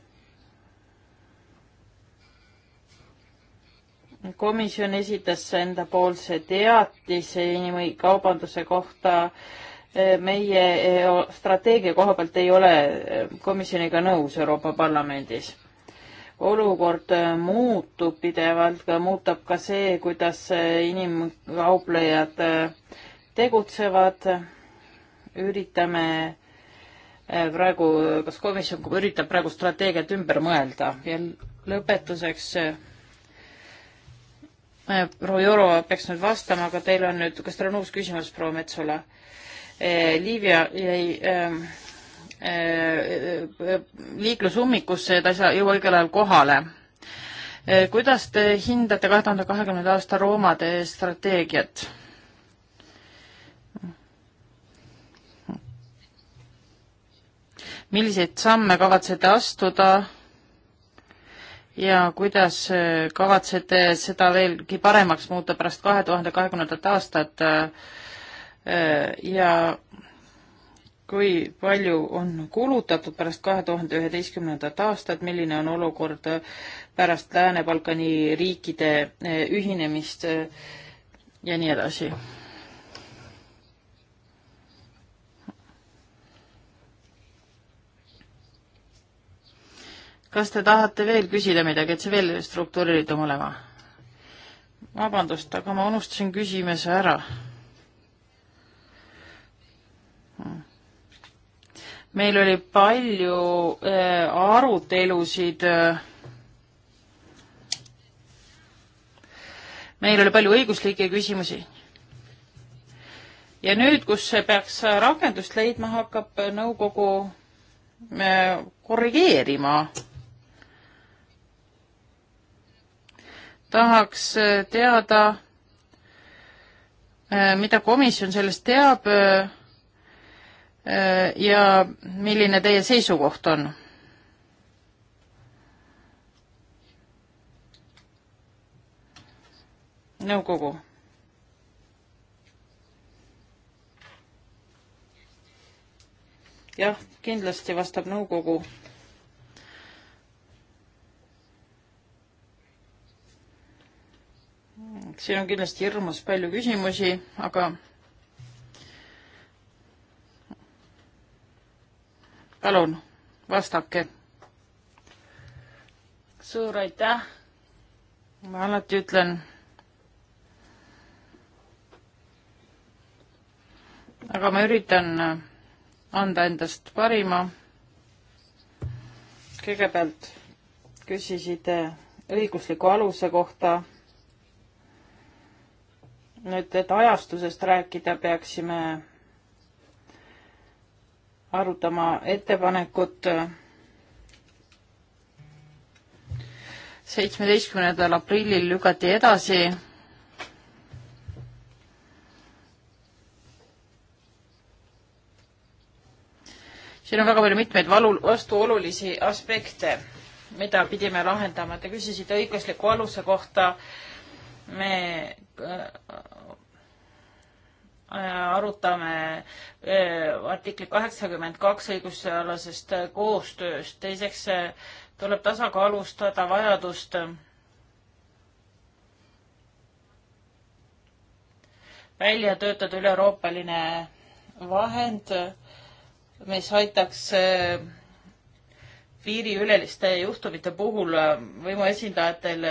komisjon esitas endapoolse teatise inimkaubanduse kohta meie eh, strateegia koha pealt ei ole eh, komisjoniga nõus Euroopa Parlamendis. olukord eh, muutub pidevalt, ka muutub ka see, kuidas inimkauplejad tegutsevad. üritame praegu, kas komisjon üritab praegu strateegiat ümber mõelda ja lõpetuseks proua Jurova peaks nüüd vastama, aga teil on nüüd, kas teil on uus küsimus proua Metsula? Liivia jäi ähm, äh, äh, liiklusummikusse ja ta ei saa, jõua õigel ajal kohale. kuidas te hindate kahe tuhande kahekümnenda aasta roomade strateegiat? milliseid samme kavatsete astuda ja kuidas äh, kavatsete seda veelgi paremaks muuta pärast kahe tuhande kahekümnendat aastat äh, Äh, ja kui palju on kulutatud pärast kahe tuhande üheteistkümnendat aastat, milline on olukord pärast Lääne-Balkani riikide äh, ühinemist äh, ja nii edasi? kas te tahate veel küsida midagi, et see veel struktureeritum olema? vabandust, aga ma unustasin küsimuse ära meil oli palju äh, arutelusid äh, meil oli palju õiguslikke küsimusi. ja nüüd, kus see peaks rakendust leidma, hakkab nõukogu äh, korrigeerima. tahaks äh, teada, äh, mida komisjon sellest teab äh, Äh, ja milline teie seisukoht on? nõukogu. jah, kindlasti vastab nõukogu. siin on kindlasti hirmus palju küsimusi, aga palun vastake. suur aitäh. ma alati ütlen. aga ma üritan anda endast parima. kõigepealt küsisite õigusliku aluse kohta. nüüd, et ajastusest rääkida, peaksime arutama ettepanekut seitsmeteistkümnendal aprillil lükati edasi. siin on väga palju mitmeid valu, vastuolulisi aspekte, mida pidime lahendama. Te küsisite õigusliku aluse kohta. me Äh, arutame äh, artikli kaheksakümmend kaks õigusalasest äh, koostööst. teiseks tuleb tasakaalustada vajadust välja töötada üleeuroopaline vahend, mis aitaks piiriüleliste juhtumite puhul võimuesindajatel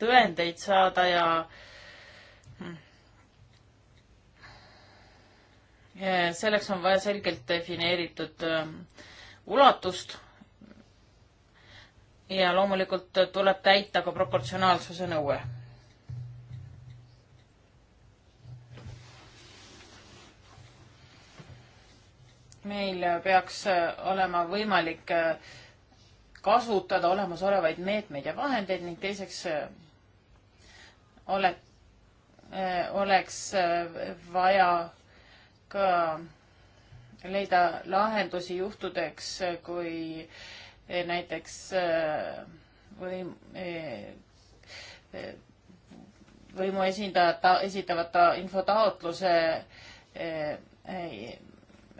tõendeid saada ja äh, selleks on vaja selgelt defineeritud ähm, ulatust ja loomulikult tuleb täita ka proportsionaalsuse nõue. meil peaks äh, olema võimalik äh, kasutada olemasolevaid meetmeid ja vahendeid ning teiseks äh, ole, oleks vaja ka leida lahendusi juhtudeks, kui eh, näiteks eh, või eh, võimu esindajad esitavad ta infotaotluse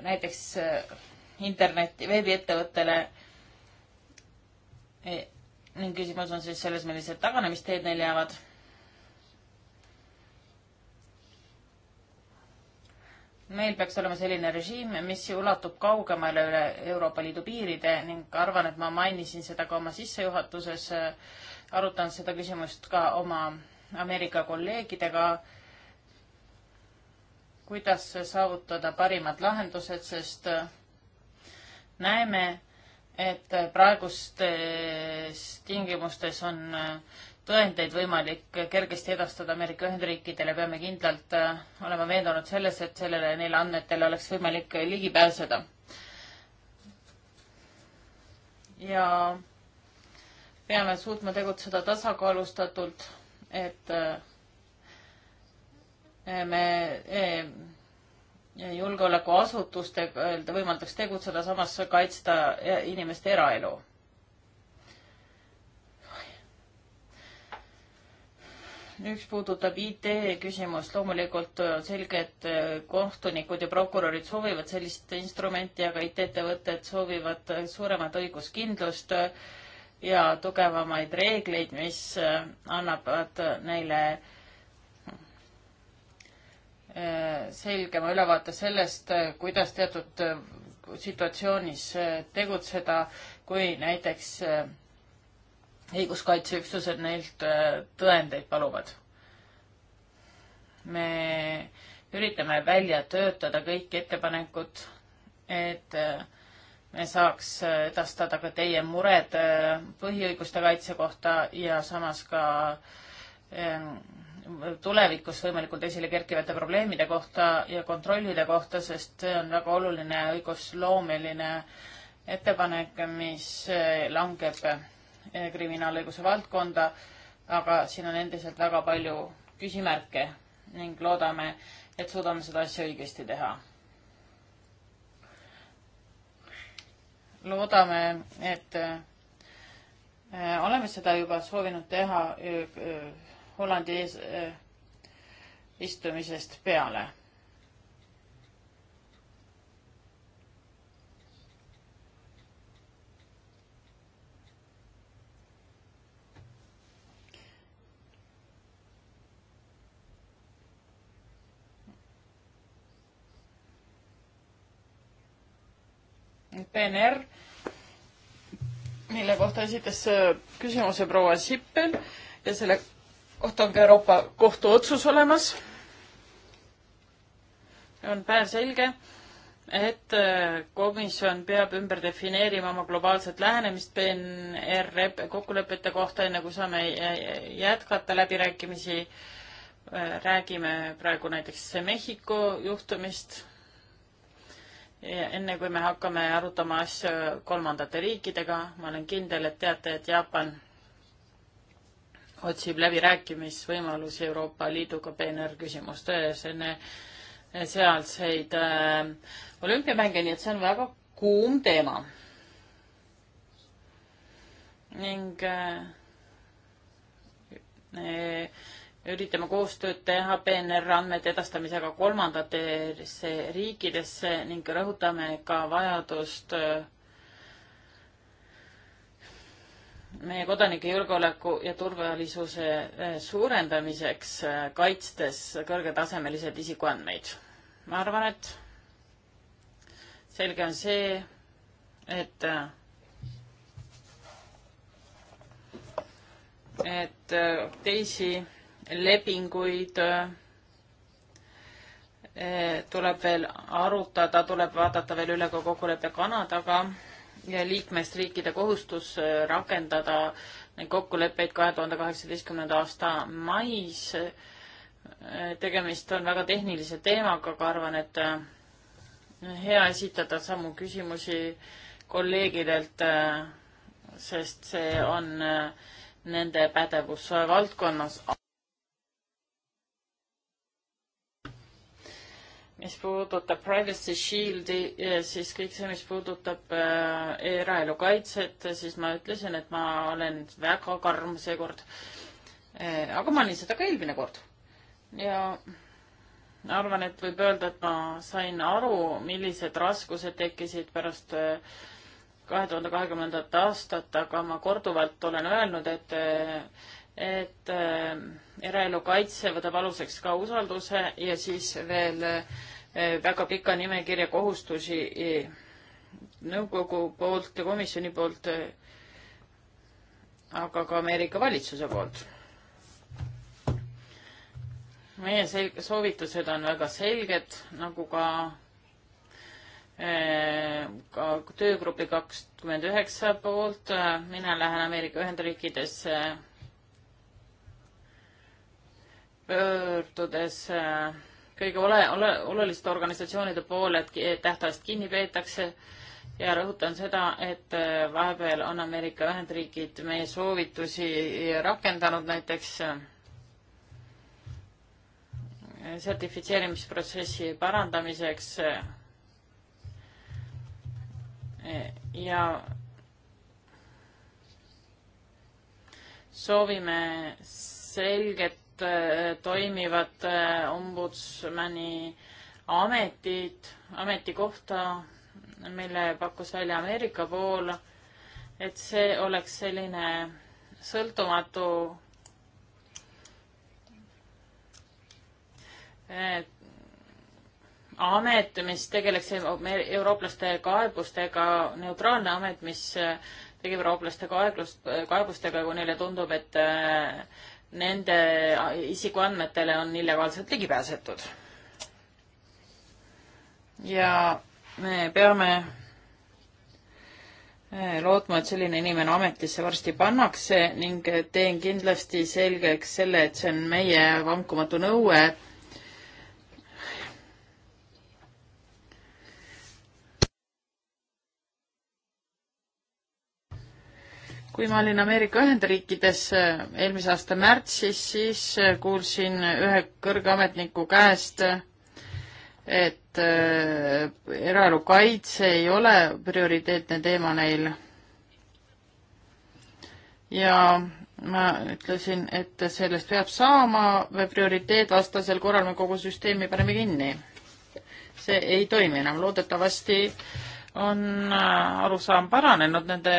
näiteks interneti, veebiettevõttele ning küsimus on siis selles, millised taganemisteed neil jäävad meil peaks olema selline režiim, mis ulatub kaugemale üle Euroopa Liidu piiride ning arvan, et ma mainisin seda ka oma sissejuhatuses, arutan seda küsimust ka oma Ameerika kolleegidega, kuidas saavutada parimad lahendused, sest näeme, et praegustes tingimustes on äh, tõendeid võimalik kergesti edastada Ameerika Ühendriikidele, peame kindlalt äh, olema veendunud selles, et sellele, neile andmetele oleks võimalik ligi pääseda. ja peame suutma tegutseda tasakaalustatult, et äh, me äh, julgeolekuasutustega võimaldaks tegutseda, samas kaitsta inimeste eraelu üks puudutab IT-küsimust, loomulikult äh, selge, et äh, kohtunikud ja prokurörid soovivad sellist instrumenti, aga IT-ettevõtted soovivad äh, suuremat õiguskindlust ja tugevamaid reegleid, mis annavad neile selgema ülevaate sellest, kuidas teatud situatsioonis tegutseda, kui näiteks õiguskaitseüksused neilt äh, tõendeid paluvad. me üritame välja töötada kõik ettepanekud, et äh, me saaks edastada ka teie mured äh, põhiõiguste kaitse kohta ja samas ka ähm, tulevikus võimalikult esile kerkivate probleemide kohta ja kontrollide kohta, sest see on väga oluline õigusloomeline ettepanek, mis langeb Eh, kriminaalõiguse valdkonda, aga siin on endiselt väga palju küsimärke ning loodame, et suudame seda asja õigesti teha. loodame, et eh, oleme seda juba soovinud teha eh, Hollandi ees istumisest peale PNR, mille kohta esitas äh, küsimuse proua Sippel ja selle kohta on ka Euroopa Kohtu otsus olemas. on päevselge, et äh, komisjon peab ümber defineerima oma globaalset lähenemist PNR kokkulepete kohta, enne kui saame jätkata läbirääkimisi. Äh, räägime praegu näiteks Mehhiko juhtumist enne kui me hakkame arutama asju kolmandate riikidega, ma olen kindel, et teate, et Jaapan otsib läbirääkimisvõimalusi Euroopa Liiduga PNR küsimustes enne sealseid äh, olümpiamänge, nii et see on väga kuum teema. ning äh, üritame koostööd teha PNR andmete edastamisega kolmandatesse riikidesse ning rõhutame ka vajadust äh, meie kodanike julgeoleku ja turvalisuse äh, suurendamiseks, äh, kaitstes kõrgetasemelised isikuandmeid. ma arvan, et selge on see, et et teisi lepinguid eh, tuleb veel arutada, tuleb vaadata veel üle ka kokkulepe Kanadaga ja liikmesriikide kohustus eh, rakendada neid kokkuleppeid kahe tuhande kaheksateistkümnenda aasta mais. Eh, tegemist on väga tehnilise teemaga, aga arvan, et hea esitada samu küsimusi kolleegidelt, sest see on nende pädevusvaldkonnas. mis puudutab Privacy Shieldi, eh, siis kõik see, mis puudutab eh, eraelu kaitset, eh, siis ma ütlesin, et ma olen väga karm seekord. aga ma olin seda ka eelmine kord. ja arvan, et võib öelda, et ma sain aru, millised raskused tekkisid pärast kahe tuhande kahekümnendat aastat, aga ma korduvalt olen öelnud, et et äh, eraelu kaitse võtab aluseks ka usalduse ja siis veel äh, Eh, väga pika nimekirja kohustusi eh, nõukogu poolt ja komisjoni poolt, eh, aga ka Ameerika valitsuse poolt. meie sel-, soovitused on väga selged, nagu ka ka töögrupi kakskümmend üheksa poolt, mina lähen Ameerika Ühendriikidesse pöördudes äh, kõige ole, ole, oluliste organisatsioonide poole, et tähtajast kinni peetakse ja rõhutan seda, et äh, vahepeal on Ameerika Ühendriigid meie soovitusi rakendanud näiteks äh, sertifitseerimisprotsessi parandamiseks äh, ja soovime selget et toimivad äh, ombudsmani ametid, ametikohta, mille pakkus välja Ameerika pool, et see oleks selline sõltumatu äh, amet, mis tegeleks eurooplaste kaebustega, neutraalne amet, mis äh, tegeleb eurooplaste kaeglust, kaebustega, kui neile tundub, et nende isikuandmetele on illegaalselt ligipääsetud. ja me peame eh, lootma, et selline inimene ametisse varsti pannakse ning teen kindlasti selgeks selle, et see on meie vankumatu nõue kui ma olin Ameerika Ühendriikides eh, eelmise aasta märtsis, siis eh, kuulsin ühe kõrge ametniku käest, et eh, eraelu kaitse ei ole prioriteetne teema neil. ja ma ütlesin, et sellest peab saama prioriteet, vastasel korral me kogu süsteemi paneme kinni. see ei toimi enam, loodetavasti on arusaam paranenud nende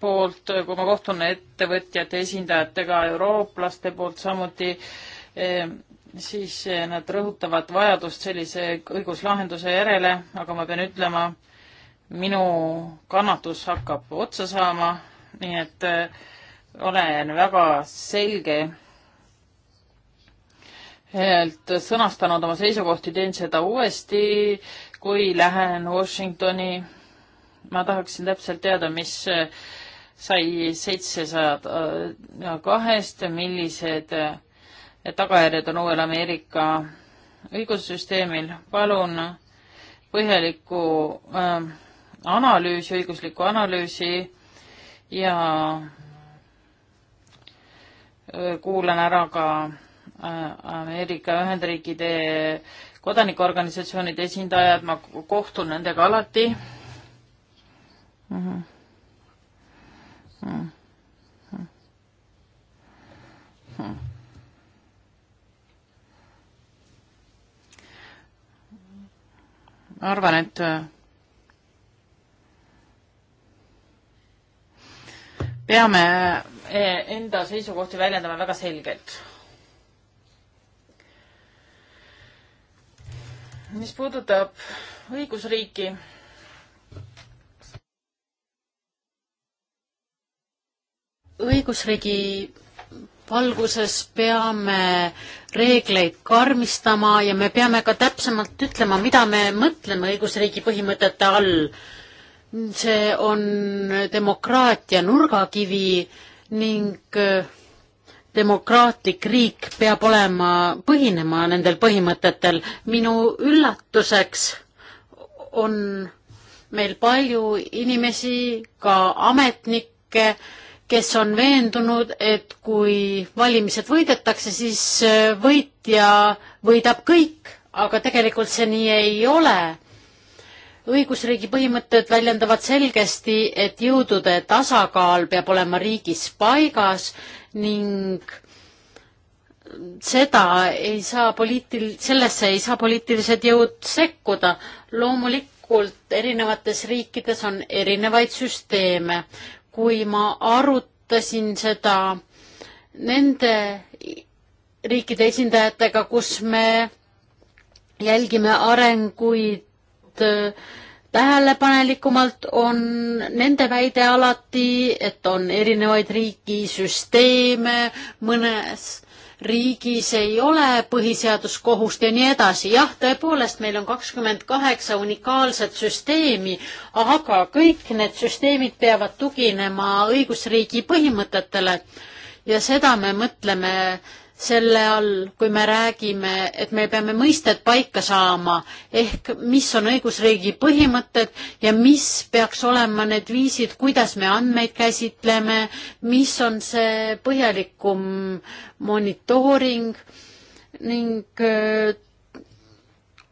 poolt, kui ma kohtun ettevõtjate esindajatega, eurooplaste poolt samuti, eh, siis nad rõhutavad vajadust sellise õiguslahenduse järele, aga ma pean ütlema, minu kannatus hakkab otsa saama, nii et eh, olen väga selge sõnastanud oma seisukohti, teen seda uuesti, kui lähen Washingtoni ma tahaksin täpselt teada, mis äh, sai seitsesada äh, kahest, millised äh, tagajärjed on uuel Ameerika õigussüsteemil. palun põhjalikku äh, analüüsi, õiguslikku analüüsi ja kuulan ära ka Ameerika Ühendriikide kodanikuorganisatsioonide esindajad, ma kohtun nendega alati Mm-hmm. Mm-hmm. Mm-hmm. ma arvan, et äh, peame äh, enda seisukohti väljendama väga selgelt. mis puudutab õigusriiki õigusriigi valguses peame reegleid karmistama ja me peame ka täpsemalt ütlema, mida me mõtleme õigusriigi põhimõtete all. see on demokraatia nurgakivi ning äh, demokraatlik riik peab olema, põhinema nendel põhimõtetel. minu üllatuseks on meil palju inimesi, ka ametnikke, kes on veendunud, et kui valimised võidetakse, siis äh, võitja võidab kõik, aga tegelikult see nii ei ole. õigusriigi põhimõtted väljendavad selgesti, et jõudude tasakaal peab olema riigis paigas ning seda ei saa poliitil-, sellesse ei saa poliitilised jõud sekkuda. loomulikult erinevates riikides on erinevaid süsteeme kui ma arutasin seda nende riikide esindajatega, kus me jälgime arenguid äh, tähelepanelikumalt, on nende väide alati, et on erinevaid riigisüsteeme, mõnes riigis ei ole põhiseaduskohust ja nii edasi. jah, tõepoolest, meil on kakskümmend kaheksa unikaalset süsteemi, aga kõik need süsteemid peavad tuginema õigusriigi põhimõtetele ja seda me mõtleme äh, selle all, kui me räägime, et me peame mõisted paika saama, ehk mis on õigusriigi põhimõtted ja mis peaks olema need viisid, kuidas me andmeid käsitleme, mis on see põhjalikum monitooring ning äh,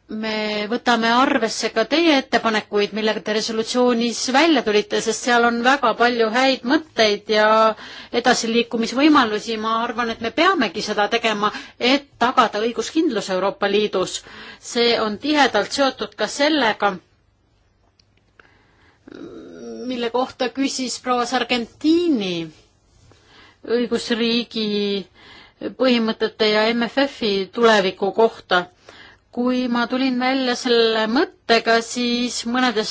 me võtame arvesse ka teie ettepanekuid, millega te resolutsioonis välja tulite, sest seal on väga palju häid mõtteid ja edasiliikumisvõimalusi. ma arvan, et me peamegi seda tegema, et tagada õiguskindlus Euroopa Liidus. see on tihedalt seotud ka sellega, mille kohta küsis proua Sargentini õigusriigi põhimõtete ja MFF-i tuleviku kohta kui ma tulin välja selle mõttega, siis mõnedes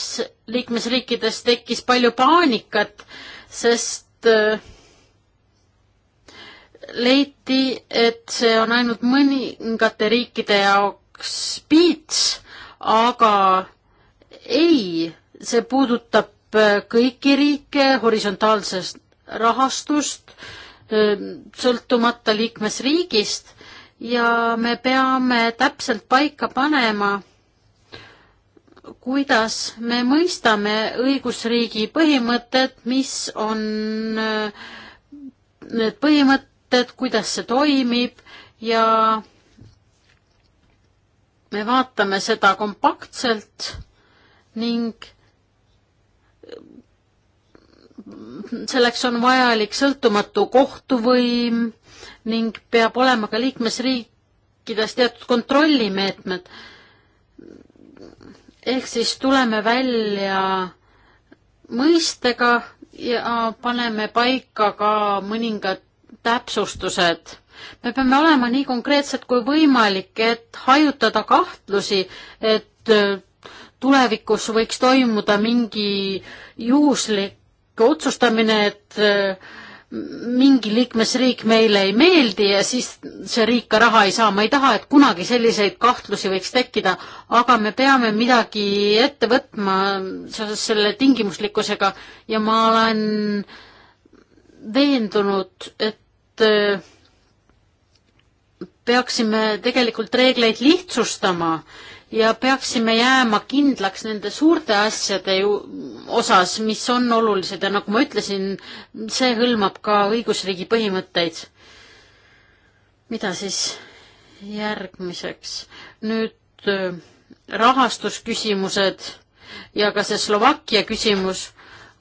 liikmesriikides tekkis palju paanikat, sest äh, leiti, et see on ainult mõningate riikide jaoks piits, aga ei, see puudutab äh, kõiki riike horisontaalsest rahastust, äh, sõltumata liikmesriigist ja me peame täpselt paika panema, kuidas me mõistame õigusriigi põhimõtted, mis on äh, need põhimõtted, kuidas see toimib ja me vaatame seda kompaktselt ning selleks on vajalik sõltumatu kohtuvõim ning peab olema ka liikmesriikides teatud kontrollimeetmed. ehk siis tuleme välja mõistega ja paneme paika ka mõningad täpsustused. me peame olema nii konkreetsed kui võimalik, et hajutada kahtlusi, et äh, tulevikus võiks toimuda mingi juhuslik otsustamine, et äh, mingi liikmesriik meile ei meeldi ja siis see riik ka raha ei saa. ma ei taha, et kunagi selliseid kahtlusi võiks tekkida, aga me peame midagi ette võtma seoses selle tingimuslikkusega ja ma olen veendunud, et äh, peaksime tegelikult reegleid lihtsustama ja peaksime jääma kindlaks nende suurte asjade ju osas, mis on olulised ja nagu ma ütlesin, see hõlmab ka õigusriigi põhimõtteid. mida siis järgmiseks? nüüd äh, rahastusküsimused ja ka see Slovakkia küsimus,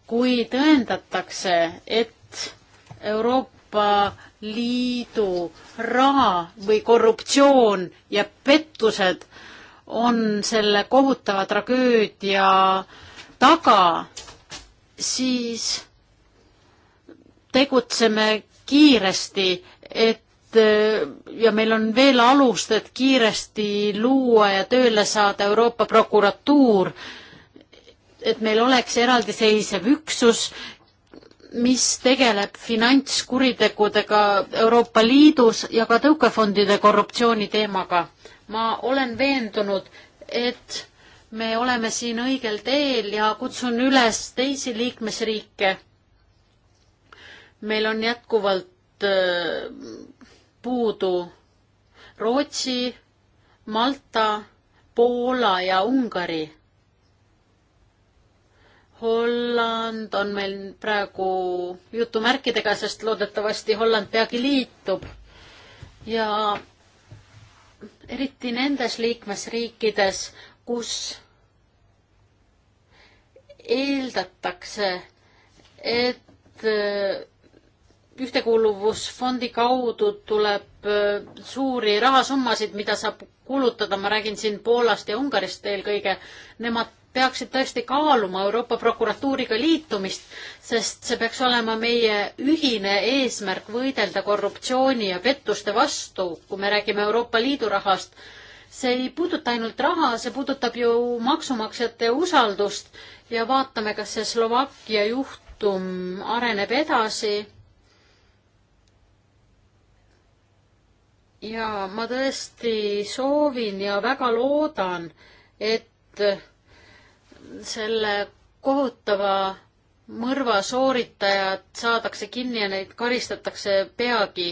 kui tõendatakse, et Euroopa Liidu raha või korruptsioon ja pettused äh, on selle kohutava tragöödia taga, siis tegutseme kiiresti, et ja meil on veel alust, et kiiresti luua ja tööle saada Euroopa prokuratuur, et meil oleks eraldiseisev üksus, mis tegeleb finantskuritegudega Euroopa Liidus ja ka tõukefondide korruptsiooni teemaga ma olen veendunud, et me oleme siin õigel teel ja kutsun üles teisi liikmesriike. meil on jätkuvalt äh, puudu Rootsi, Malta, Poola ja Ungari. Holland on meil praegu jutumärkidega, sest loodetavasti Holland peagi liitub ja eriti nendes liikmesriikides, kus eeldatakse, et äh, ühtekuuluvusfondi kaudu tuleb äh, suuri rahasummasid, mida saab kulutada, ma räägin siin Poolast ja Ungarist eelkõige, nemad peaksid tõesti kaaluma Euroopa prokuratuuriga liitumist, sest see peaks olema meie ühine eesmärk võidelda korruptsiooni ja pettuste vastu, kui me räägime Euroopa Liidu rahast. see ei puuduta ainult raha, see puudutab ju maksumaksjate usaldust ja vaatame, kas see Slovakkia juhtum areneb edasi. ja ma tõesti soovin ja väga loodan, et selle kohutava mõrva sooritajad saadakse kinni ja neid karistatakse peagi.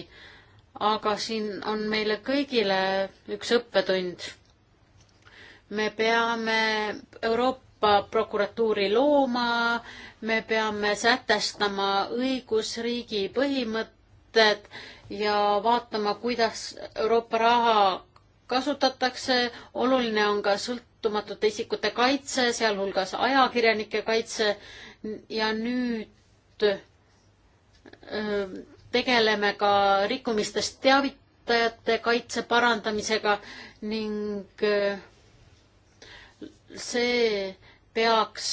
aga siin on meile kõigile üks õppetund. me peame Euroopa prokuratuuri looma, me peame sätestama õigusriigi põhimõtted ja vaatama, kuidas Euroopa raha kasutatakse, oluline on ka sõlt-, sõltumatute isikute kaitse, sealhulgas ajakirjanike kaitse ja nüüd ähm, tegeleme ka rikkumistest teavitajate kaitse parandamisega ning äh, see peaks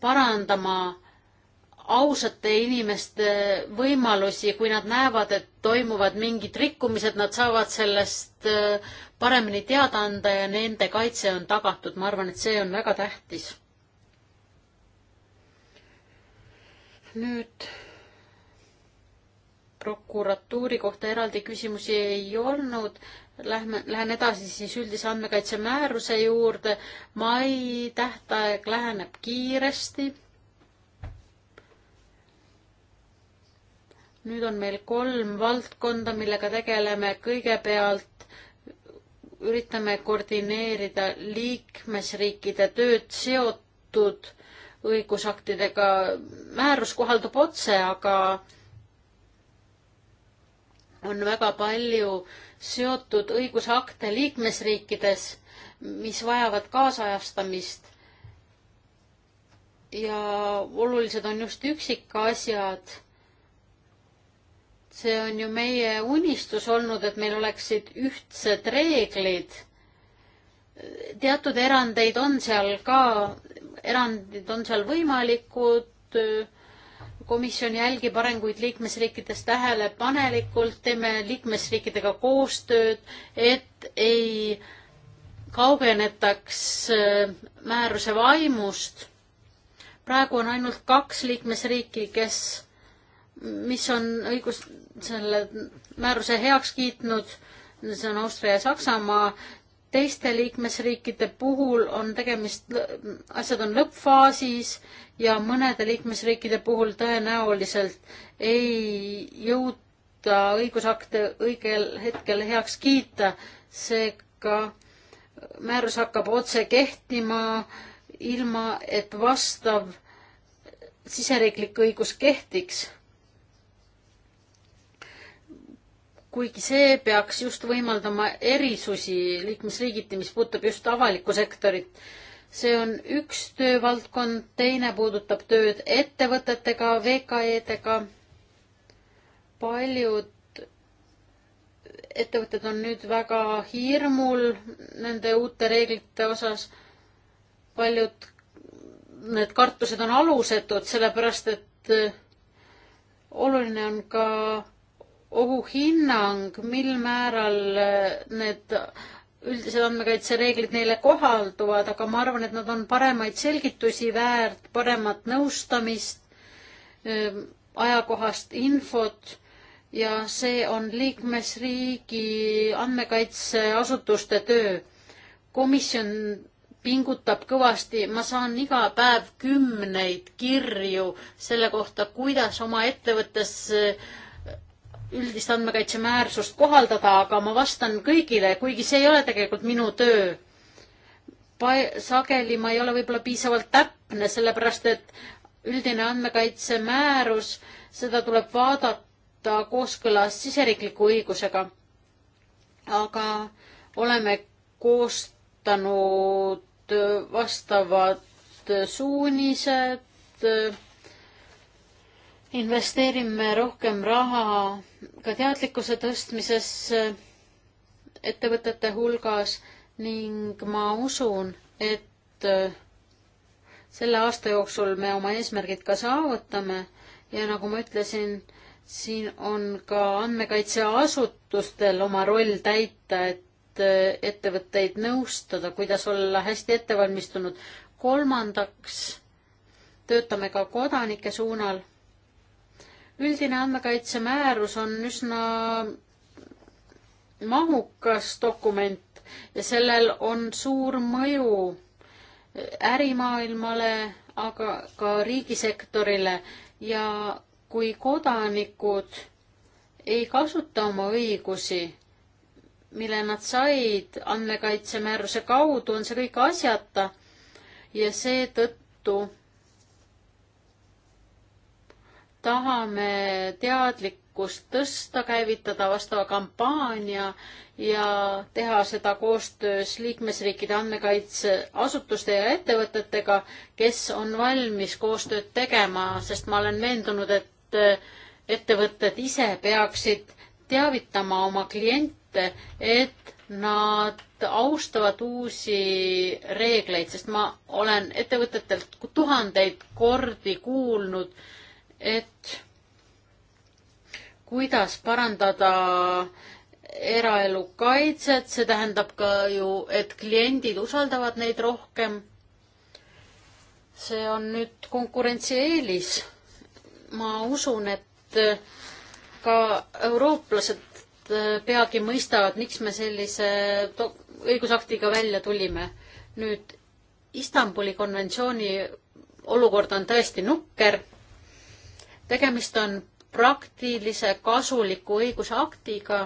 parandama ausate inimeste võimalusi, kui nad näevad, et toimuvad mingid rikkumised, nad saavad sellest äh, paremini teada anda ja nende kaitse on tagatud. ma arvan, et see on väga tähtis. nüüd prokuratuuri kohta eraldi küsimusi ei olnud. Lähme, lähen edasi siis üldise andmekaitse määruse juurde. mai tähtaeg läheneb kiiresti nüüd on meil kolm valdkonda, millega tegeleme. kõigepealt üritame koordineerida liikmesriikide tööd seotud õigusaktidega. määrus kohaldub otse, aga on väga palju seotud õigusakte liikmesriikides, mis vajavad kaasajastamist. ja olulised on just üksikasjad see on ju meie unistus olnud, et meil oleksid ühtsed reeglid. teatud erandeid on seal ka, erandid on seal võimalikud. komisjon jälgib arenguid liikmesriikides tähelepanelikult, teeme liikmesriikidega koostööd, et ei kaugenetaks äh, määruse vaimust. praegu on ainult kaks liikmesriiki, kes mis on õigus selle määruse heaks kiitnud, see on Austria ja Saksamaa, teiste liikmesriikide puhul on tegemist, asjad on lõppfaasis ja mõnede liikmesriikide puhul tõenäoliselt ei jõuta õigusakte õigel hetkel heaks kiita, seega määrus hakkab otse kehtima, ilma et vastav siseriiklik õigus kehtiks kuigi see peaks just võimaldama erisusi liikmesriigiti, mis puudutab just avalikku sektorit. see on üks töövaldkond, teine puudutab tööd ettevõtetega, VKE-dega. paljud ettevõtted on nüüd väga hirmul nende uute reeglite osas. paljud need kartused on alusetud, sellepärast et eh, oluline on ka ohuhinnang, mil määral eh, need üldised andmekaitsereeglid neile kohalduvad, aga ma arvan, et nad on paremaid selgitusi väärt, paremat nõustamist, eh, ajakohast infot ja see on liikmesriigi andmekaitseasutuste töö. komisjon pingutab kõvasti, ma saan iga päev kümneid kirju selle kohta, kuidas oma ettevõttes äh, üldist andmekaitse määrusust kohaldada, aga ma vastan kõigile, kuigi see ei ole tegelikult minu töö. sageli ma ei ole võib-olla piisavalt täpne, sellepärast et üldine andmekaitse määrus, seda tuleb vaadata kooskõlas siseriikliku õigusega. aga oleme koostanud vastavad suunised investeerime rohkem raha ka teadlikkuse tõstmisesse eh, ettevõtete hulgas ning ma usun, et eh, selle aasta jooksul me oma eesmärgid ka saavutame ja nagu ma ütlesin, siin on ka andmekaitseasutustel oma roll täita, et eh, ettevõtteid nõustada, kuidas olla hästi ettevalmistunud. kolmandaks töötame ka kodanike suunal üldine andmekaitsemäärus on üsna mahukas dokument ja sellel on suur mõju ärimaailmale, aga ka riigisektorile ja kui kodanikud ei kasuta oma õigusi, mille nad said andmekaitsemääruse kaudu, on see kõik asjata ja seetõttu tahame teadlikkust tõsta, käivitada vastava kampaania ja teha seda koostöös liikmesriikide andmekaitseasutuste ja ettevõtetega, kes on valmis koostööd tegema, sest ma olen veendunud, et äh, ettevõtted ise peaksid teavitama oma kliente, et nad austavad uusi reegleid, sest ma olen ettevõtetelt tuhandeid kordi kuulnud, et kuidas parandada eraelu kaitset, see tähendab ka ju, et kliendid usaldavad neid rohkem. see on nüüd konkurentsieelis. ma usun, et ka eurooplased peagi mõistavad, miks me sellise õigusaktiga välja tulime. nüüd Istanbuli konventsiooni olukord on tõesti nukker tegemist on praktilise kasuliku õigusaktiga,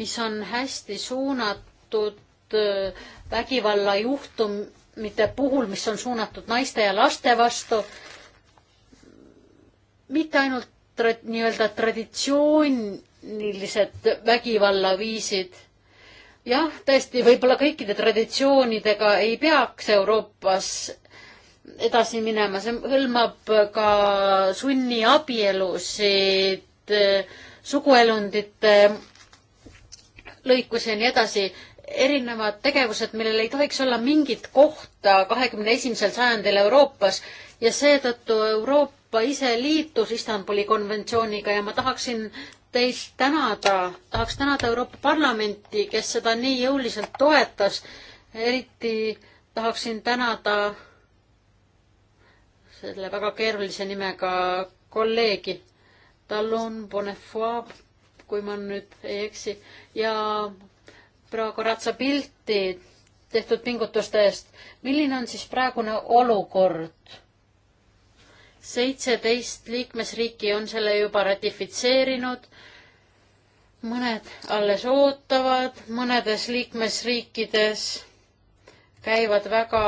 mis on hästi suunatud äh, vägivallajuhtumite puhul, mis on suunatud naiste ja laste vastu, mitte ainult tra-, nii-öelda traditsioonilised vägivallaviisid. jah, tõesti, võib-olla kõikide traditsioonidega ei peaks Euroopas edasi minema, see hõlmab ka sunniabielusid, suguelundite lõikusi ja nii edasi, erinevad tegevused, millel ei tohiks olla mingit kohta kahekümne esimesel sajandil Euroopas ja seetõttu Euroopa ise liitus Istanbuli konventsiooniga ja ma tahaksin teid tänada, tahaks tänada Euroopa Parlamenti, kes seda nii jõuliselt toetas, eriti tahaksin tänada selle väga keerulise nimega kolleegi. tal on Bonnefoy, kui ma nüüd ei eksi, ja praegu ratsa pilti tehtud pingutuste eest. milline on siis praegune olukord? seitseteist liikmesriiki on selle juba ratifitseerinud, mõned alles ootavad, mõnedes liikmesriikides käivad väga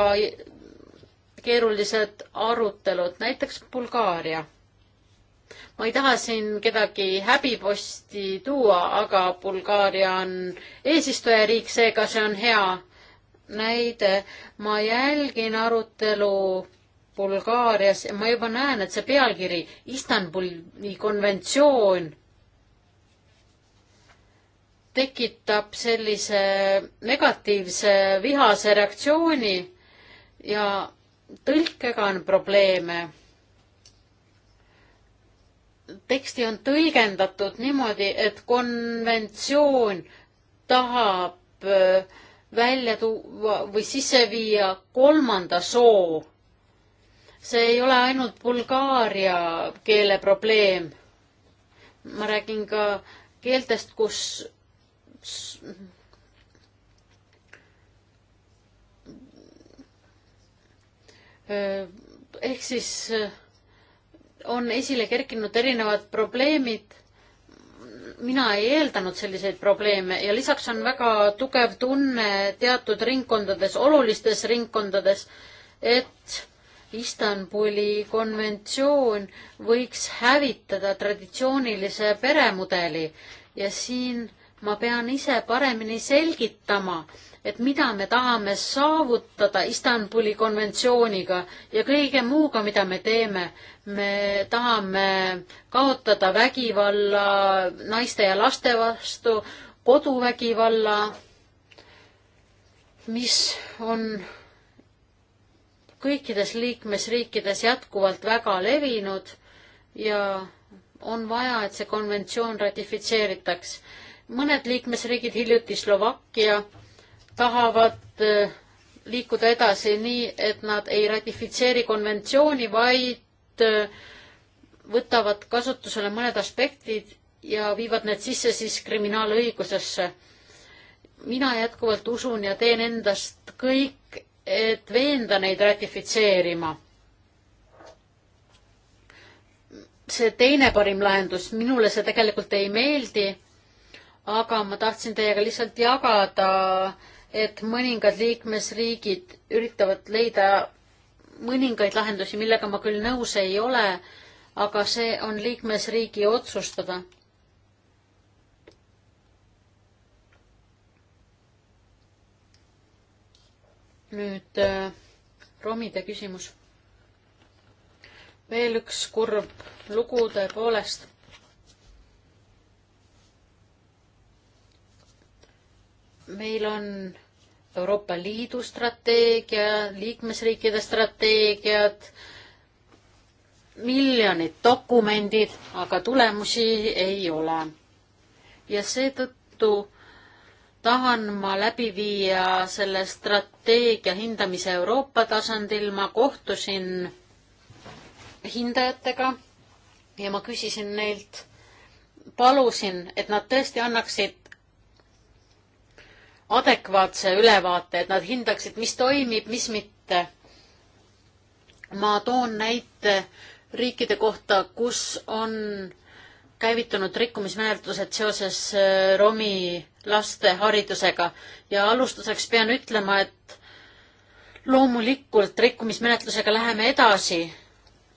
keerulised arutelud, näiteks Bulgaaria. ma ei taha siin kedagi häbiposti tuua, aga Bulgaaria on eesistujariik, seega see on hea näide. ma jälgin arutelu Bulgaarias ja ma juba näen, et see pealkiri Istanbuli konventsioon tekitab sellise negatiivse vihase reaktsiooni ja tõlkega on probleeme. teksti on tõlgendatud niimoodi, et konventsioon tahab äh, välja tuua või sisse viia kolmanda soo. see ei ole ainult bulgaaria keele probleem. ma räägin ka keeltest, kus Äh, ehk siis äh, on esile kerkinud erinevad probleemid. mina ei eeldanud selliseid probleeme ja lisaks on väga tugev tunne teatud ringkondades, olulistes ringkondades, et Istanbuli konventsioon võiks hävitada traditsioonilise peremudeli ja siin ma pean ise paremini selgitama, et mida me tahame saavutada Istanbuli konventsiooniga ja kõige muuga, mida me teeme. me tahame kaotada vägivalla naiste ja laste vastu, koduvägivalla, mis on kõikides liikmesriikides jätkuvalt väga levinud ja on vaja, et see konventsioon ratifitseeritaks. mõned liikmesriigid, hiljuti Slovakkia, tahavad eh, liikuda edasi nii, et nad ei ratifitseeri konventsiooni, vaid eh, võtavad kasutusele mõned aspektid ja viivad need sisse siis kriminaalõigusesse. mina jätkuvalt usun ja teen endast kõik, et veenda neid ratifitseerima. see teine parim lahendus, minule see tegelikult ei meeldi, aga ma tahtsin teiega lihtsalt jagada äh, et mõningad liikmesriigid üritavad leida mõningaid lahendusi, millega ma küll nõus ei ole, aga see on liikmesriigi otsustada. nüüd äh, romide küsimus. veel üks kurb lugu tõepoolest meil on Euroopa Liidu strateegia, liikmesriikide strateegiad, miljonid dokumendid, aga tulemusi ei ole. ja seetõttu tahan ma läbi viia selle strateegia hindamise Euroopa tasandil, ma kohtusin hindajatega ja ma küsisin neilt, palusin, et nad tõesti annaksid adekvaatse ülevaate, et nad hindaksid, mis toimib, mis mitte. ma toon näite riikide kohta, kus on käivitunud rikkumismenetlused seoses äh, romi laste haridusega ja alustuseks pean ütlema, et loomulikult rikkumismenetlusega läheme edasi,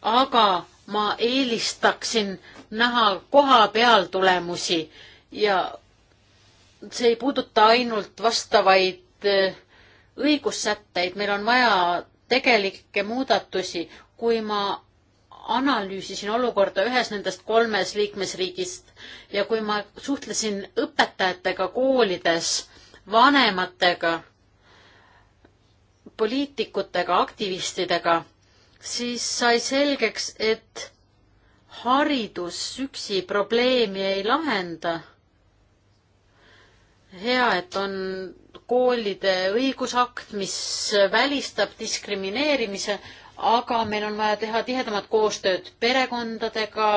aga ma eelistaksin näha koha peal tulemusi ja see ei puuduta ainult vastavaid eh, õigussätteid, meil on vaja tegelikke muudatusi. kui ma analüüsisin olukorda ühes nendest kolmes liikmesriigist ja kui ma suhtlesin õpetajatega koolides, vanematega, poliitikutega, aktivistidega, siis sai selgeks, et haridus üksi probleemi ei lahenda hea, et on koolide õigusakt, mis välistab diskrimineerimise, aga meil on vaja teha tihedamat koostööd perekondadega.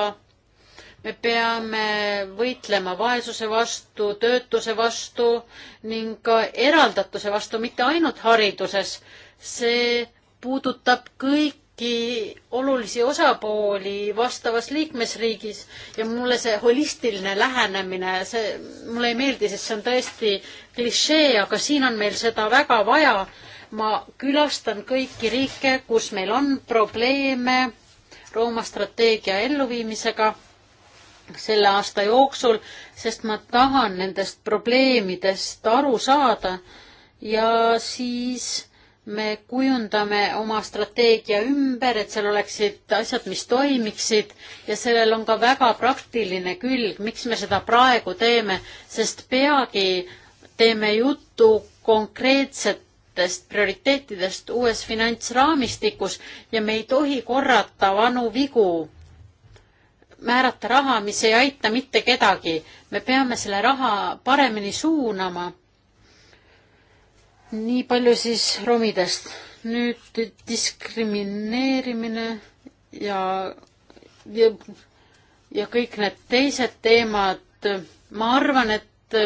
me peame võitlema vaesuse vastu, töötuse vastu ning ka eraldatuse vastu, mitte ainult hariduses. see puudutab kõik kõiki olulisi osapooli vastavas liikmesriigis ja mulle see holistiline lähenemine, see mulle ei meeldi, sest see on tõesti klišee, aga siin on meil seda väga vaja. ma külastan kõiki riike, kus meil on probleeme Rooma strateegia elluviimisega selle aasta jooksul, sest ma tahan nendest probleemidest aru saada ja siis me kujundame oma strateegia ümber, et seal oleksid asjad, mis toimiksid ja sellel on ka väga praktiline külg, miks me seda praegu teeme, sest peagi teeme juttu konkreetsetest prioriteetidest uues finantsraamistikus ja me ei tohi korrata vanu vigu, määrata raha, mis ei aita mitte kedagi. me peame selle raha paremini suunama nii palju siis romidest. nüüd diskrimineerimine ja, ja, ja kõik need teised teemad, ma arvan, et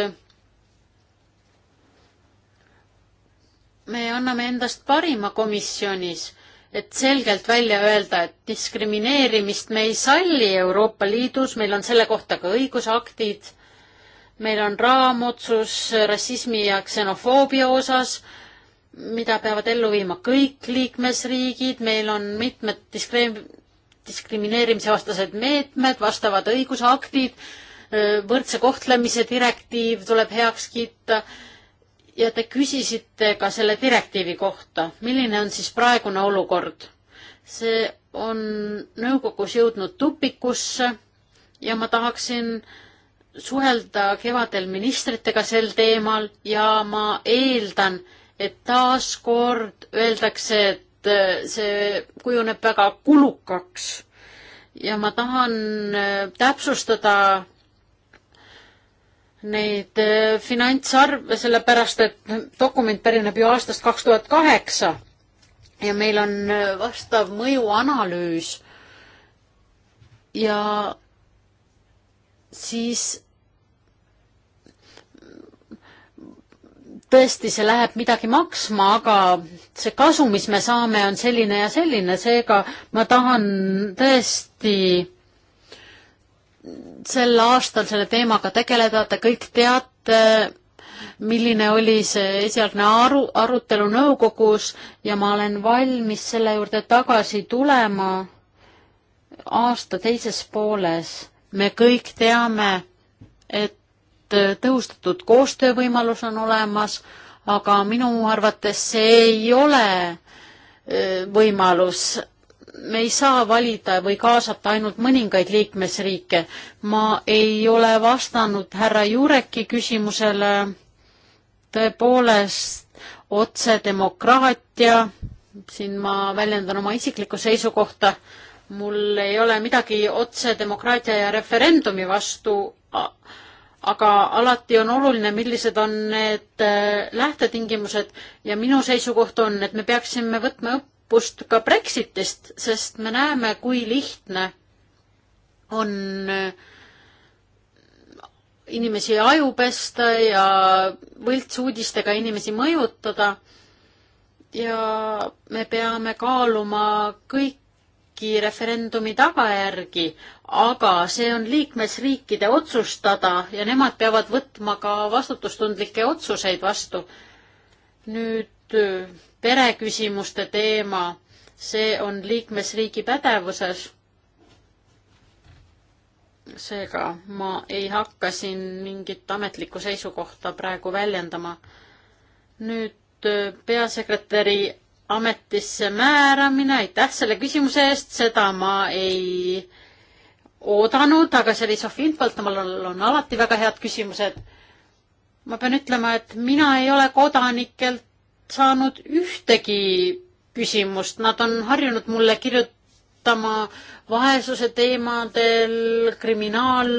me anname endast parima komisjonis, et selgelt välja öelda, et diskrimineerimist me ei salli Euroopa Liidus, meil on selle kohta ka õigusaktid meil on raamotsus rassismi ja ksenofoobia osas, mida peavad ellu viima kõik liikmesriigid, meil on mitmed diskreem-, diskrimineerimise vastased meetmed, vastavad õigusaktid, võrdse kohtlemise direktiiv tuleb heaks kiita ja te küsisite ka selle direktiivi kohta, milline on siis praegune olukord? see on nõukogus jõudnud tupikusse ja ma tahaksin äh, suhelda kevadel ministritega sel teemal ja ma eeldan, et taaskord öeldakse, et äh, see kujuneb väga kulukaks. ja ma tahan äh, täpsustada neid äh, finantsarve, sellepärast et dokument pärineb ju aastast kaks tuhat kaheksa ja meil on vastav mõjuanalüüs. ja siis tõesti, see läheb midagi maksma, aga see kasu, mis me saame, on selline ja selline, seega ma tahan tõesti sel aastal selle teemaga tegeleda, te kõik teate, milline oli see esialgne aru, arutelu nõukogus ja ma olen valmis selle juurde tagasi tulema aasta teises pooles me kõik teame, et tõhustatud koostöövõimalus on olemas, aga minu arvates see ei ole e, võimalus. me ei saa valida või kaasata ainult mõningaid liikmesriike. ma ei ole vastanud härra Jureki küsimusele. tõepoolest, otsedemokraatia, siin ma väljendan oma isiklikku seisukohta mul ei ole midagi otse demokraatia ja referendumi vastu, aga alati on oluline, millised on need äh, lähtetingimused ja minu seisukoht on, et me peaksime võtma õppust ka Brexitist, sest me näeme, kui lihtne on äh, inimesi aju pesta ja võltsuudistega inimesi mõjutada ja me peame kaaluma kõik kõiki referendumi tagajärgi, aga see on liikmesriikide otsustada ja nemad peavad võtma ka vastutustundlikke otsuseid vastu. nüüd pereküsimuste teema, see on liikmesriigi pädevuses. seega ma ei hakka siin mingit ametlikku seisukohta praegu väljendama. nüüd peasekretäri ametisse määramine, aitäh selle küsimuse eest, seda ma ei oodanud, aga see oli Sofi infolt, mul on alati väga head küsimused. ma pean ütlema, et mina ei ole kodanikelt saanud ühtegi küsimust, nad on harjunud mulle kirjutama vaesuse teemadel, kriminaal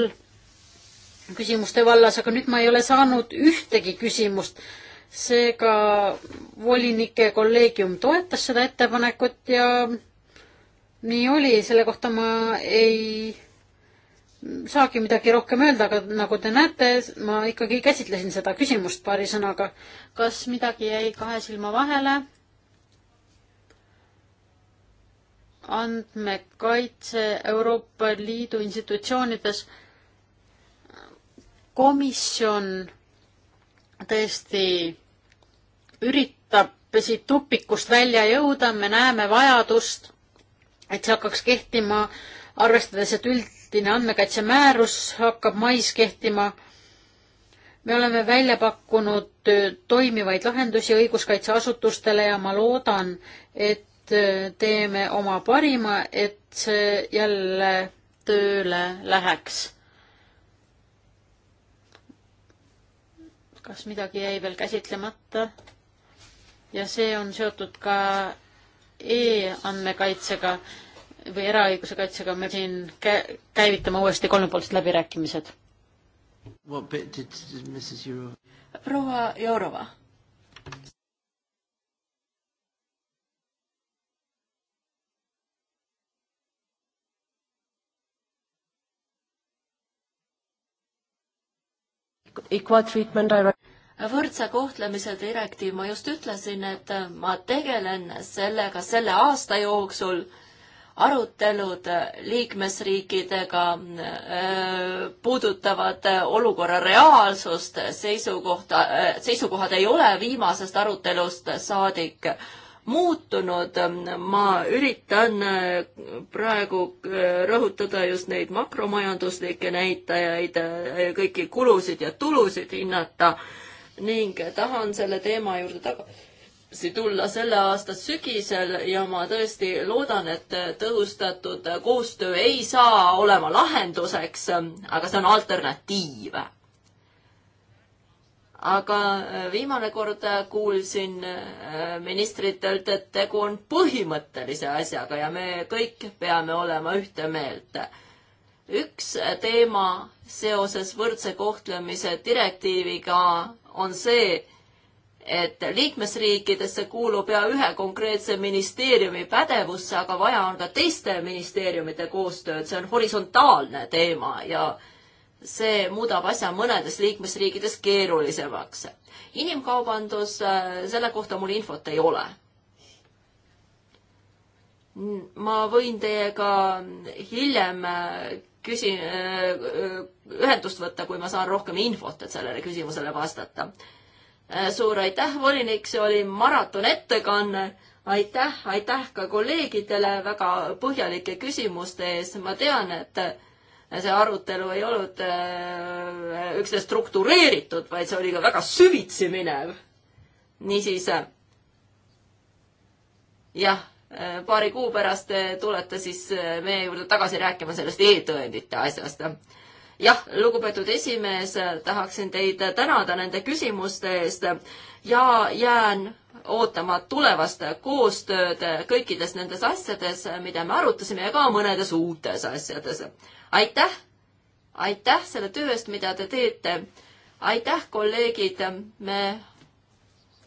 küsimuste vallas, aga nüüd ma ei ole saanud ühtegi küsimust seega volinike kolleegium toetas seda ettepanekut ja nii oli, selle kohta ma ei saagi midagi rohkem öelda, aga nagu te näete, ma ikkagi käsitlesin seda küsimust paari sõnaga. kas midagi jäi kahe silma vahele? andmekaitse Euroopa Liidu institutsioonides komisjon tõesti üritab siit tupikust välja jõuda, me näeme vajadust, et see hakkaks kehtima, arvestades, et üldine andmekaitsemäärus hakkab mais kehtima. me oleme välja pakkunud äh, toimivaid lahendusi õiguskaitseasutustele ja ma loodan, et äh, teeme oma parima, et see jälle tööle läheks. kas midagi jäi veel käsitlemata? ja see on seotud ka e-andmekaitsega või eraõiguse kaitsega, me siin kä-, käivitame uuesti kolmepoolsed läbirääkimised. proua Jourova. Equal treatment direct- võrdse kohtlemise direktiiv, ma just ütlesin, et äh, ma tegelen sellega selle aasta jooksul. arutelud äh, liikmesriikidega äh, puudutavad olukorra reaalsust, seisukohta, seisukohad ei ole viimasest arutelust saadik muutunud, ma üritan praegu rõhutada just neid makromajanduslikke näitajaid, kõiki kulusid ja tulusid hinnata ning tahan selle teema juurde tagasi tulla selle aasta sügisel ja ma tõesti loodan, et tõhustatud koostöö ei saa olema lahenduseks, aga see on alternatiiv. aga viimane kord kuulsin ministritelt, et tegu on põhimõttelise asjaga ja me kõik peame olema ühte meelt üks teema seoses võrdse kohtlemise direktiiviga on see, et liikmesriikidesse kuulub ja ühe konkreetse ministeeriumi pädevusse, aga vaja on ka teiste ministeeriumite koostööd, see on horisontaalne teema ja see muudab asja mõnedes liikmesriikides keerulisemaks. inimkaubandus, selle kohta mul infot ei ole. ma võin teiega hiljem küsi-, äh, äh, ühendust võtta, kui ma saan rohkem infot, et sellele küsimusele vastata. Äh, suur aitäh, volinik, see oli maratonettekanne. aitäh, aitäh ka kolleegidele väga põhjalike küsimuste eest. ma tean, et see arutelu ei olnud üksnes struktureeritud, vaid see oli ka väga süvitsi minev. niisiis jah Äh, paari kuu pärast äh, tulete siis äh, meie juurde tagasi rääkima sellest e-tõendite asjast. jah, lugupeetud esimees, tahaksin teid tänada nende küsimuste eest ja jään ootama tulevast koostööd kõikides nendes asjades, mida me arutasime ja ka mõnedes uutes asjades. aitäh, aitäh selle töö eest, mida te teete. aitäh, kolleegid, me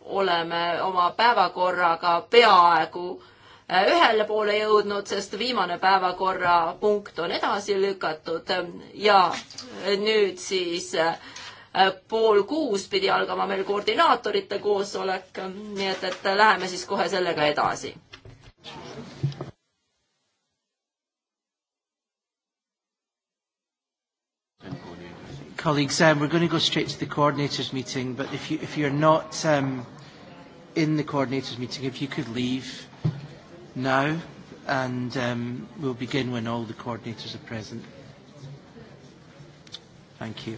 oleme oma päevakorraga peaaegu Äh, ühele poole jõudnud, sest viimane päevakorrapunkt on edasi lükatud ja nüüd siis äh, pool kuus pidi algama meil koordinaatorite koosolek, nii et, et läheme siis kohe sellega edasi. Colleagues, um, we're going to go straight to the coordinators meeting, but if you if you're not um, in the coordinators meeting, if you could leave now, and um, we'll begin when all the coordinators are present. Thank you.